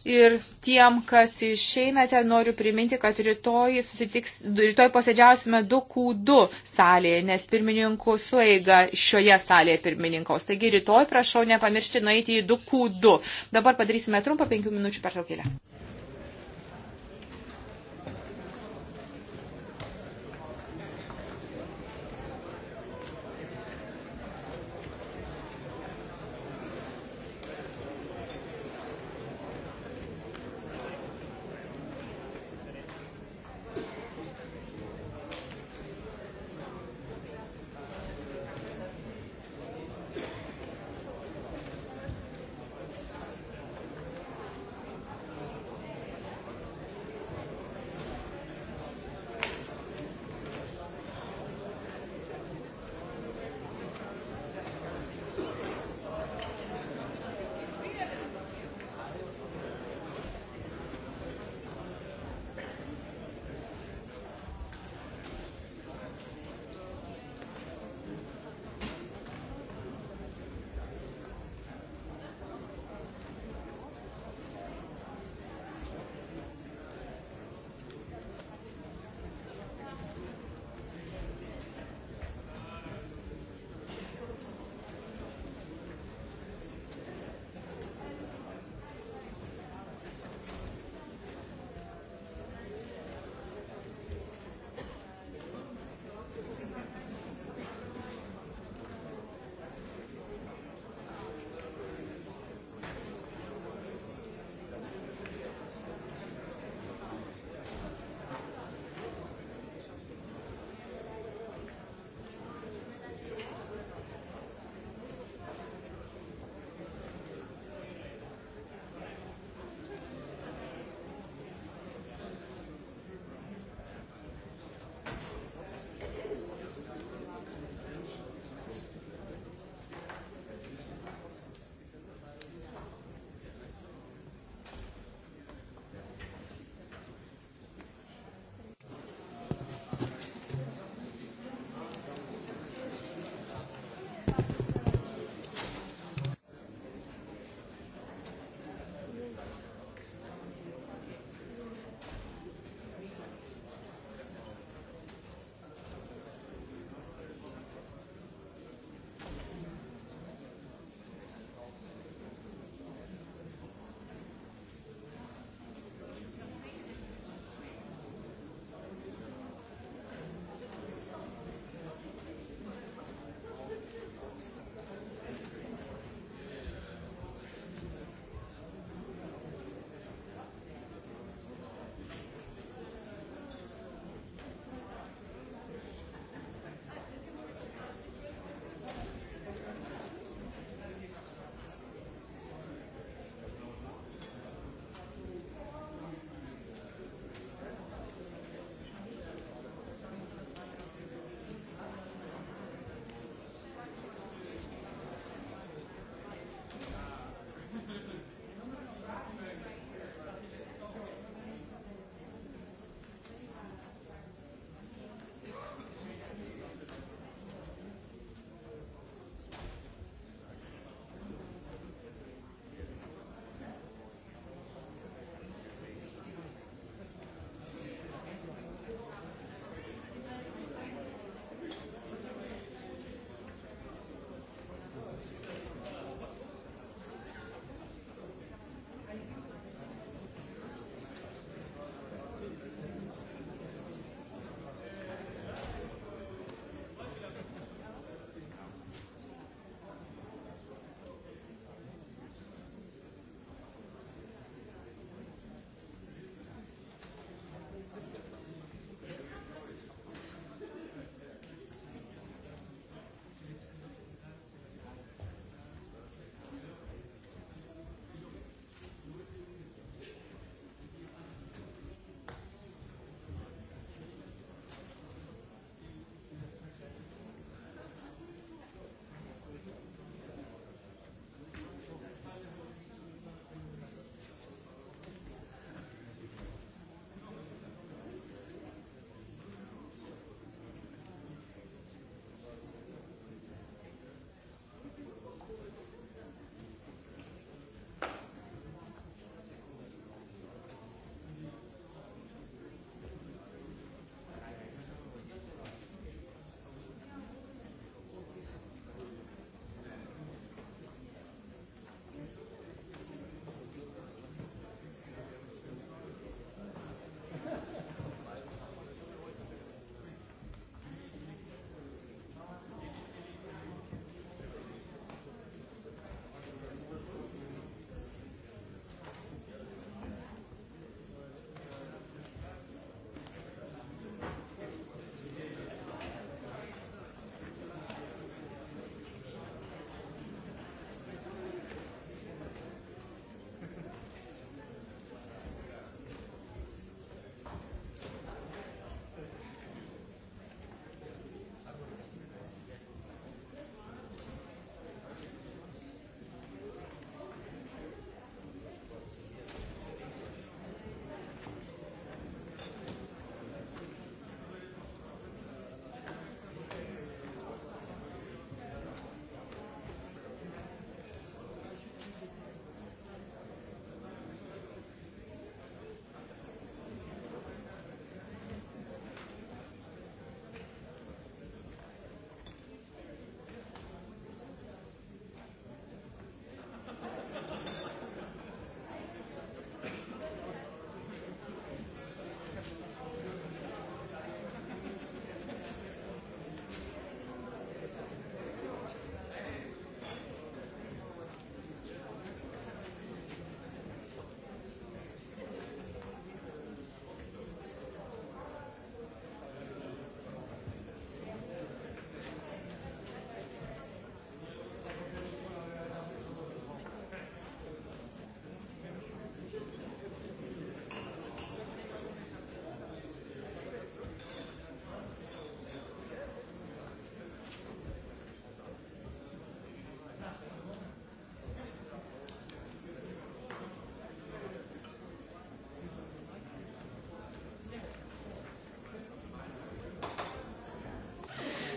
Ir tiem, kas išeinate, noriu priminti, kad rytoj, susitiks, rytoj posėdžiausime 2Q2 salėje, nes pirmininkų sueiga šioje salėje pirmininkaus. Taigi rytoj prašau nepamiršti nueiti į 2Q2. Dabar padarysime trumpą penkių minučių pertraukėlę.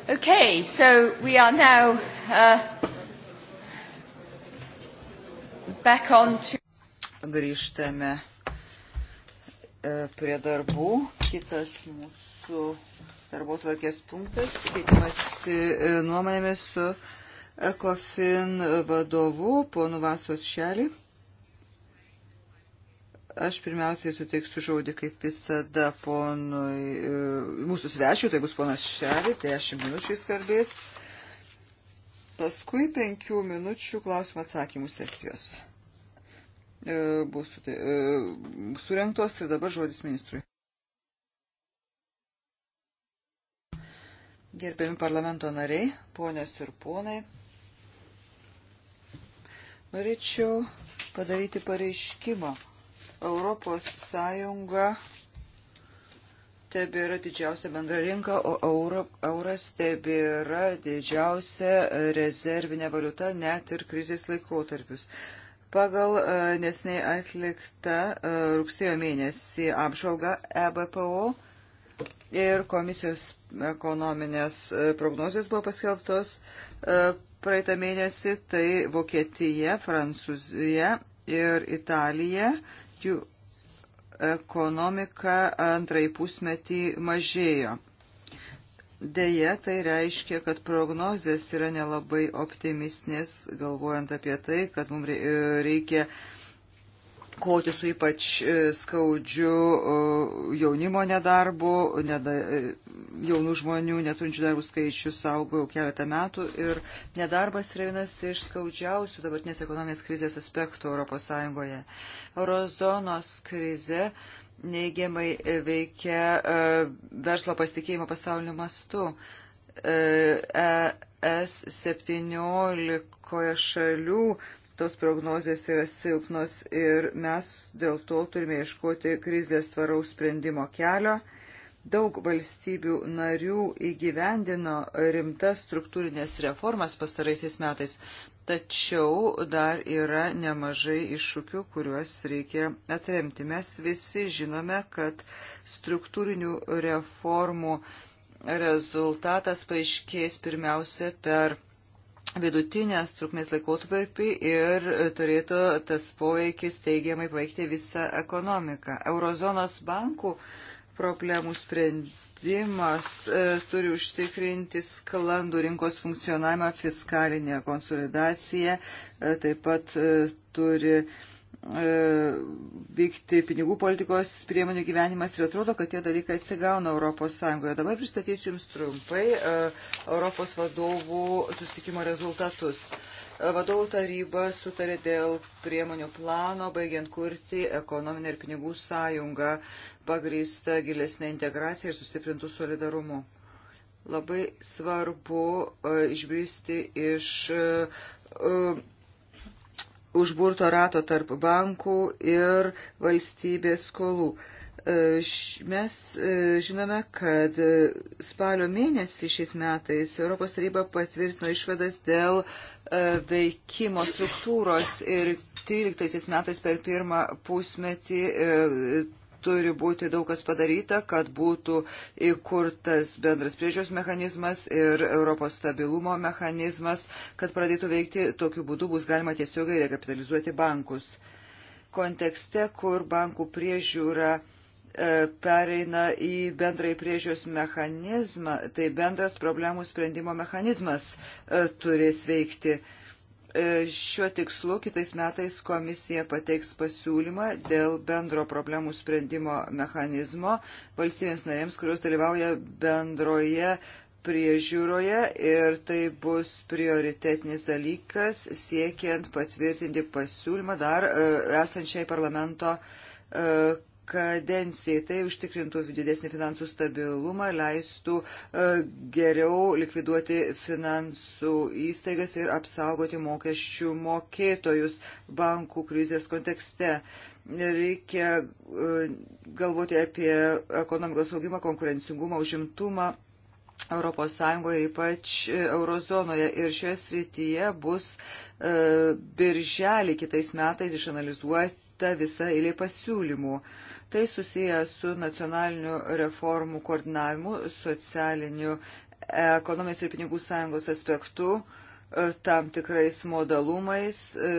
Okay, so we are now uh, back on to. Grįžtame e, prie darbų. Kitas mūsų darbo tvarkės punktas, keitimas e, nuomonėmis su ECOFIN vadovu, ponu Vasos Šelį. Aš pirmiausiai suteiksiu žodį, kaip visada, ponui, e, mūsų svečiu, tai bus ponas Šerį, 10 tai minučių jis kalbės. Paskui 5 minučių klausimų atsakymų sesijos e, bus e, surinktos ir dabar žodis ministrui. Gerbiami parlamento nariai, ponios ir ponai, norėčiau padaryti pareiškimą Europos Sąjunga tebėra didžiausia bendra rinka, o euro, euras tebėra didžiausia rezervinė valiuta net ir krizės laikotarpius. Pagal e, nesnei atliktą e, rugsėjo mėnesį apžvalgą EBPO ir komisijos ekonominės e, prognozijos buvo paskelbtos praeitą mėnesį, tai Vokietija, Prancūzija ir Italija partijų ekonomika antrai pusmetį mažėjo. Deja, tai reiškia, kad prognozės yra nelabai optimistinės, galvojant apie tai, kad mums reikia kovoti su ypač e, skaudžiu jaunimo nedarbu, neda, e, jaunų žmonių neturinčių darbų skaičius augo jau keletą metų ir nedarbas yra vienas iš skaudžiausių dabartinės ekonominės krizės aspektų ES. Eurozonos krize neigiamai veikia e, verslo pasitikėjimo pasaulio mastu. ES 17 šalių tos prognozės yra silpnos ir mes dėl to turime ieškoti krizės tvaraus sprendimo kelio. Daug valstybių narių įgyvendino rimtas struktūrinės reformas pastaraisiais metais, tačiau dar yra nemažai iššūkių, kuriuos reikia atremti. Mes visi žinome, kad struktūrinių reformų rezultatas paaiškės pirmiausia per vidutinės trukmės laikotarpį ir turėtų tas poveikis teigiamai paveikti visą ekonomiką. Eurozonos bankų problemų sprendimas e, turi užtikrinti sklandų rinkos funkcionavimą, fiskalinę konsolidaciją, e, taip pat e, turi e, E, vykti pinigų politikos priemonių gyvenimas ir atrodo, kad tie dalykai atsigauna ES. Dabar pristatysiu Jums trumpai e, Europos vadovų susitikimo rezultatus. E, vadovų taryba sutarė dėl priemonių plano, baigiant kurti ekonominę ir pinigų sąjungą, pagrįstą gilesnę integraciją ir sustiprintų solidarumu. Labai svarbu išbristi iš užburto rato tarp bankų ir valstybės skolų. E, mes e, žinome, kad e, spalio mėnesį šiais metais Europos taryba patvirtino išvadas dėl veikimo struktūros ir 13 metais per pirmą pusmetį turi būti daug kas padaryta, kad būtų įkurtas bendras priežiūros mechanizmas ir Europos stabilumo mechanizmas, kad pradėtų veikti tokiu būdu bus galima tiesiogiai rekapitalizuoti bankus. Kontekste, kur bankų priežiūra e, pereina į bendrai priežios mechanizmą, tai bendras problemų sprendimo mechanizmas e, turės veikti. E, šiuo tikslu kitais metais komisija pateiks pasiūlymą dėl bendro problemų sprendimo mechanizmo valstybėms narėms, kurios dalyvauja bendroje priežiūroje ir tai bus prioritetinis dalykas siekiant patvirtinti pasiūlymą dar e, esančiai parlamento e, kadencijai. Tai užtikrintų didesnį finansų stabilumą, leistų e, geriau likviduoti finansų įstaigas ir apsaugoti mokesčių mokėtojus bankų krizės kontekste. Reikia e, galvoti apie ekonomikos augimą, konkurencingumą, užimtumą. Europos Sąjungoje, ypač e, Eurozonoje. Ir šioje srityje bus e, birželį kitais metais išanalizuoti pateikta visa eilė pasiūlymų. Tai susiję su nacionaliniu reformų koordinavimu, socialiniu, e, ekonomijos ir pinigų sąjungos aspektu, e, tam tikrais modalumais e,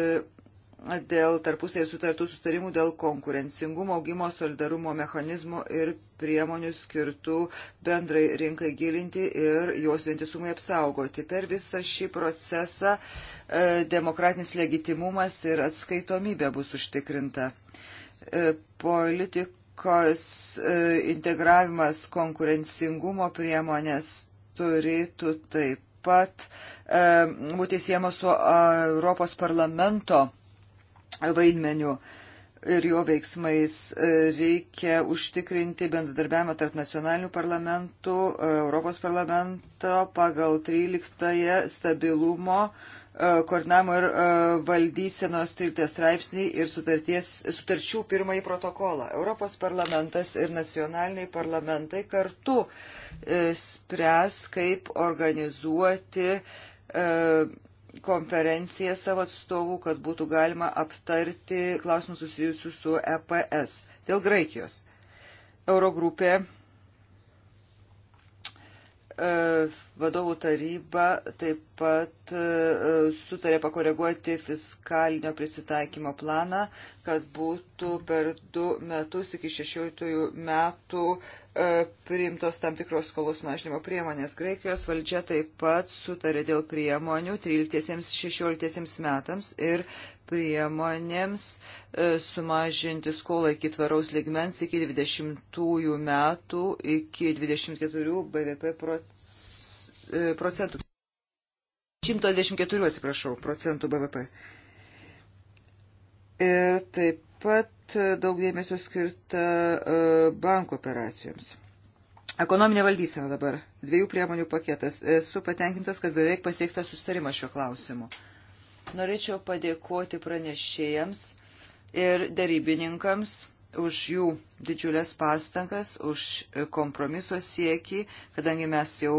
dėl tarpusėje sutartų sustarimų dėl konkurencingumo, augimo, solidarumo mechanizmo ir priemonių skirtų bendrai rinkai gilinti ir jos vientisumai apsaugoti. Per visą šį procesą e, demokratinis legitimumas ir atskaitomybė bus užtikrinta. E, politikos e, integravimas konkurencingumo priemonės turėtų taip pat e, būti siemas su Europos parlamento vaidmeniu ir jo veiksmais reikia užtikrinti bendradarbiavimą tarp nacionalinių parlamentų, Europos parlamento pagal 13 stabilumo E, koordinavimo ir e, valdysenos 13 straipsnį ir sutarčių pirmąjį protokolą. Europos parlamentas ir nacionaliniai parlamentai kartu e, spręs, kaip organizuoti konferenciją savo atstovų, kad būtų galima aptarti klausimus susijusius su EPS. Dėl Graikijos. Eurogrupė E, vadovų taryba taip pat e, sutarė pakoreguoti fiskalinio prisitaikymo planą, kad būtų per du metus iki 16 metų e, priimtos tam tikros skolos mažinimo priemonės. Graikijos valdžia taip pat sutarė dėl priemonių 13-16 metams ir priemonėms e, sumažinti skolą iki tvaraus ligmens iki 20 metų iki 24 BVP e, procentų. 124, atsiprašau, procentų BVP. Ir taip pat e, daug dėmesio skirta banko operacijoms. Ekonominė valdysena dabar. Dviejų priemonių paketas. Esu patenkintas, kad beveik pasiektas sustarimas šiuo klausimu. Norėčiau padėkoti pranešėjams ir darybininkams už jų didžiulės pastangas, už kompromiso siekį, kadangi mes jau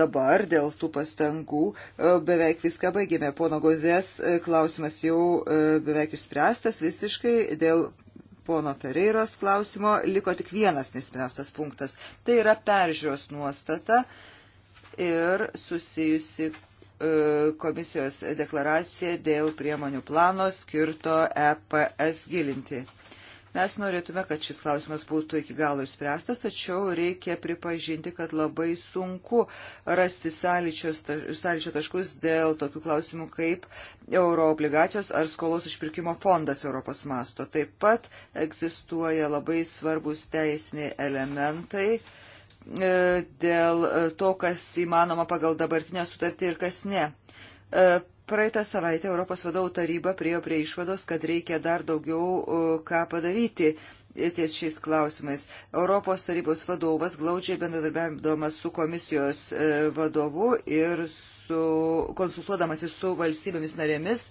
dabar dėl tų pastangų e, beveik viską baigėme. Pono Gozės e, klausimas jau e, beveik išspręstas visiškai dėl. Pono Ferreiros klausimo liko tik vienas nespręstas punktas. Tai yra peržiūros nuostata ir susijusi E, komisijos deklaraciją dėl priemonių plano skirto EPS gilinti. Mes norėtume, kad šis klausimas būtų iki galo išspręstas, tačiau reikia pripažinti, kad labai sunku rasti sąlyčio taškus dėl tokių klausimų kaip euroobligacijos ar skolos išpirkimo fondas Europos masto. Taip pat egzistuoja labai svarbus teisiniai elementai E, dėl e, to, kas įmanoma pagal dabartinę sutartį ir kas ne. E, praeitą savaitę Europos vadovų taryba priejo prie išvados, kad reikia dar daugiau ką padaryti ties šiais klausimais. Europos tarybos vadovas glaudžiai bendradarbiavimas su komisijos vadovu ir su, konsultuodamasi su valstybėmis narėmis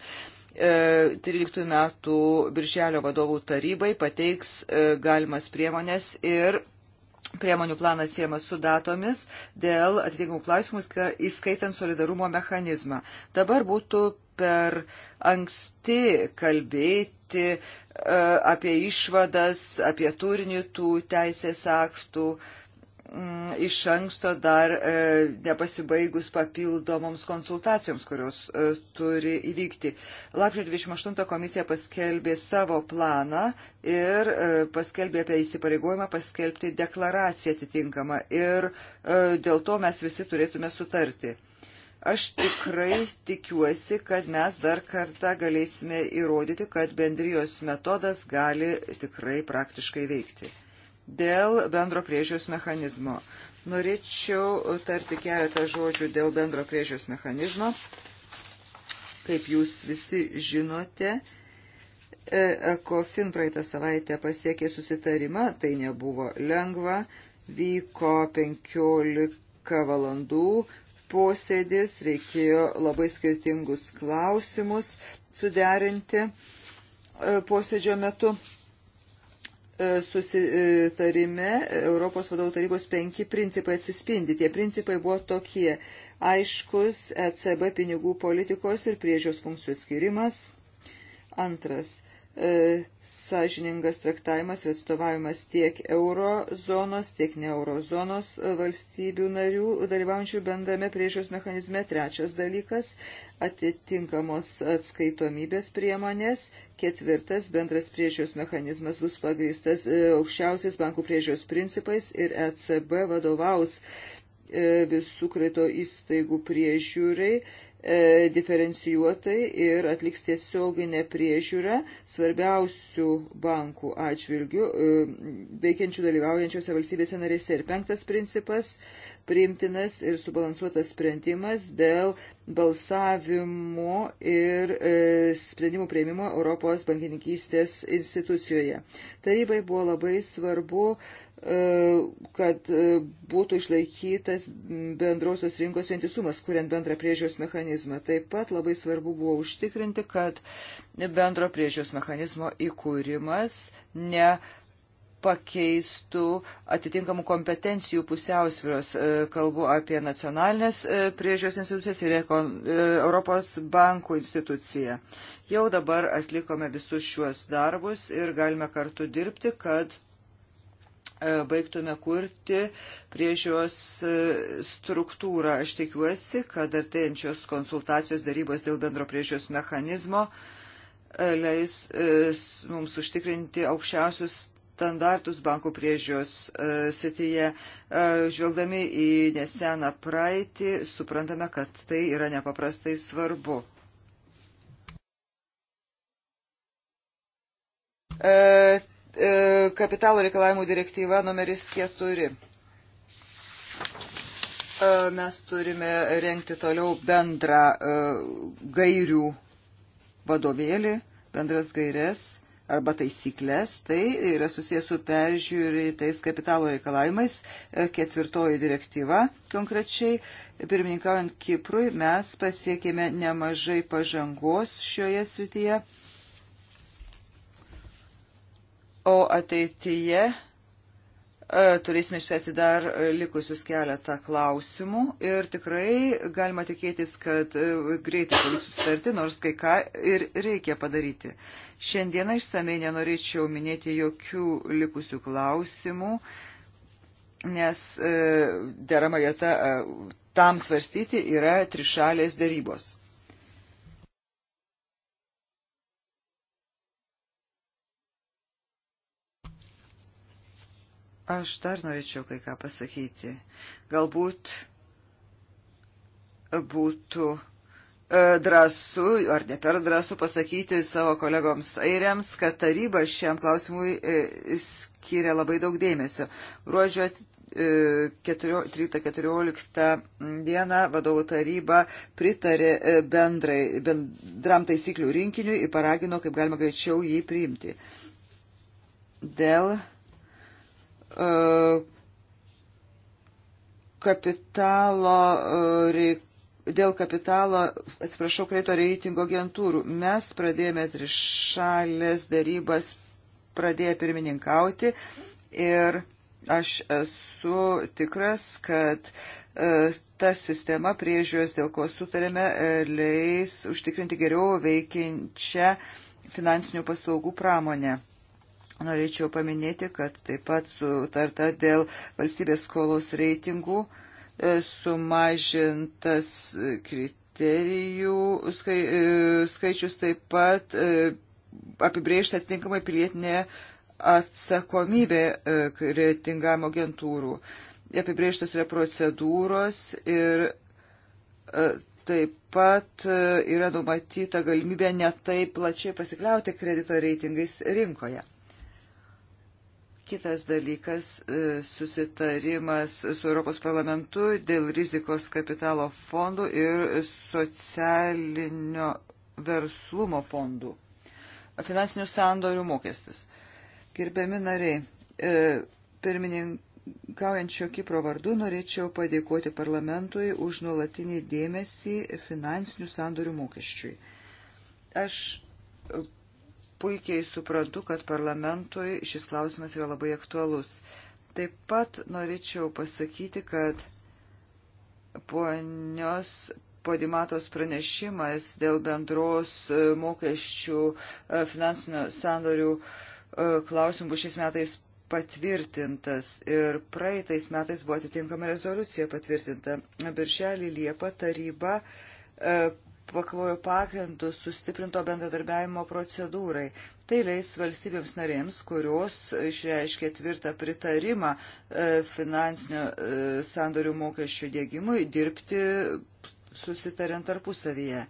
13 metų Birželio vadovų tarybai pateiks galimas priemonės ir priemonių planas siemas su datomis dėl atitinkamų klausimų, įskaitant solidarumo mechanizmą. Dabar būtų per anksti kalbėti e, apie išvadas, apie turinį tų teisės aktų, uh, Mm, iš anksto dar e, nepasibaigus papildomoms konsultacijoms, kurios e, turi įvykti. Lapkričio 28 komisija paskelbė savo planą ir e, paskelbė apie įsipareigojimą paskelbti deklaraciją atitinkamą ir dėl to mes visi turėtume sutarti. Aš tikrai tikiuosi, kad mes dar kartą galėsime įrodyti, kad bendrijos metodas gali tikrai praktiškai veikti dėl bendro priežiūros mechanizmo. Norėčiau tarti keletą žodžių dėl bendro priežiūros mechanizmo. Kaip jūs visi žinote, Ekofin praeitą savaitę pasiekė susitarimą, tai nebuvo lengva, vyko 15 valandų posėdis, reikėjo labai skirtingus klausimus suderinti e, posėdžio metu. E, susitarime Europos vadovų tarybos penki principai atsispindi. Tie principai buvo tokie aiškus ECB pinigų politikos ir priežios funkcijų atskirimas. Antras, E, sąžiningas traktavimas ir atstovavimas tiek euro zonos, tiek ne euro zonos valstybių narių dalyvaujančių bendrame priežiūros mechanizme. Trečias dalykas - atitinkamos atskaitomybės priemonės. Ketvirtas - bendras priežiūros mechanizmas bus pagrįstas e, aukščiausiais bankų priežiūros principais ir ECB vadovaus e, visų kreito įstaigų priežiūrai E, diferencijuotai ir atliks tiesioginę priežiūrą svarbiausių bankų atžvilgių e, veikiančių dalyvaujančiose valstybėse narėse. Ir penktas principas - priimtinas ir subalansuotas sprendimas dėl balsavimo ir e, sprendimų prieimimo Europos bankininkystės institucijoje. Tarybai buvo labai svarbu E, kad e, būtų išlaikytas bendrosios rinkos vientisumas, kuriant bendrą priežiūros mechanizmą. Taip pat labai svarbu buvo užtikrinti, kad bendro priežiūros mechanizmo įkūrimas ne pakeistų atitinkamų kompetencijų pusiausvyros. E, kalbu apie nacionalinės priežiūros institucijas ir Europos bankų instituciją. Jau dabar atlikome visus šiuos darbus ir galime kartu dirbti, kad E, baigtume kurti priežios e, struktūrą. Aš tikiuosi, kad artėjančios konsultacijos darybos dėl bendro priežios mechanizmo e, leis mums užtikrinti aukščiausius standartus bankų priežios sityje. Žvelgdami į neseną praeitį, suprantame, kad tai yra nepaprastai svarbu. E, E, kapitalo reikalavimų direktyva numeris 4. E, mes turime renkti toliau bendrą e, gairių vadovėlį, bendras gairias arba taisyklės, tai yra susijęs su peržiūrėtais kapitalo reikalavimais, ketvirtoji direktyva konkrečiai. Pirmininkaujant Kiprui mes pasiekėme nemažai pažangos šioje srityje o ateityje e, turėsime išspręsti dar likusius keletą klausimų ir tikrai galima tikėtis, kad e, greitai pavyks susitarti, nors kai ką ir reikia padaryti. Šiandieną išsamei nenorėčiau minėti jokių likusių klausimų, nes e, derama vieta tam svarstyti yra trišalės darybos. Aš dar norėčiau kai ką pasakyti. Galbūt būtų e, drąsu, ar ne per drąsu pasakyti savo kolegoms airiams, kad taryba šiam klausimui e, skiria labai daug dėmesio. Gruodžio 13-14 e, dieną vadovų taryba pritarė bendrai, bendram taisyklių rinkiniui ir paragino, kaip galima greičiau jį priimti. Dėl E, kapitalo e, reikalų dėl kapitalo, atsiprašau, kredito reitingo agentūrų. Mes pradėjome trišalės darybas, pradėję pirmininkauti ir aš esu tikras, kad e, ta sistema priežiūros, dėl ko sutarėme, e, leis užtikrinti geriau veikiančią finansinių paslaugų pramonę. Norėčiau paminėti, kad taip pat sutarta dėl valstybės skolos reitingų e, sumažintas kriterijų skai, e, skaičius taip pat e, apibrėžta atitinkamai pilietinė atsakomybė reitingavimo agentūrų. Apibrėžtos yra procedūros ir taip pat yra numatyta galimybė netai plačiai pasikliauti kredito reitingais rinkoje. Kitas dalykas e, - susitarimas su Europos parlamentu dėl rizikos kapitalo fondų ir socialinio verslumo fondų. Finansinių sandorių mokestis. Gerbiami nariai, e, pirmininkaujančio Kipro vardu norėčiau padėkoti parlamentui už nuolatinį dėmesį finansinių sandorių mokesčiui. Aš puikiai suprantu, kad parlamentui šis klausimas yra labai aktualus. Taip pat norėčiau pasakyti, kad ponios Podimatos pranešimas dėl bendros e, mokesčių e, finansinių sandorių e, klausimų bus šiais metais patvirtintas ir praeitais metais buvo atitinkama rezoliucija patvirtinta. Birželį Liepa taryba paklojo pagrindus sustiprinto bendradarbiavimo procedūrai. Tai leis valstybėms narėms, kurios išreiškia tvirtą pritarimą e, finansinio e, sandorių mokesčių dėgymui, dirbti susitariant tarpusavyje.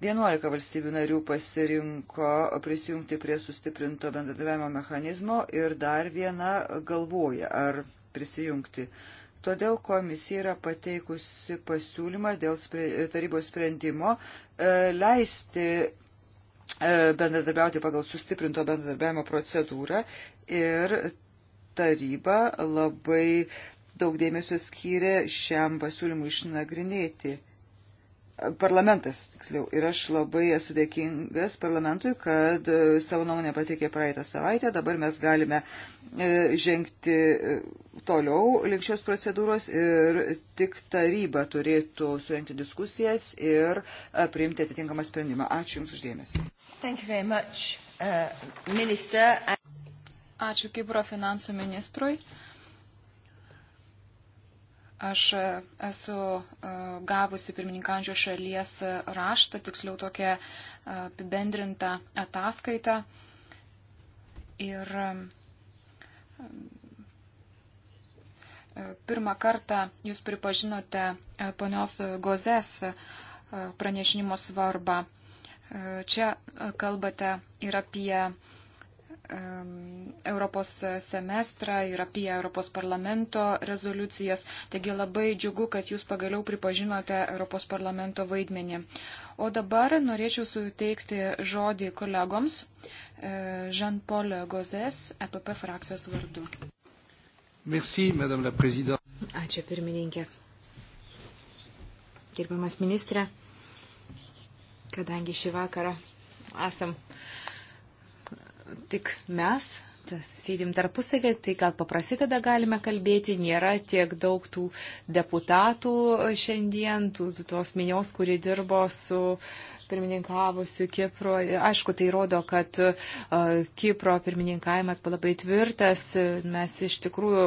11 valstybių narių pasirinko prisijungti prie sustiprinto bendradarbiavimo mechanizmo ir dar viena galvoja, ar prisijungti. Todėl komisija yra pateikusi pasiūlymą dėl tarybos sprendimo e, leisti e, bendradarbiauti pagal sustiprinto bendradarbiavimo procedūrą ir taryba labai daug dėmesio skyrė šiam pasiūlymui išnagrinėti parlamentas, tiksliau. Ir aš labai esu dėkingas parlamentui, kad e, savo nuomonę pateikė praeitą savaitę. Dabar mes galime e, žengti e, toliau link šios procedūros ir tik taryba turėtų surenkti diskusijas ir priimti atitinkamą sprendimą. Ačiū Jums uždėmesi. Much, uh, Ačiū Kipro finansų ministrui. Aš e, esu e, gavusi pirmininkančio šalies e, raštą, tiksliau tokią apibendrintą ataskaitą. Ir pirmą kartą jūs pripažinote ponios Gozės pranešinimo svarbą. Čia kalbate ir apie Europos semestrą ir apie Europos parlamento rezoliucijas. Taigi labai džiugu, kad jūs pagaliau pripažinote Europos parlamento vaidmenį. O dabar norėčiau suteikti žodį kolegoms e, Jean-Paul Gozes, EPP frakcijos vardu. Merci, Ačiū pirmininkė. Gerbiamas ministrė, kadangi šį vakarą esam uh, tik mes, sėdim tarpusavė, tai gal paprastai tada galime kalbėti, nėra tiek daug tų deputatų šiandien, tų, tos minios, kuri dirbo su pirmininkavusiu Kipro. Aišku, tai rodo, kad Kipro pirmininkavimas buvo labai tvirtas. Mes iš tikrųjų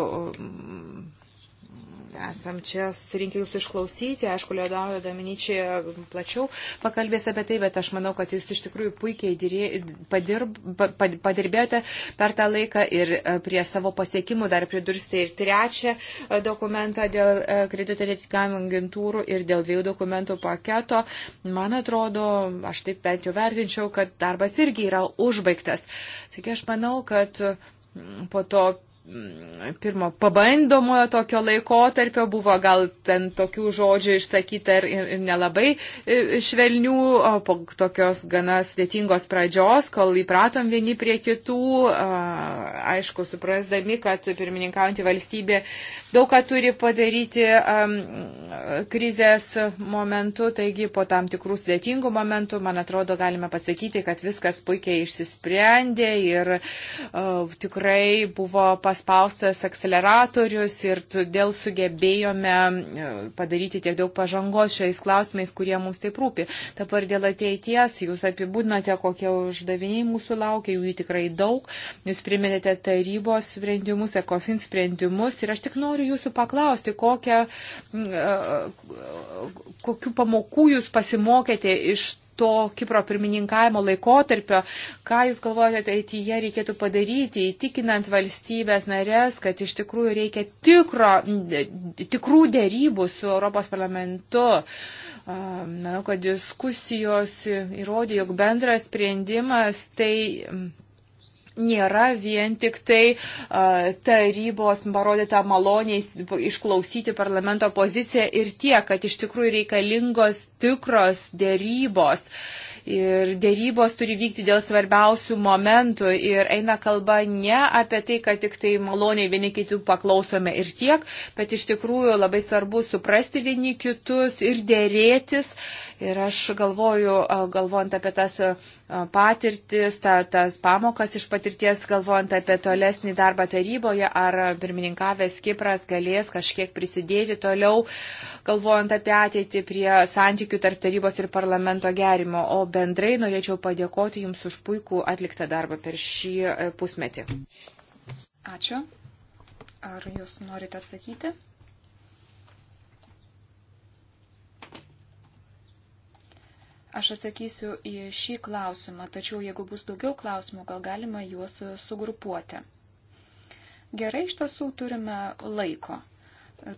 esam čia surinkę jūsų išklausyti. Aišku, Leodoro Dominičiai plačiau pakalbės apie tai, bet aš manau, kad jūs iš tikrųjų puikiai padirb, padirbėjote per tą laiką ir e, prie savo pasiekimų dar pridursite ir trečią e, dokumentą dėl e, kredito reitingavimo agentūrų ir dėl dviejų dokumentų paketo. Man atrodo, aš taip bent jau vertinčiau, kad darbas irgi yra užbaigtas. Taigi aš manau, kad po to Mm, pirmo pabandomojo tokio laikotarpio buvo gal ten tokių žodžių išsakyta ir, ir, ir nelabai e, švelnių, o po tokios gana sudėtingos pradžios, kol įpratom vieni prie kitų, aišku, suprasdami, kad pirmininkaujantį valstybė daug ką turi padaryti krizės momentu, taigi po tam tikrų sudėtingų momentų, man atrodo, galime pasakyti, kad viskas puikiai išsisprendė ir tikrai buvo pasakyti paspaustas akceleratorius ir todėl sugebėjome e, padaryti tiek daug pažangos šiais klausimais, kurie mums taip rūpi. Dabar dėl ateities, jūs apibūdinote, kokie uždaviniai mūsų laukia, jų tikrai daug, jūs priminėte tarybos sprendimus, ekofin sprendimus ir aš tik noriu jūsų paklausti, kokią, e, e, kokių pamokų jūs pasimokėte iš to Kipro pirmininkavimo laikotarpio, ką Jūs galvojate ateityje reikėtų padaryti, įtikinant valstybės narės, kad iš tikrųjų reikia tikro, tikrų dėrybų su Europos parlamentu. Manau, kad diskusijos įrodė, jog bendras sprendimas tai nėra vien tik tai uh, tarybos parodyta maloniai išklausyti parlamento poziciją ir tie, kad iš tikrųjų reikalingos tikros dėrybos. Ir dėrybos turi vykti dėl svarbiausių momentų ir eina kalba ne apie tai, kad tik tai maloniai vieni kitų paklausome ir tiek, bet iš tikrųjų labai svarbu suprasti vieni kitus ir dėrėtis. Ir aš galvoju, galvojant apie tas patirtis, ta, tas pamokas iš patirties, galvojant apie tolesnį darbą taryboje, ar pirmininkavęs Kipras galės kažkiek prisidėti toliau, galvojant apie ateitį prie santykių tarp tarybos ir parlamento gerimo. O bendrai norėčiau padėkoti Jums už puikų atliktą darbą per šį e, pusmetį. Ačiū. Ar Jūs norite atsakyti? Aš atsakysiu į šį klausimą, tačiau jeigu bus daugiau klausimų, gal galima juos sugrupuoti. Gerai, iš tiesų turime laiko.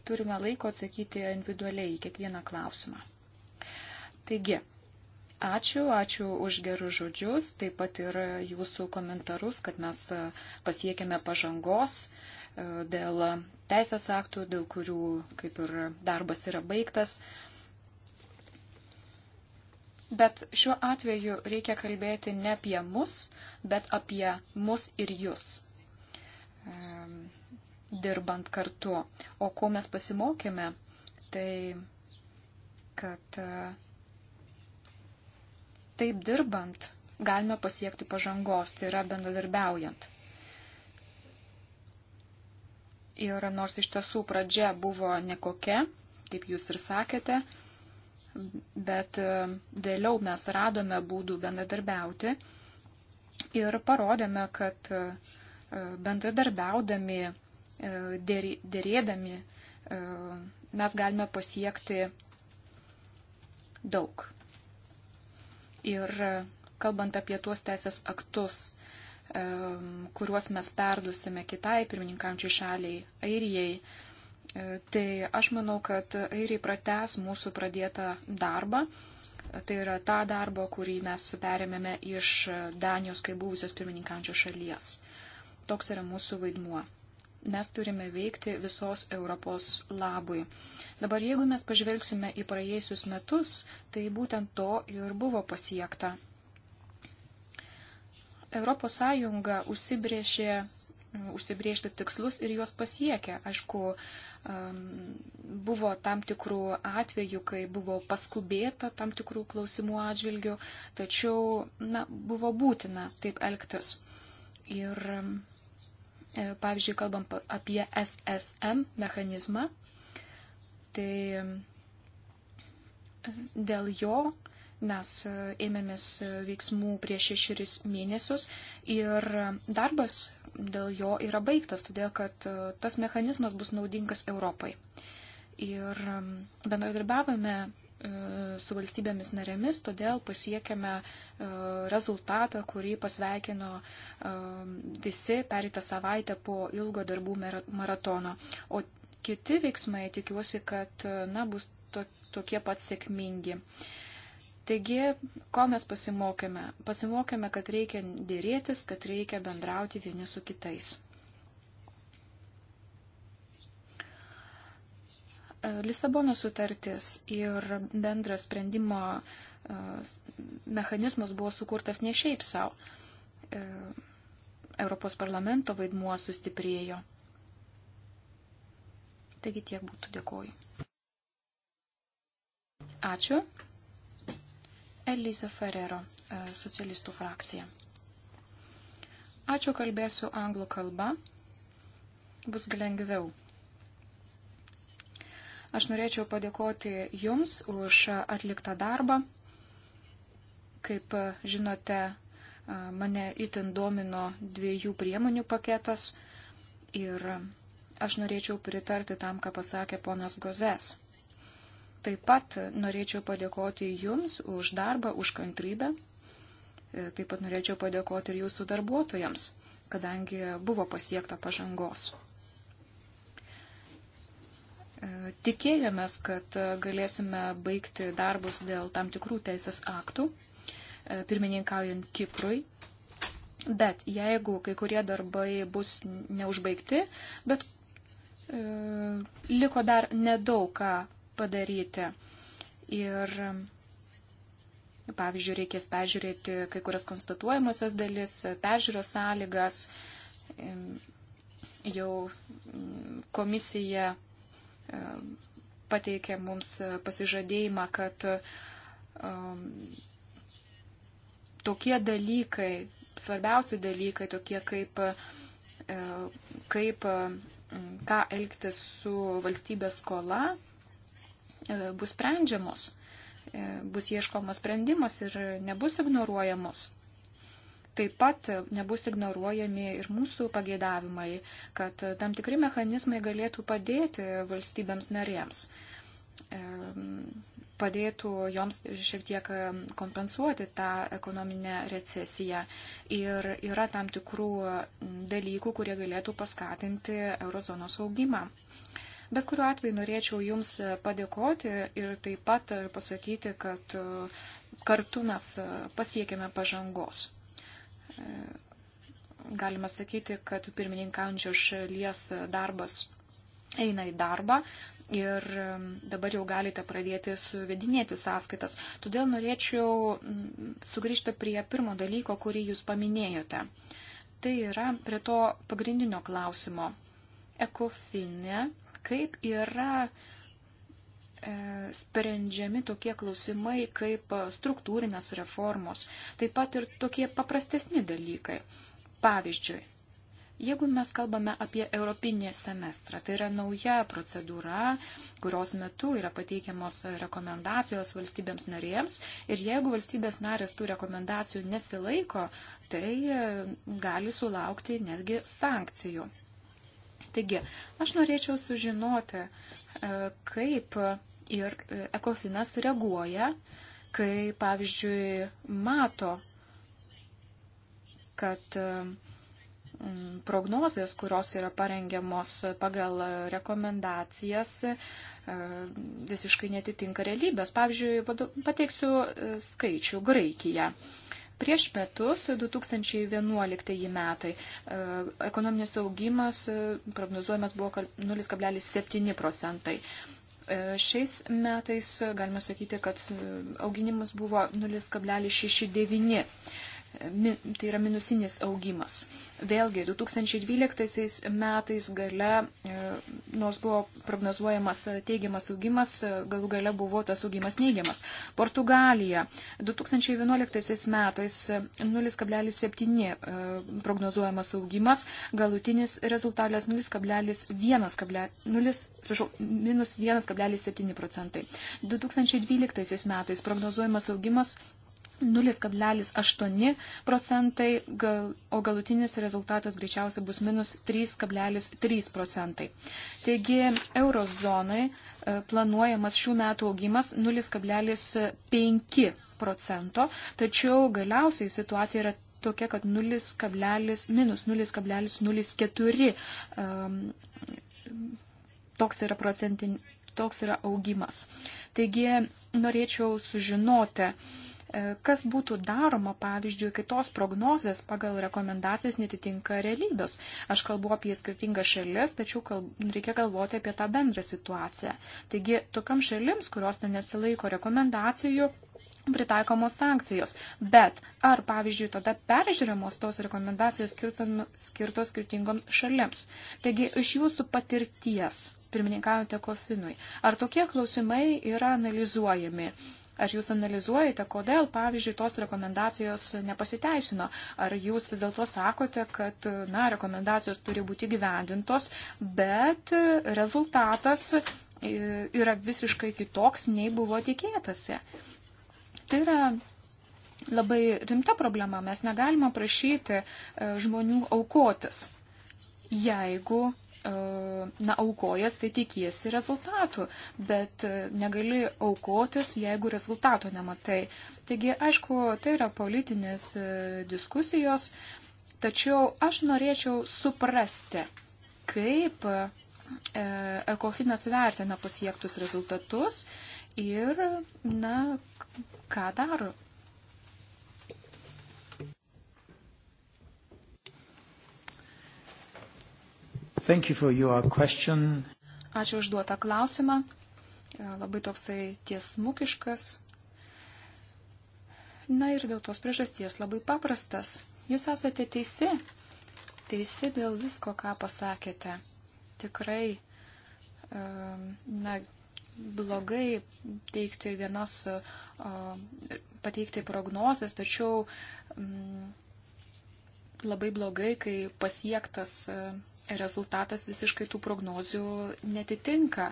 Turime laiko atsakyti individualiai į kiekvieną klausimą. Taigi, ačiū, ačiū už gerus žodžius, taip pat ir jūsų komentarus, kad mes pasiekėme pažangos e, dėl teisės aktų, dėl kurių kaip ir darbas yra baigtas. Bet šiuo atveju reikia kalbėti ne apie mus, bet apie mus ir jūs dirbant kartu. O ko mes pasimokėme, tai kad e, taip dirbant galime pasiekti pažangos, tai yra bendradarbiaujant. Ir nors iš tiesų pradžia buvo nekokia, kaip jūs ir sakėte, bet e, vėliau mes radome būdų bendradarbiauti ir parodėme, kad e, bendradarbiaudami, e, dėrėdami mes galime pasiekti daug. Ir kalbant apie tuos teisės aktus, kuriuos mes perdusime kitai pirmininkančiai šaliai, Airijai, Tai aš manau, kad airiai prates mūsų pradėtą darbą. Tai yra ta darbo, kurį mes perėmėme iš Danijos, kai buvusios pirmininkančios šalies. Toks yra mūsų vaidmuo. Mes turime veikti visos Europos labui. Dabar jeigu mes pažvelgsime į praėjusius metus, tai būtent to ir buvo pasiekta. Europos Sąjunga užsibrėžė užsibriežti tikslus ir juos pasiekia. Aišku, buvo tam tikrų atvejų, kai buvo paskubėta tam tikrų klausimų atžvilgių, tačiau na, buvo būtina taip elgtis. Ir e, pavyzdžiui, kalbam apie SSM mechanizmą, tai dėl jo Mes e, ėmėmės e, veiksmų prieš šešerius mėnesius ir darbas dėl jo yra baigtas, todėl kad e, tas mechanizmas bus naudingas Europai. Ir bendradarbiavame su valstybėmis narėmis, todėl pasiekėme rezultatą, kurį pasveikino visi pereitą savaitę po ilgo darbų maratono. O kiti veiksmai, tikiuosi, kad na, bus tokie pat sėkmingi. Uh, Taigi, ko mes pasimokėme? Pasimokėme, kad reikia dėrėtis, kad reikia bendrauti vieni su kitais. Lisabono sutartis ir bendras sprendimo e, mechanizmas buvo sukurtas ne šiaip savo. E, Europos parlamento vaidmuo sustiprėjo. Taigi tiek būtų dėkoju. Ačiū. Elisa Ferrero, e, socialistų frakcija. Ačiū, kalbėsiu anglų kalba. Bus lengviau. Aš norėčiau padėkoti Jums už atliktą darbą. Kaip žinote, e, mane itin domino dviejų priemonių paketas ir aš norėčiau pritarti tam, ką pasakė ponas Gozes. Taip pat norėčiau padėkoti Jums už darbą, už kantrybę. E, taip pat norėčiau padėkoti ir Jūsų darbuotojams, kadangi buvo pasiekta pažangos. E, tikėjomės, kad galėsime baigti darbus dėl tam tikrų teisės aktų, e, pirmininkaujant Kiprui, Bet jeigu kai kurie darbai bus neužbaigti, bet e, liko dar nedaug ką padaryti. Ir pavyzdžiui, reikės peržiūrėti kai kurias konstatuojamosios dalis, peržiūros sąlygas. Jau komisija e, pateikė mums pasižadėjimą, kad e, tokie dalykai, svarbiausi dalykai, tokie kaip, e, kaip ką elgtis su valstybės skola, E, bus sprendžiamos, e, bus ieškomas sprendimas ir nebus ignoruojamos. Taip pat e, nebus ignoruojami ir mūsų pageidavimai, kad tam tikri mechanizmai galėtų padėti valstybėms narėms, padėtų joms šiek tiek kompensuoti tą ekonominę recesiją. Ir yra tam tikrų dalykų, kurie galėtų paskatinti eurozonos augimą. Bet kuriuo atveju norėčiau Jums padėkoti ir taip pat pasakyti, kad e, kartu mes e, pasiekėme pažangos. E, galima sakyti, kad pirmininkaujančios šalies darbas eina į darbą ir dabar jau galite pradėti suvedinėti sąskaitas. Todėl norėčiau sugrįžti prie pirmo dalyko, kurį jūs paminėjote. Tai yra prie to pagrindinio klausimo. Ekofinė kaip yra e, sprendžiami tokie klausimai kaip struktūrinės reformos, taip pat ir tokie paprastesni dalykai. Pavyzdžiui, jeigu mes kalbame apie europinį semestrą, tai yra nauja procedūra, kurios metu yra pateikiamos rekomendacijos valstybėms narėms ir jeigu valstybės narės tų rekomendacijų nesilaiko, tai gali sulaukti netgi sankcijų. Taigi, aš norėčiau sužinoti, e, kaip ir e, ekofinas reaguoja, kai, pavyzdžiui, mato, kad e, prognozijos, kurios yra parengiamos pagal rekomendacijas, visiškai netitinka realybės. Pavyzdžiui, pateiksiu skaičių Graikiją. Prieš metus, 2011 metai, e, ekonominis augimas e, prognozuojamas buvo 0,7 procentai. E, šiais metais galima sakyti, kad auginimas buvo 0,69 tai yra minusinis augimas. Vėlgi, 2012 metais gale, e, nors buvo prognozuojamas teigiamas augimas, e, galų gale buvo tas augimas neigiamas. Portugalija 2011 metais 0,7 e, prognozuojamas augimas, galutinis rezultatas 0,1,7 procentai. 2012 metais prognozuojamas augimas 0,8 procentai, gal, o galutinis rezultatas greičiausiai bus minus 3,3 procentai. Taigi eurozonai e, planuojamas šių metų augimas 0,5 procento, tačiau galiausiai situacija yra tokia, kad 0,04 um, e, toks yra procentin, toks yra augimas. Taigi norėčiau sužinoti, uh, E, kas būtų daroma, pavyzdžiui, kai tos prognozės pagal rekomendacijas netitinka realybės? Aš kalbu apie skirtingas šalis, tačiau kalb... reikia galvoti apie tą bendrą situaciją. Taigi, tokiam šalims, kurios nesilaiko rekomendacijų, pritaikomos sankcijos. Bet ar, pavyzdžiui, tada peržiūrimos tos rekomendacijos skirtos skirtingoms šalims? Taigi, iš jūsų patirties pirmininkavote kofinui. Ar tokie klausimai yra analizuojami? Ar jūs analizuojate, kodėl, pavyzdžiui, tos rekomendacijos nepasiteisino? Ar jūs vis dėlto sakote, kad, na, rekomendacijos turi būti gyvendintos, bet rezultatas e, yra visiškai kitoks, nei buvo tikėtasi? Tai yra labai rimta problema. Mes negalime prašyti e, žmonių aukotis, jeigu E, na, aukojas, tai tikiesi rezultatų, bet e, negali aukotis, jeigu rezultato nematai. Taigi, aišku, tai yra politinės e, diskusijos, tačiau aš norėčiau suprasti, kaip ekofinas vertina pasiektus rezultatus ir, na, ką daro. You Ačiū užduotą klausimą. E, labai toksai tiesmukiškas. Na ir dėl tos priežasties labai paprastas. Jūs esate teisi. Teisi dėl visko, ką pasakėte. Tikrai, e, na, blogai teikti vienas, e, pateikti prognozes, tačiau labai blogai, kai pasiektas e, rezultatas visiškai tų prognozių netitinka.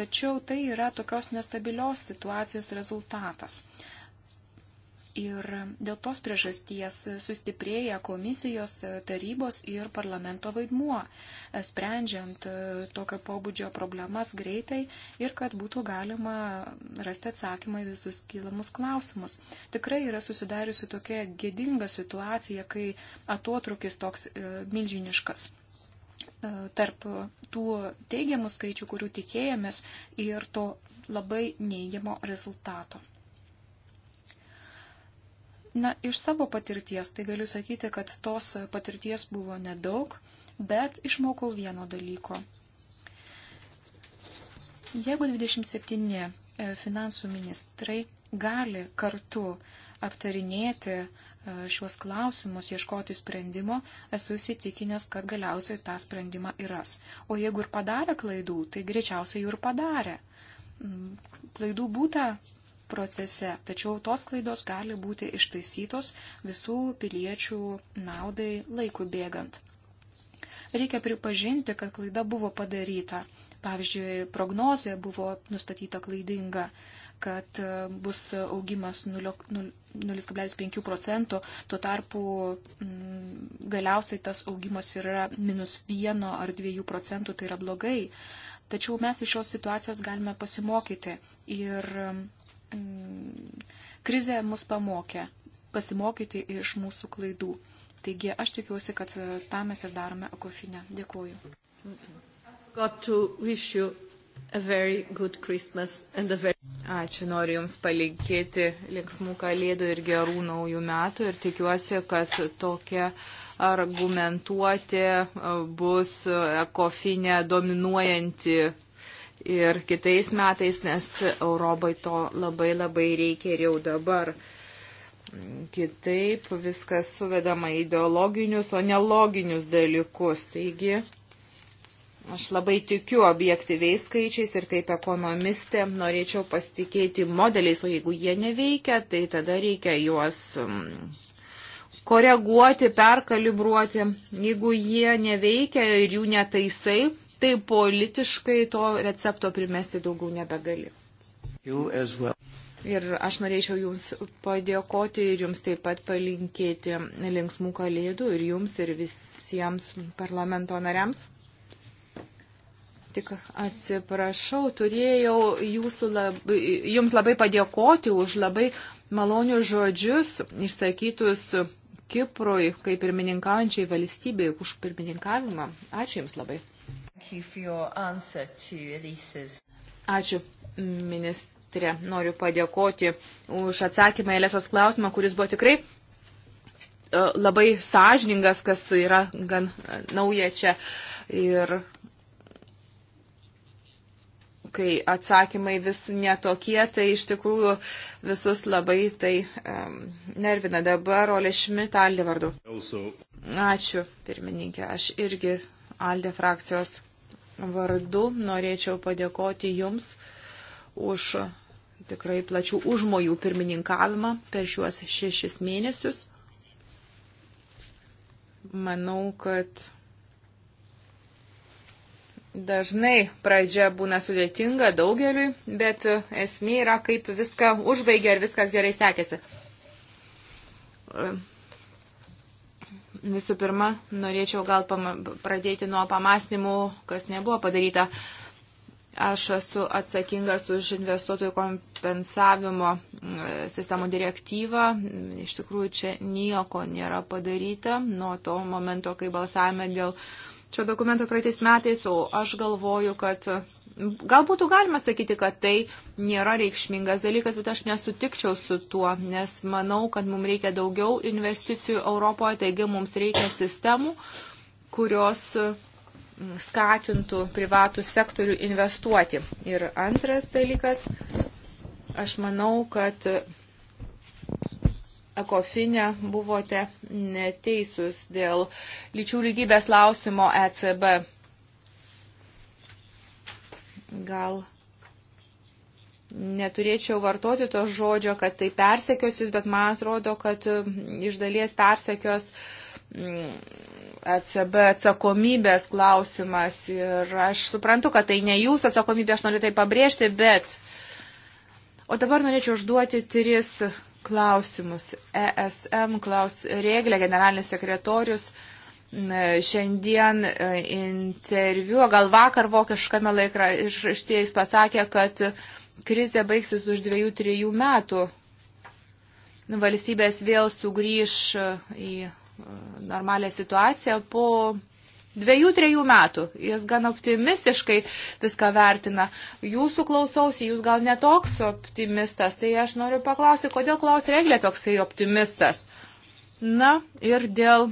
Tačiau tai yra tokios nestabilios situacijos rezultatas. Ir dėl tos priežasties sustiprėja komisijos, tarybos ir parlamento vaidmuo, sprendžiant e, tokio pobūdžio problemas greitai ir kad būtų galima rasti atsakymą į visus kylamus klausimus. Tikrai yra susidariusi tokia gėdinga situacija, kai atotrukis toks e, milžiniškas e, tarp tų teigiamų skaičių, kurių tikėjomės, ir to labai neigiamo rezultato. Na, iš savo patirties tai galiu sakyti, kad tos patirties buvo nedaug, bet išmokau vieno dalyko. Jeigu 27 e, finansų ministrai gali kartu aptarinėti e, šiuos klausimus, ieškoti sprendimo, esu įsitikinęs, kad galiausiai tą sprendimą įras. O jeigu ir padarė klaidų, tai greičiausiai jų ir padarė. Mm, klaidų būta procese, tačiau tos klaidos gali būti ištaisytos visų piliečių naudai laikui bėgant. Reikia pripažinti, kad klaida buvo padaryta. Pavyzdžiui, prognozija buvo nustatyta klaidinga, kad e, bus augimas 0,5 procento, tuo tarpu mm, galiausiai tas augimas yra minus 1 ar 2 procentų, tai yra blogai. Tačiau mes iš šios situacijos galime pasimokyti ir Mm, krizė mus pamokė pasimokyti iš mūsų klaidų. Taigi aš tikiuosi, kad e, tą mes ir darome Ekofinė. Dėkuoju. Very... Ačiū, noriu Jums palinkėti linksmų kalėdų ir gerų naujų metų ir tikiuosi, kad tokia argumentuoti e, bus e, ekofinė dominuojanti ir kitais metais, nes Europai to labai labai reikia ir jau dabar. Kitaip viskas suvedama ideologinius, o ne loginius dalykus. Taigi, aš labai tikiu objektyviais skaičiais ir kaip ekonomistė norėčiau pasitikėti modeliais, o jeigu jie neveikia, tai tada reikia juos mm, koreguoti, perkalibruoti. Jeigu jie neveikia ir jų netaisai, tai politiškai to recepto primesti daugiau nebegali. Well. Ir aš norėčiau Jums padėkoti ir Jums taip pat palinkėti linksmų kalėdų ir Jums ir visiems parlamento nariams. Tik atsiprašau, turėjau jūsų lab, Jums labai padėkoti už labai malonius žodžius išsakytus Kiprui kaip pirmininkaujančiai valstybei už pirmininkavimą. Ačiū Jums labai. Ačiū, ministrė. Noriu padėkoti už atsakymą į Elėsos klausimą, kuris buvo tikrai e, labai sąžiningas, kas yra gan e, nauja čia. Ir kai atsakymai vis netokie, tai iš tikrųjų visus labai tai um, nervina dabar Ole Šmit Aldė vardu. Ačiū, pirmininkė. Aš irgi Aldė frakcijos vardu norėčiau padėkoti Jums už tikrai plačių užmojų pirmininkavimą per šiuos šešis mėnesius. Manau, kad dažnai pradžia būna sudėtinga daugeliui, bet esmė yra, kaip viską užbaigia ir viskas gerai sekėsi. Visų pirma, norėčiau gal pradėti nuo pamastymų, kas nebuvo padaryta. Aš esu atsakingas už investuotojų kompensavimo e, sistemų direktyvą. Iš tikrųjų, čia nieko nėra padaryta nuo to momento, kai balsavome dėl šio dokumento praeitais metais, o aš galvoju, kad Gal būtų galima sakyti, kad tai nėra reikšmingas dalykas, bet aš nesutikčiau su tuo, nes manau, kad mums reikia daugiau investicijų Europoje, taigi mums reikia sistemų, kurios mm, skatintų privatų sektorių investuoti. Ir antras dalykas, aš manau, kad Ekofinė buvote neteisus dėl lyčių lygybės lausimo ECB gal neturėčiau vartoti to žodžio, kad tai persekiosius, bet man atrodo, kad iš dalies persekios ECB atsakomybės klausimas. Ir aš suprantu, kad tai ne jūsų atsakomybė, aš noriu tai pabrėžti, bet. O dabar norėčiau užduoti tris klausimus. ESM klaus, rėglė, generalinis sekretorius. Uh, šiandien e, interviu, gal vakar vokiškame laikraštyje jis pasakė, kad krizė baigsis už dviejų, trijų metų. Valstybės vėl sugrįž e, į e, normalią situaciją po dviejų, trejų metų. Jis gan optimistiškai viską vertina. Jūsų klausausi, jūs gal netoks optimistas, tai aš noriu paklausti, kodėl klaus reglė toksai optimistas. Na ir dėl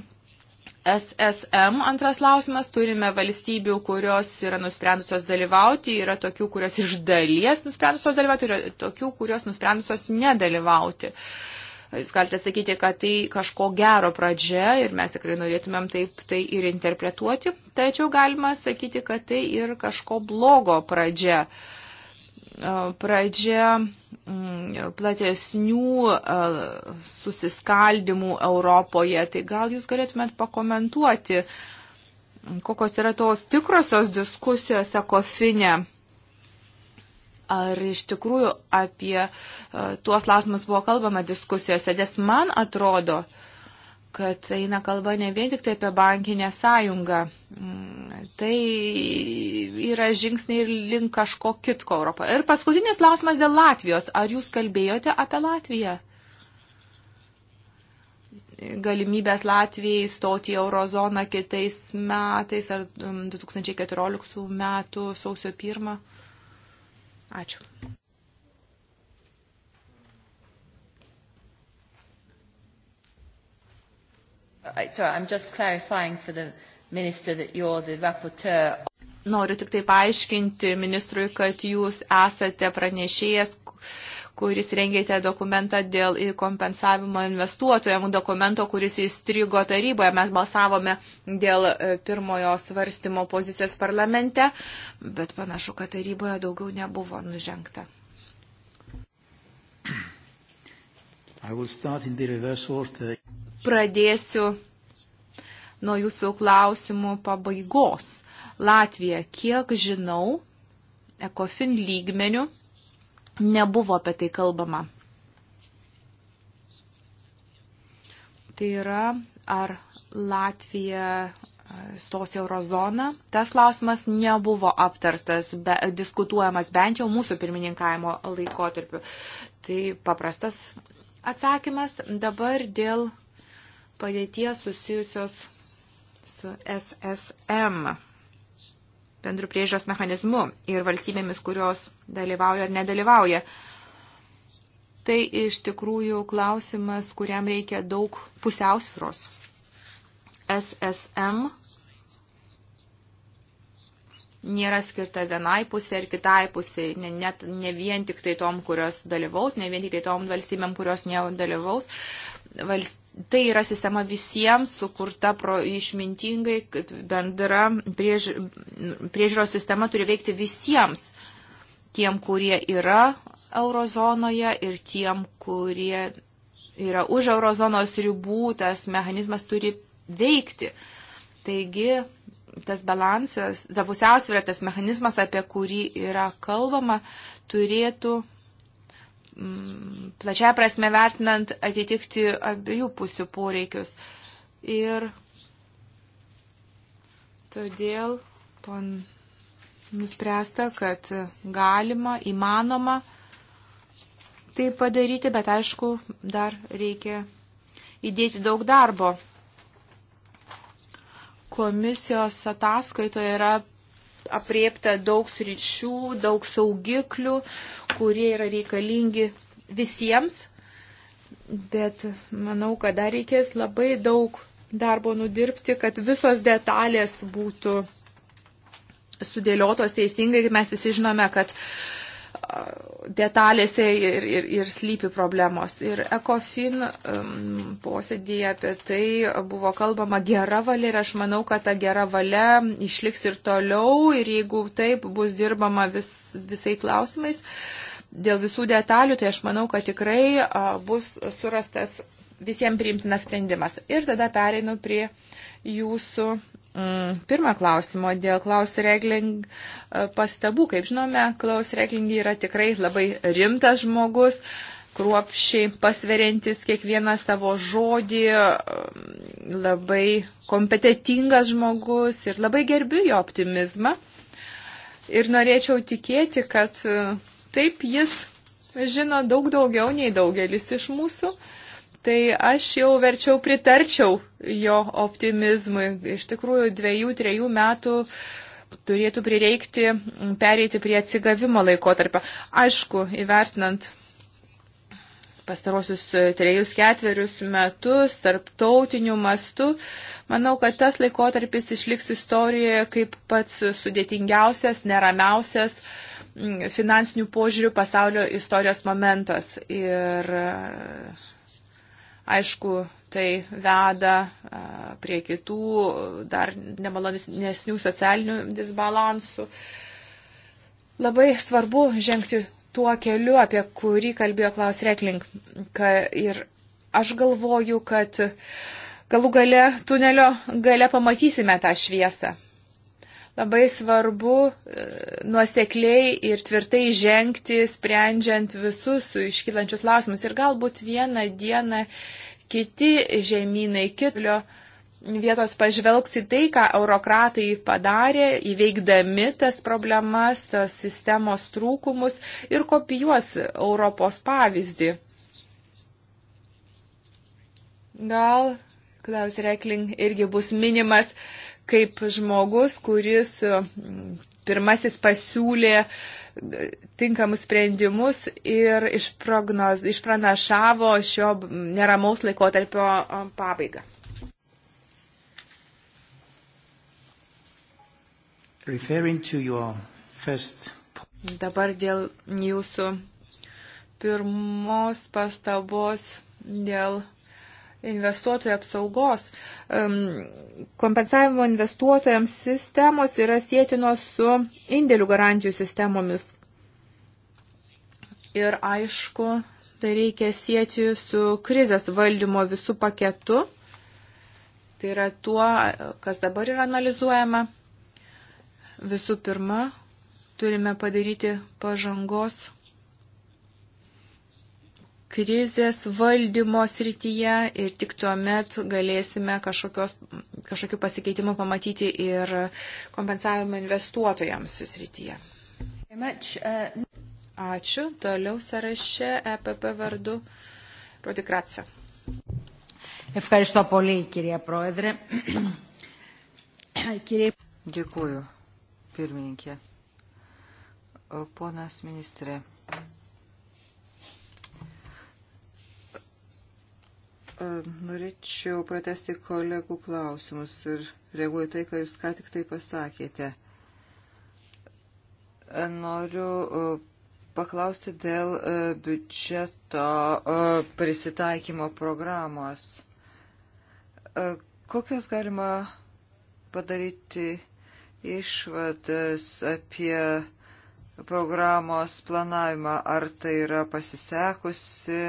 SSM antras klausimas. Turime valstybių, kurios yra nusprendusios dalyvauti, yra tokių, kurios iš dalies nusprendusios dalyvauti, yra tokių, kurios nusprendusios nedalyvauti. Jūs galite sakyti, kad tai kažko gero pradžia ir mes tikrai norėtumėm taip tai ir interpretuoti, tačiau galima sakyti, kad tai ir kažko blogo pradžia. Uh, pradžia mm, platesnių susiskaldimų Europoje. Tai gal jūs galėtumėt pakomentuoti, kokios yra tos tikrosios diskusijos ekofinė. Ar iš tikrųjų apie tuos klausimus buvo kalbama diskusijose, nes man atrodo, uh, kad eina kalba ne vien tik tai apie bankinę sąjungą. Mm, tai yra žingsniai link kažko kitko Europoje. Ir paskutinis klausimas dėl Latvijos. Ar jūs kalbėjote apie Latviją? Galimybės Latvijai stoti į eurozoną kitais metais ar 2014 mm, metų sausio 1. Ačiū. Sorry, I'm just clarifying for the minister that you're the rapporteur. Noriu tik tai paaiškinti ministrui, kad jūs esate pranešėjas, kuris rengėte dokumentą dėl kompensavimo investuotojams, dokumento, kuris įstrigo taryboje. Mes balsavome dėl e, pirmojo svarstymo pozicijos parlamente, bet panašu, kad taryboje daugiau nebuvo nužengta. Pradėsiu nuo jūsų klausimų pabaigos. Latvija, kiek žinau, ekofin lygmenių nebuvo apie tai kalbama. Tai yra, ar Latvija stos eurozoną. Tas klausimas nebuvo aptartas, be, diskutuojamas bent jau mūsų pirmininkavimo laikotarpiu. Tai paprastas atsakymas dabar dėl padėties susijusios su SSM bendru priežios mechanizmu ir valstybėmis, kurios dalyvauja ar nedalyvauja. Tai iš tikrųjų klausimas, kuriam reikia daug pusiausvyros. SSM nėra skirta vienai pusė ir kitai pusė, ne, net, ne vien tik tai tom, kurios dalyvaus, ne vien tik tai tom valstybėm, kurios nedalyvaus. Valst tai yra sistema visiems sukurta pro, išmintingai, kad bendra priež, priežiūros sistema turi veikti visiems, tiem, kurie yra eurozonoje ir tiem, kurie yra už eurozonos ribų, tas mechanizmas turi veikti. Taigi tas balansas, ta pusiausvyrė, tas mechanizmas, apie kurį yra kalbama, turėtų Mm, plačia prasme vertinant atitikti abiejų pusių poreikius. Ir todėl pon, nuspręsta, kad galima, įmanoma tai padaryti, bet aišku, dar reikia įdėti daug darbo. Komisijos ataskaitoje yra apriepta daug sričių, daug saugiklių, kurie yra reikalingi visiems, bet manau, kad dar reikės labai daug darbo nudirbti, kad visos detalės būtų sudėliotos teisingai, mes visi žinome, kad uh, detalėse ir, ir, ir slypi problemos. Ir ECOFIN um, posėdėje apie tai buvo kalbama gera valia ir aš manau, kad ta gera valia išliks ir toliau ir jeigu taip bus dirbama vis, visai klausimais dėl visų detalių, tai aš manau, kad tikrai uh, bus surastas visiems priimtinas sprendimas. Ir tada pereinu prie jūsų Mm, pirmą klausimą dėl Klaus Regling e, pastabų. Kaip žinome, Klaus Regling yra tikrai labai rimtas žmogus, kruopšiai pasverintis kiekvieną savo žodį, mm, labai kompetitingas žmogus ir labai gerbiu jo optimizmą. Ir norėčiau tikėti, kad e, taip jis žino daug daugiau nei daugelis iš mūsų. Uh, tai aš jau verčiau pritarčiau jo optimizmui. Iš tikrųjų, dviejų, trejų metų turėtų prireikti pereiti prie atsigavimo laikotarpio. Aišku, įvertinant pastarosius e, trejus ketverius metus tarptautiniu mastu. Manau, kad tas laikotarpis išliks istorijoje kaip pats sudėtingiausias, neramiausias finansinių požiūrių pasaulio istorijos momentas. Ir e, Aišku, tai veda prie kitų dar nemalonesnių socialinių disbalansų. Labai svarbu žengti tuo keliu, apie kurį kalbėjo Klaus Rekling. Ir aš galvoju, kad galų gale tunelio gale pamatysime tą šviesą. Labai svarbu e, nuosekliai ir tvirtai žengti, sprendžiant visus iškylančius klausimus. Ir galbūt vieną dieną kiti žemynai kitulio vietos pažvelgs į tai, ką eurokratai padarė, įveikdami tas problemas, tas sistemos trūkumus ir kopijuos Europos pavyzdį. Gal Klaus Rekling irgi bus minimas kaip žmogus, kuris e, pirmasis pasiūlė e, tinkamus sprendimus ir išprognoz, išpranašavo šio neramaus laikotarpio e, pabaigą. First... Dabar dėl jūsų pirmos pastabos dėl investuotojų apsaugos kompensavimo investuotojams sistemos yra sėtinos su indėlių garantijų sistemomis. Ir aišku, tai reikia sėti su krizės valdymo visų paketu. Tai yra tuo, kas dabar yra analizuojama. Visų pirma, turime padaryti pažangos krizės valdymo srityje ir tik tuo met galėsime kažkokių pasikeitimų pamatyti ir kompensavimą investuotojams srityje. Ačiū. Toliau sąraše EPP vardu Protikratsa. Ευχαριστώ πολύ, κυρία Πρόεδρε. Κύριε... Dėkuoju, pirmininkė. Ponas ministrė, Norėčiau pratesti kolegų klausimus ir reaguoju tai, ką jūs ką tik tai pasakėte. Noriu paklausti dėl biudžeto prisitaikymo programos. Kokios galima padaryti išvadas apie programos planavimą, ar tai yra pasisekusi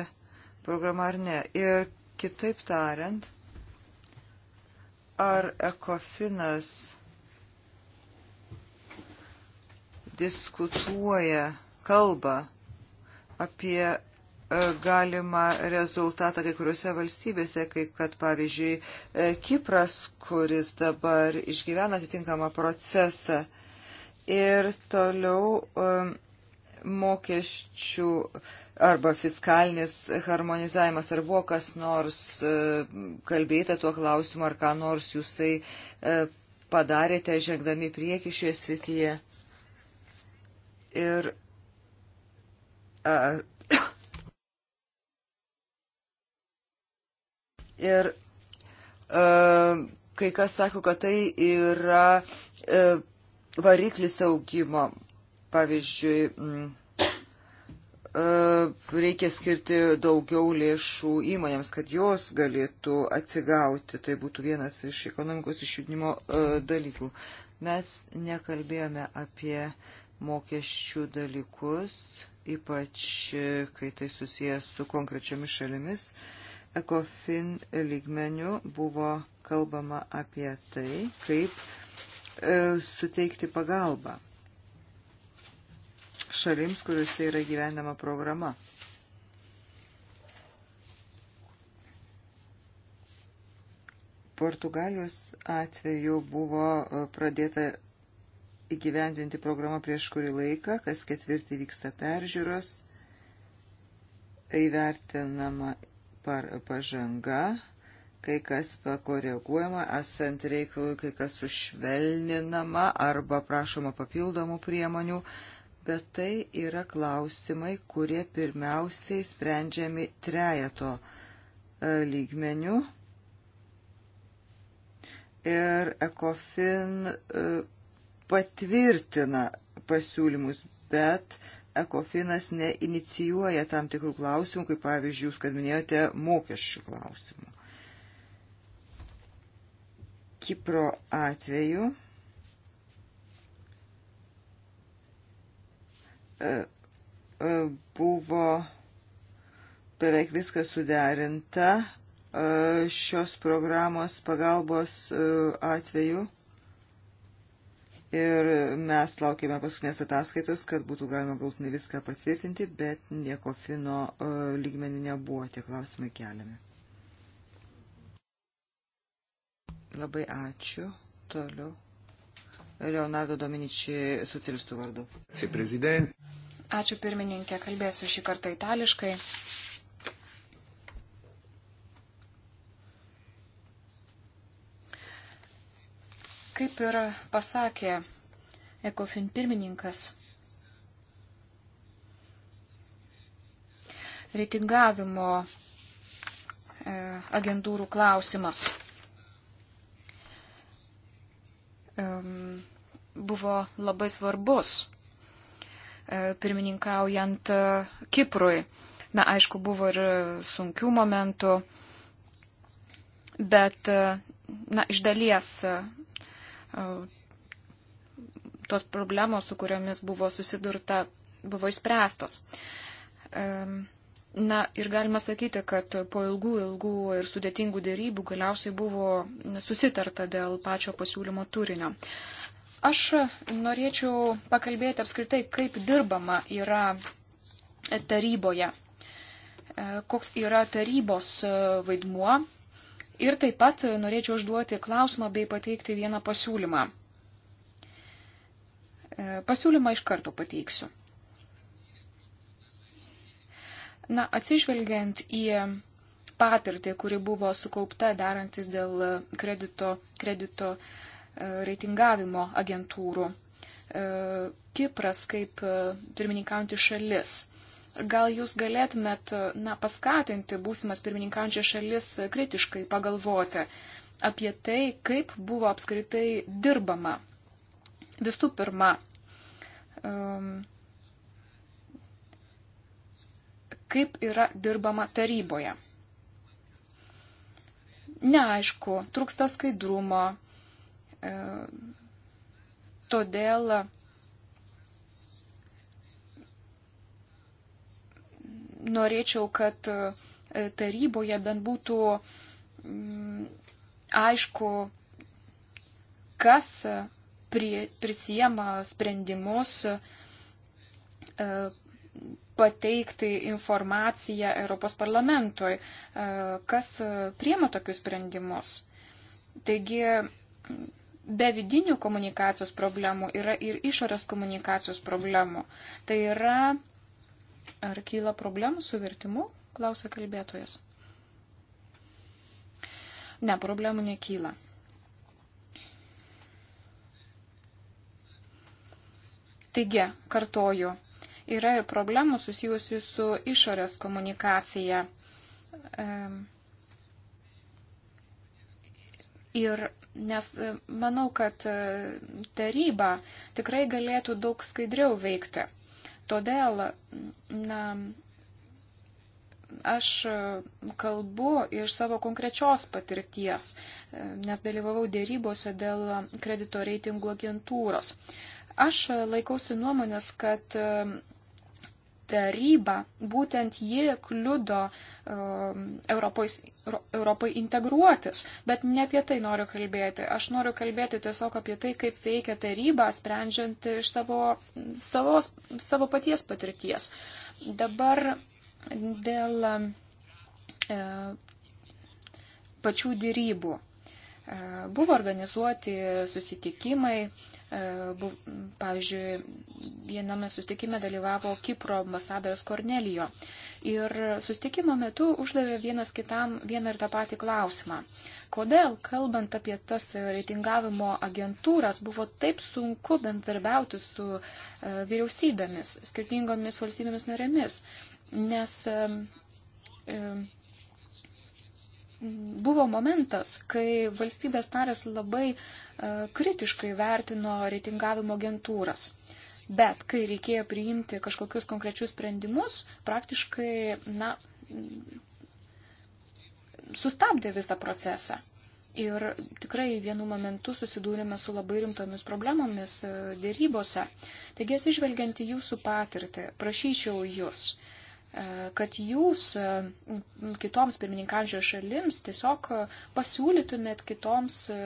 programa ar ne. Ir Kitaip tariant, ar ekofinas diskutuoja, kalba apie e, galima rezultatą kai kuriuose valstybėse, kaip kad pavyzdžiui e, Kipras, kuris dabar išgyvena atitinkamą procesą. Ir toliau e, mokesčių arba fiskalinis harmonizavimas, ar buvo kas nors e, kalbėta tuo klausimu, ar ką nors jūsai e, padarėte, žengdami prieki šioje srityje. Ir a, ir a, e, kai kas sako, kad tai yra a, variklis augimo. Pavyzdžiui, m, E, reikia skirti daugiau lėšų įmonėms, kad jos galėtų atsigauti. Tai būtų vienas iš ekonomikos išjudinimo e, dalykų. Mes nekalbėjome apie mokesčių dalykus, ypač e, kai tai susijęs su konkrečiomis šalimis. Ekofin lygmenių buvo kalbama apie tai, kaip e, suteikti pagalbą šalims, kuriuose yra gyvenama programa. Portugalijos atveju buvo e, pradėta įgyvendinti programą prieš kurį laiką, kas ketvirtį vyksta peržiūros, įvertinama par, pažanga, kai kas pakoreguojama, esant reikalui, kai kas sušvelninama arba prašoma papildomų priemonių. Uh, bet tai yra klausimai, kurie pirmiausiai sprendžiami trejato e, lygmenių. Ir ECOFIN e, patvirtina pasiūlymus, bet ECOFINas neinicijuoja tam tikrų klausimų, kaip pavyzdžiui, jūs, kad minėjote, mokesčių klausimų. Kipro atveju E, e, buvo beveik viskas suderinta e, šios programos pagalbos atveju. Ir mes laukėme paskutinės ataskaitos, kad būtų galima galtinai viską patvirtinti, bet nieko fino lygmenį nebuvo, tie klausimai keliami. Labai ačiū. Toliau. Leonardo Dominici socialistų vardu. Ačiū pirmininkė, kalbėsiu šį kartą itališkai. Kaip ir pasakė ECOFIN pirmininkas, reitingavimo e, agentūrų klausimas. Um, buvo labai svarbus e, pirmininkaujant e, Kiprui. Na, aišku, buvo ir sunkių momentų, bet, e, na, iš dalies tos problemos, su kuriomis buvo susidurta, buvo išspręstos. Na ir galima sakyti, kad po ilgų, ilgų ir sudėtingų dėrybų galiausiai buvo susitarta dėl pačio pasiūlymo turinio. Uh, Aš norėčiau pakalbėti apskritai, kaip dirbama yra taryboje, e, koks yra tarybos e, vaidmuo ir taip pat norėčiau užduoti klausimą bei pateikti vieną pasiūlymą. E, pasiūlymą iš karto pateiksiu. Na, atsižvelgiant į patirtį, kuri buvo sukaupta darantis dėl kredito, kredito uh, E, reitingavimo agentūrų. E, Kipras kaip e, pirmininkaujanti šalis. Gal jūs galėtumėt na, paskatinti būsimas pirmininkaujančią šalis kritiškai pagalvoti apie tai, kaip buvo apskritai dirbama. Visų pirma, kaip yra dirbama taryboje. Neaišku, trūksta skaidrumo, E, todėl norėčiau, kad e, taryboje bent būtų mm, aišku, kas prie, prisiema sprendimus e, pateikti informaciją Europos parlamentui, kas priema tokius sprendimus. Taigi be vidinių komunikacijos problemų yra ir išorės komunikacijos problemų. Tai yra, ar kyla problemų su vertimu, klausia kalbėtojas. Ne, problemų nekyla. Taigi, kartoju, yra ir problemų susijusių su išorės komunikacija. Um, Ir nes e, manau, kad e, taryba tikrai galėtų daug skaidriau veikti. Todėl na, aš e, kalbu iš savo konkrečios patirties, nes dalyvavau dėrybose dėl kredito reitingų agentūros. Aš laikausi nuomonės, kad taryba, būtent ji kliudo um, Europai, Europai integruotis. Bet ne apie tai noriu kalbėti. Aš noriu kalbėti tiesiog apie tai, kaip veikia taryba, sprendžiant iš savo, savo, savo paties patirties. Dabar dėl e, pačių dėrybų. Buvo organizuoti susitikimai, e, buv, pavyzdžiui, viename susitikime dalyvavo Kipro ambasadoras Kornelijo. Ir susitikimo metu uždavė vienas kitam vieną ir tą patį klausimą. Kodėl, kalbant apie tas reitingavimo agentūras, buvo taip sunku bendarbiauti su e, vyriausybėmis, skirtingomis valstybėmis narėmis? Nes e, buvo momentas, kai valstybės narės labai e, kritiškai vertino reitingavimo agentūras. Bet kai reikėjo priimti kažkokius konkrečius sprendimus, praktiškai, na, sustabdė visą procesą. Ir tikrai vienu momentu susidūrėme su labai rimtomis problemomis e, dėrybose. Taigi, atsižvelgiant į jūsų patirtį, prašyčiau jūs kad jūs e, kitoms pirmininkandžio šalims tiesiog e, pasiūlytumėt kitoms e,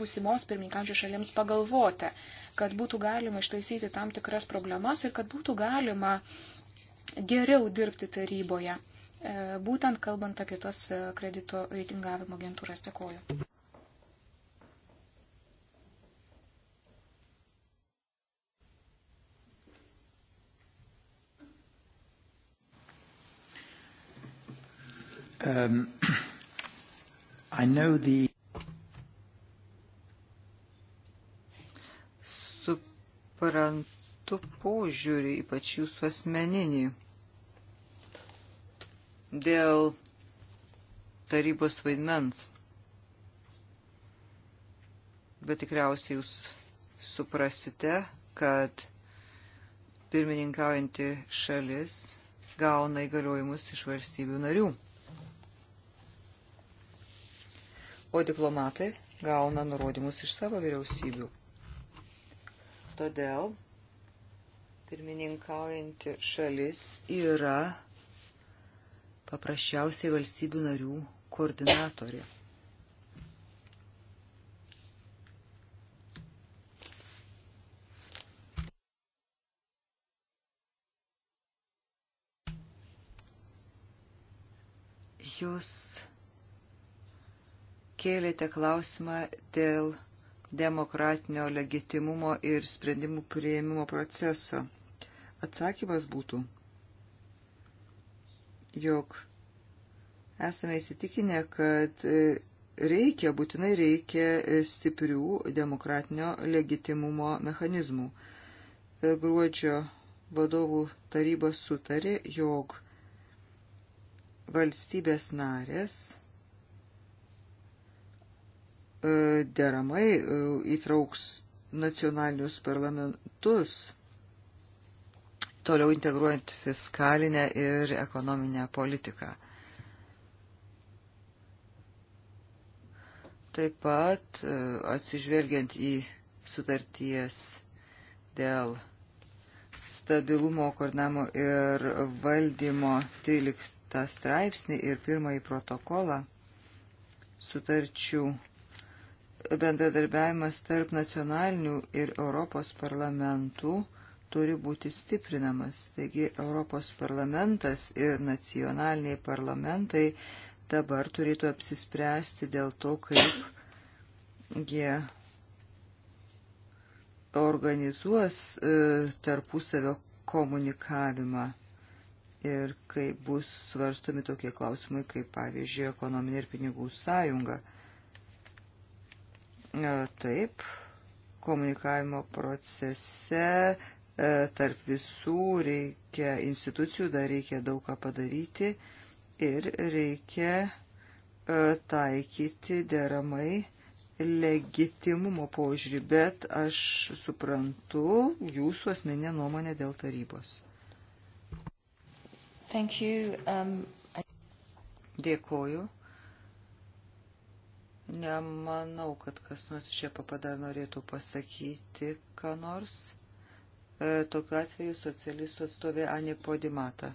būsimos pirmininkandžio šalims pagalvoti, kad būtų galima ištaisyti tam tikras problemas ir kad būtų galima geriau dirbti taryboje, būtent kalbant apie tas kredito reitingavimo agentūras. Dėkoju. Um, I know the suprantu požiūrį, ypač jūsų asmeninį, dėl tarybos vaidmens. Bet tikriausiai jūs suprasite, kad pirmininkaujanti šalis gauna įgaliojimus iš valstybių narių. o diplomatai gauna nurodymus iš savo vyriausybių. Todėl pirmininkaujanti šalis yra paprasčiausiai valstybių narių koordinatorė. Jūs kėlėte klausimą dėl demokratinio legitimumo ir sprendimų prieimimo proceso. Atsakymas būtų, jog esame įsitikinę, kad e, reikia, būtinai reikia e, stiprių demokratinio legitimumo mechanizmų. E, gruodžio vadovų taryba sutarė, jog valstybės narės E, deramai e, įtrauks nacionalinius parlamentus, toliau integruojant fiskalinę ir ekonominę politiką. Taip pat e, atsižvelgiant į sutarties dėl stabilumo, koordinamo ir valdymo 13 straipsnį ir pirmąjį protokolą sutarčių bendradarbiavimas tarp nacionalinių ir Europos parlamentų turi būti stiprinamas. Taigi Europos parlamentas ir nacionaliniai parlamentai dabar turėtų apsispręsti dėl to, kaip jie organizuos e, tarpusavio komunikavimą ir kaip bus svarstomi tokie klausimai, kaip pavyzdžiui, ekonominė ir pinigų sąjunga. Taip, komunikavimo procese e, tarp visų reikia institucijų, dar reikia daug ką padaryti ir reikia e, taikyti deramai legitimumo požiūrį, bet aš suprantu jūsų asmeninę nuomonę dėl tarybos. Thank you. Um, I... Dėkoju. Nemanau, kad kas nors iš EPP dar norėtų pasakyti, ką nors. E, tokiu atveju socialistų atstovė Anė Podimata.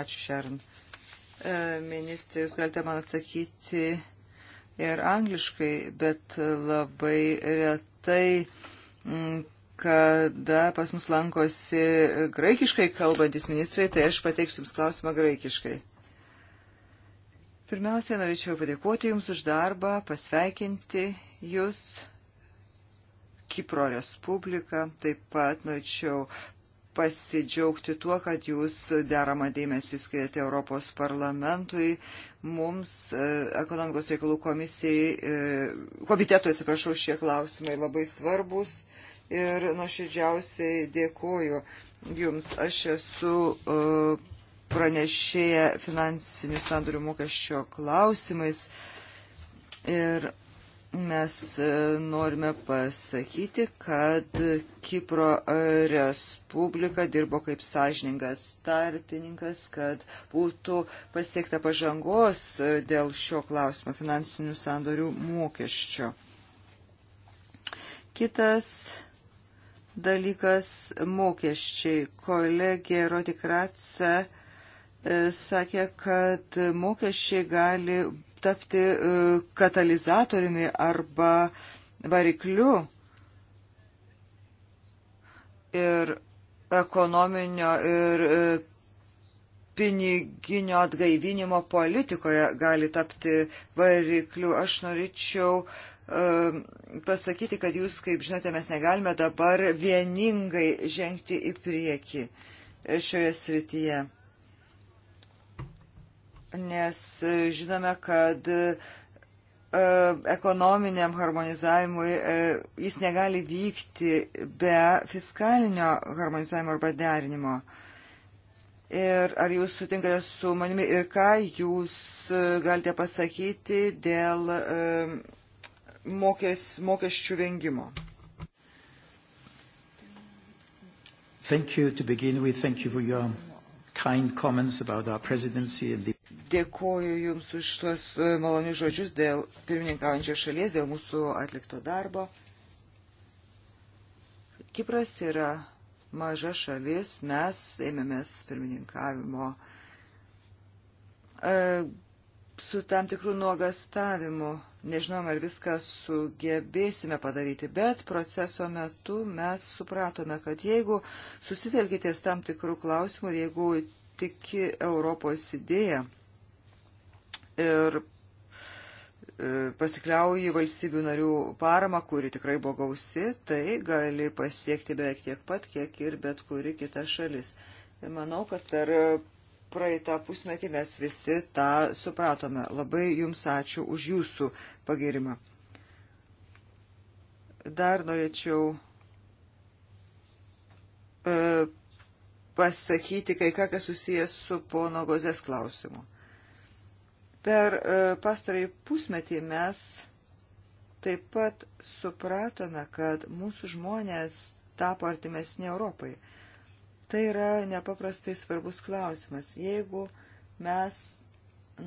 Ačiū, Šern. E, ministrė, jūs galite man atsakyti ir angliškai, bet labai retai, m, mm, kada pas mus lankosi graikiškai kalbantis ministrai, tai aš pateiksiu jums klausimą graikiškai. Pirmiausia, norėčiau padėkoti Jums už darbą, pasveikinti Jūs, Kipro Respubliką. Taip pat norėčiau pasidžiaugti tuo, kad Jūs deramą dėmesį skiriate Europos parlamentui, mums, e, ekonomikos reikalų komisijai, e, komitetui, atsiprašau, šie klausimai labai svarbus ir nuoširdžiausiai dėkoju Jums. Aš esu uh, pranešėja finansinių sandorių mokesčio klausimais. Ir mes e, norime pasakyti, kad Kipro Respublika dirbo kaip sąžiningas tarpininkas, kad būtų pasiekta pažangos e, dėl šio klausimo finansinių sandorių mokesčio. Kitas dalykas - mokesčiai. Kolegė Rotikratsa E, sakė, kad mokesčiai gali tapti e, katalizatoriumi arba varikliu ir ekonominio ir e, piniginio atgaivinimo politikoje gali tapti varikliu. Aš norėčiau pasakyti, kad jūs, kaip žinote, mes negalime dabar vieningai žengti į priekį šioje srityje nes e, žinome, kad e, ekonominiam harmonizavimui e, jis negali vykti be fiskalinio harmonizavimo arba derinimo. Ir ar jūs sutinkate su manimi ir ką jūs galite pasakyti dėl mokės, mokesčių vengimo? Thank you to begin with. Thank you for your kind comments about our presidency and the Dėkoju Jums už tuos e, malonius žodžius dėl pirmininkaujančios šalies, dėl mūsų atlikto darbo. Kipras yra maža šalis, mes ėmėmės pirmininkavimo e, su tam tikrų nuogastavimu. Nežinom, ar viską sugebėsime padaryti, bet proceso metu mes supratome, kad jeigu susitelkitės tam tikrų klausimų ir jeigu tiki Europos idėją, ir e, pasikliauji valstybių narių parama, kuri tikrai buvo gausi, tai gali pasiekti beveik tiek pat, kiek ir bet kuri kita šalis. Ir manau, kad per praeitą pusmetį mes visi tą supratome. Labai jums ačiū už jūsų pagirimą. Dar norėčiau e, pasakyti kai ką, kas susijęs su pono Gozės klausimu. Per e, pastarąjį pusmetį mes taip pat supratome, kad mūsų žmonės tapo artimesni Europai. Tai yra nepaprastai svarbus klausimas. Jeigu mes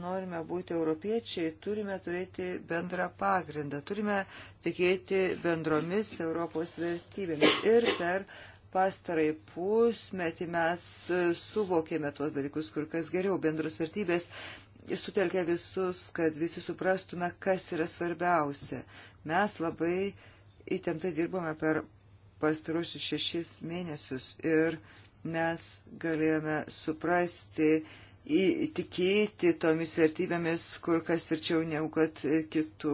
norime būti europiečiai, turime turėti bendrą pagrindą, turime tikėti bendromis Europos vertybėmis. Ir per pastarai pusmetį mes suvokėme tuos dalykus kur kas geriau. Bendros vertybės sutelkia visus, kad visi suprastume, kas yra svarbiausia. Mes labai įtemptai dirbome per pastarosius šešis mėnesius ir mes galėjome suprasti, įtikėti tomis vertybėmis, kur kas tvirčiau negu kad kitų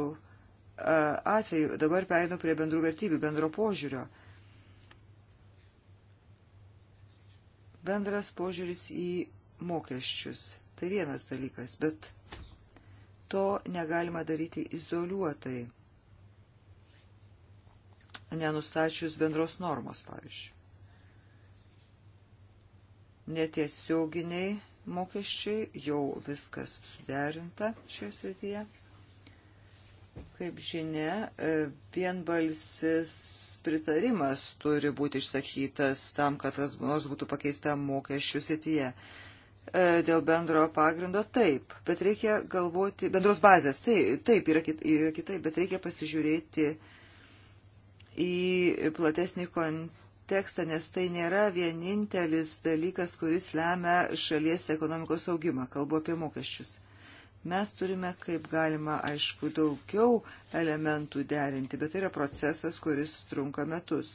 atveju. Dabar pereinu prie bendrų vertybių, bendro požiūrio. Bendras požiūris į mokesčius. Tai vienas dalykas, bet to negalima daryti izoliuotai, nenustačius bendros normos, pavyzdžiui. Netiesioginiai mokesčiai jau viskas suderinta šioje srityje. Kaip žinia, e, vienbalsis pritarimas turi būti išsakytas tam, kad kas nors būtų pakeista mokesčių srityje. E, dėl bendro pagrindo, taip, bet reikia galvoti, bendros bazės, taip, taip yra, kit, yra kitaip, bet reikia pasižiūrėti į platesnį kontekstą, nes tai nėra vienintelis dalykas, kuris lemia šalies ekonomikos augimą, kalbu apie mokesčius. Mes turime kaip galima, aišku, daugiau elementų derinti, bet tai yra procesas, kuris trunka metus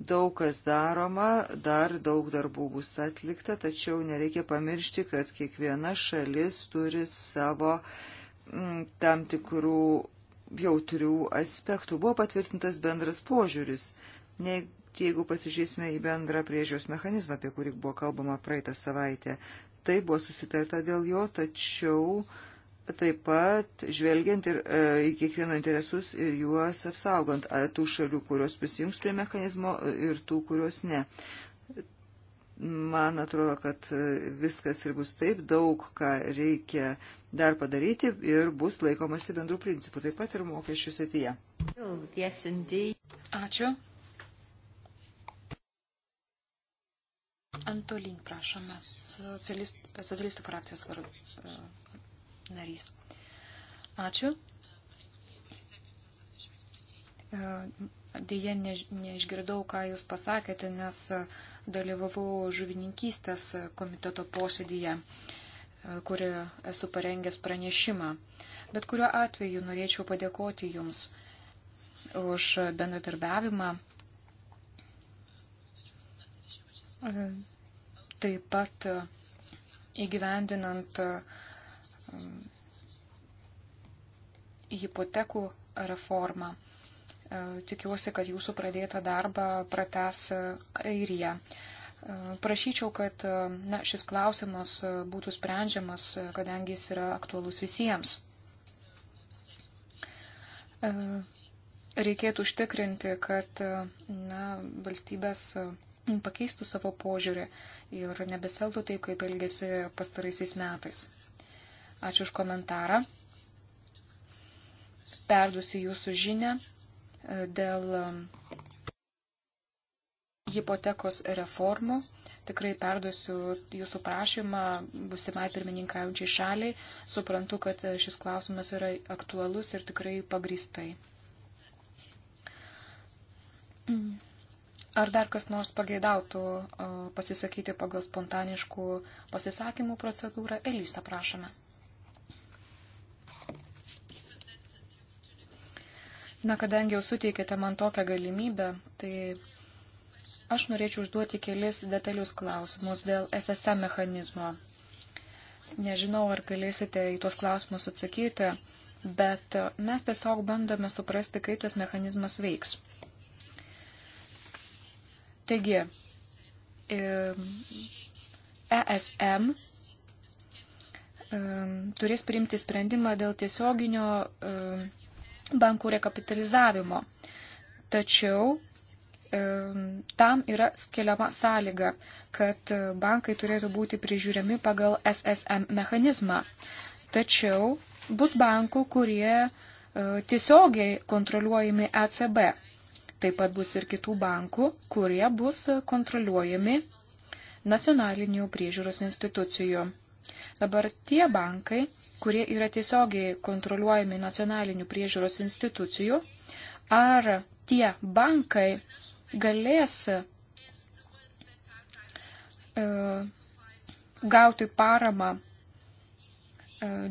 daug kas daroma, dar daug darbų bus atlikta, tačiau nereikia pamiršti, kad kiekviena šalis turi savo m, mm, tam tikrų jautrių aspektų. Buvo patvirtintas bendras požiūris. Ne, jeigu pasižiūrėsime į bendrą priežiūros mechanizmą, apie kurį buvo kalbama praeitą savaitę, tai buvo susitarta dėl jo, tačiau uh, taip pat žvelgiant ir e, į kiekvieno interesus ir juos apsaugant, a, tų šalių, kurios prisijungs prie mechanizmo e, ir tų, kurios ne. Man atrodo, kad e, viskas ir bus taip, daug ką reikia dar padaryti ir bus laikomasi bendrų principų, taip pat ir mokesčių srityje. Oh, Ačiū. Antolin, prašome, socialistų, socialistų frakcijos vardu narys. Ačiū. E, Deja, neišgirdau, ką Jūs pasakėte, nes dalyvavau žuvininkystės komiteto posėdyje, e, kurioje esu parengęs pranešimą. Bet kuriuo atveju norėčiau padėkoti Jums už bendradarbiavimą. E, taip pat įgyvendinant uh, Um, hipotekų reformą. E, tikiuosi, kad jūsų pradėtą darbą prates e, Airija. E, prašyčiau, kad na, šis klausimas būtų sprendžiamas, kadangi jis yra aktualus visiems. Reikėtų užtikrinti, kad na, valstybės pakeistų savo požiūrį ir nebeseltų taip, kaip elgėsi pastaraisiais metais. Ačiū už komentarą. Perdusiu jūsų žinę e, dėl um, hipotekos reformų. Tikrai perduosiu jūsų prašymą busimai pirmininkaujančiai šaliai. Suprantu, kad e, šis klausimas yra aktualus ir tikrai pagristai. Ar dar kas nors pageidautų e, pasisakyti pagal spontaniškų pasisakymų procedūrą? Elystą prašome. Na, kadangi jau suteikėte man tokią galimybę, tai aš norėčiau užduoti kelis detalius klausimus dėl SSM mechanizmo. Nežinau, ar galėsite į tuos klausimus atsakyti, bet mes tiesiog bandome suprasti, kaip tas mechanizmas veiks. Taigi, ESM e e, turės priimti sprendimą dėl tiesioginio e, bankų rekapitalizavimo. Tačiau e, tam yra skeliama sąlyga, kad bankai turėtų būti prižiūrimi pagal SSM mechanizmą. Tačiau bus bankų, kurie e, tiesiogiai kontroliuojami ECB. Taip pat bus ir kitų bankų, kurie bus kontroliuojami nacionalinių priežiūros institucijų. Dabar tie bankai, kurie yra tiesiogiai kontroliuojami nacionalinių priežiūros institucijų, ar tie bankai galės e, gauti paramą e,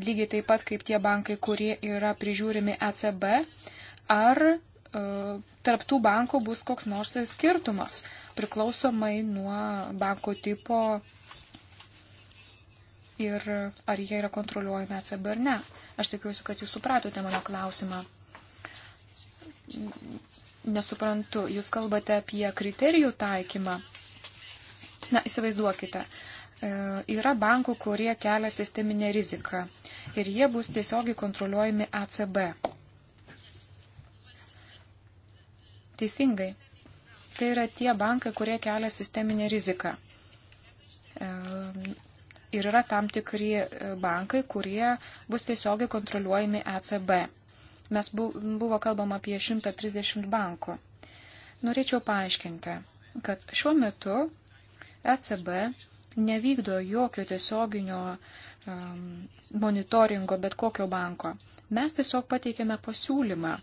lygiai taip pat kaip tie bankai, kurie yra prižiūrimi ECB, ar e, tarptų bankų bus koks nors skirtumas priklausomai nuo banko tipo ir ar jie yra kontroliuojami ECB ar ne. Aš tikiuosi, kad jūs supratote mano klausimą. Nesuprantu, jūs kalbate apie kriterijų taikymą. Na, įsivaizduokite, e, yra bankų, kurie kelia sisteminę riziką ir jie bus tiesiogiai kontroliuojami ACB. Teisingai. Tai yra tie bankai, kurie kelia sisteminę riziką. E, ir yra tam tikri e, bankai, kurie bus tiesiogiai kontroliuojami ECB. Mes buvo kalbama apie 130 bankų. Norėčiau paaiškinti, kad šiuo metu ECB nevykdo jokio tiesioginio um, monitoringo bet kokio banko. Mes tiesiog pateikėme pasiūlymą.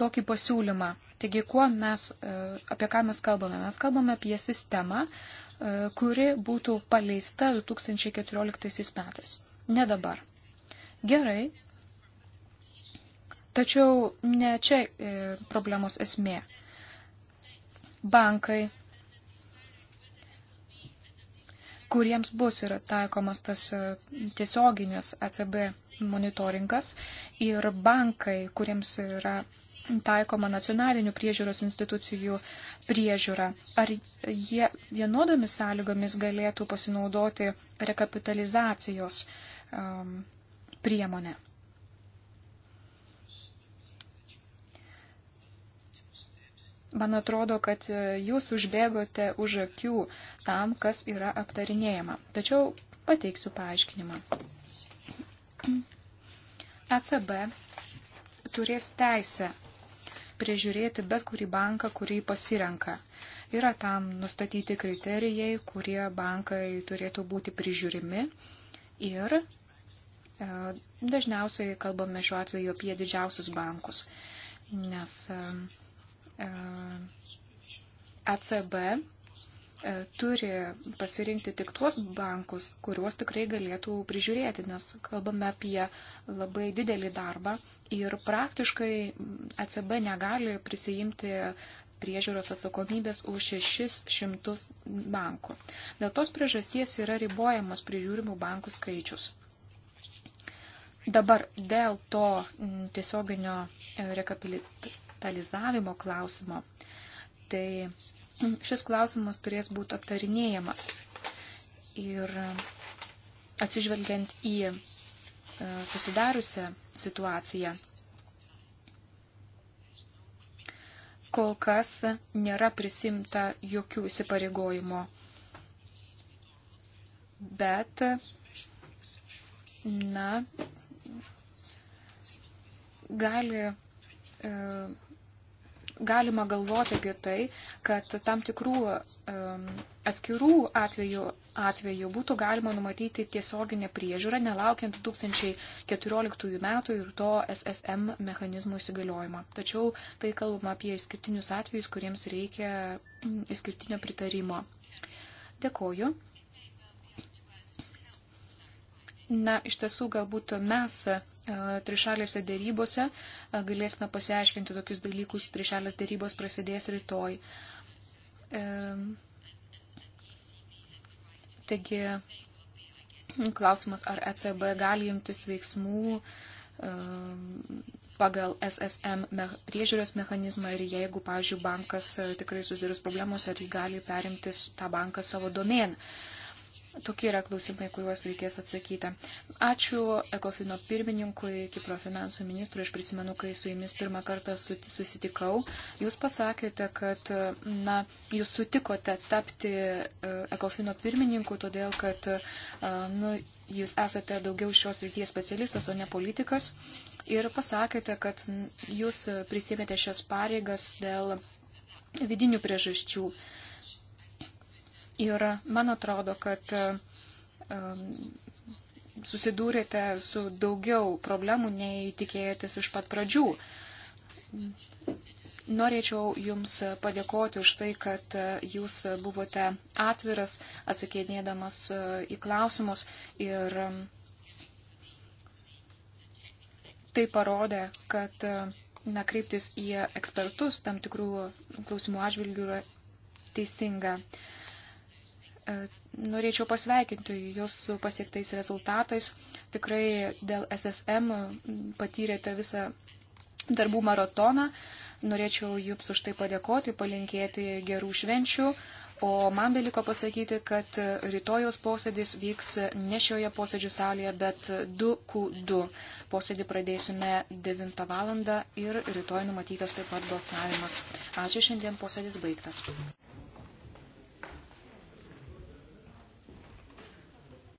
Tokį pasiūlymą Taigi, mes, e, apie ką mes kalbame? Mes kalbame apie sistemą, kuri būtų paleista 2014 metais. Ne dabar. Gerai. Tačiau ne čia e, problemos esmė. Bankai, kuriems bus yra taikomas tas e, tiesioginis ECB monitoringas ir bankai, kuriems yra taikoma nacionalinių priežiūros institucijų priežiūra. Ar jie vienodomis sąlygomis galėtų pasinaudoti rekapitalizacijos um, priemonę? Man atrodo, kad e, jūs užbėgote už akių tam, kas yra aptarinėjama. Tačiau pateiksiu paaiškinimą. ECB turės teisę prižiūrėti bet kurį banką, kurį pasirenka. Yra tam nustatyti kriterijai, kurie bankai turėtų būti prižiūrimi. Ir e, dažniausiai kalbame šiuo atveju apie didžiausius bankus, nes e, ECB e E, turi pasirinkti tik tuos bankus, kuriuos tikrai galėtų prižiūrėti, nes kalbame apie labai didelį darbą ir praktiškai ECB negali prisijimti priežiūros atsakomybės už 600 bankų. Dėl tos priežasties yra ribojamas prižiūrimų bankų skaičius. Dabar dėl to tiesioginio e, rekapitalizavimo klausimo, tai šis klausimas turės būti aptarinėjamas. Ir atsižvelgiant į e, susidariusią situaciją, kol kas nėra prisimta jokių įsipareigojimo, bet, na, gali e, galima galvoti apie tai, kad tam tikrų um, atskirų atvejų, atvejų būtų galima numatyti tiesioginę priežiūrą, nelaukiant 2014 metų ir to SSM mechanizmų įsigaliojimą. Tačiau tai kalbama apie išskirtinius atvejus, kuriems reikia išskirtinio pritarimo. Dėkoju. Na, iš tiesų, galbūt mes e, trišalėse dėrybose e, galėsime pasiaiškinti tokius dalykus, trišalės dėrybos prasidės rytoj. E, taigi, klausimas, ar ECB gali imtis veiksmų pagal SSM priežiūros mechanizmą ir jeigu, pavyzdžiui, bankas tikrai susidurus problemos, ar jį gali perimtis tą banką savo domeną. Tokie yra klausimai, kuriuos reikės atsakyti. Ačiū Ekofino pirmininkui, Kipro finansų ministrui. Aš prisimenu, kai su jumis pirmą kartą susitikau, jūs pasakėte, kad na, jūs sutikote tapti e, Ekofino pirmininku, todėl kad e, nu, jūs esate daugiau šios ryties specialistas, o ne politikas. Ir pasakėte, kad jūs e, prisėmėte šias pareigas dėl vidinių priežasčių. Uh, Ir man atrodo, kad um, susidūrėte su daugiau problemų, nei tikėjotės iš pat pradžių. Norėčiau Jums padėkoti už tai, kad uh, Jūs buvote atviras, atsakinėdamas uh, į klausimus ir um, tai parodė, kad uh, na, kreiptis į ekspertus tam tikrų klausimų atžvilgių yra teisinga. Uh, E, norėčiau pasveikinti Jūs su pasiektais rezultatais. Tikrai dėl SSM patyrėte visą darbų maratoną. Norėčiau Jums už tai padėkoti, palinkėti gerų švenčių. O man beliko pasakyti, kad rytojos posėdis vyks ne šioje posėdžių salėje, bet 2Q2. Posėdį pradėsime 9 val. ir rytoj numatytas taip pat balsavimas. Ačiū, šiandien posėdis baigtas.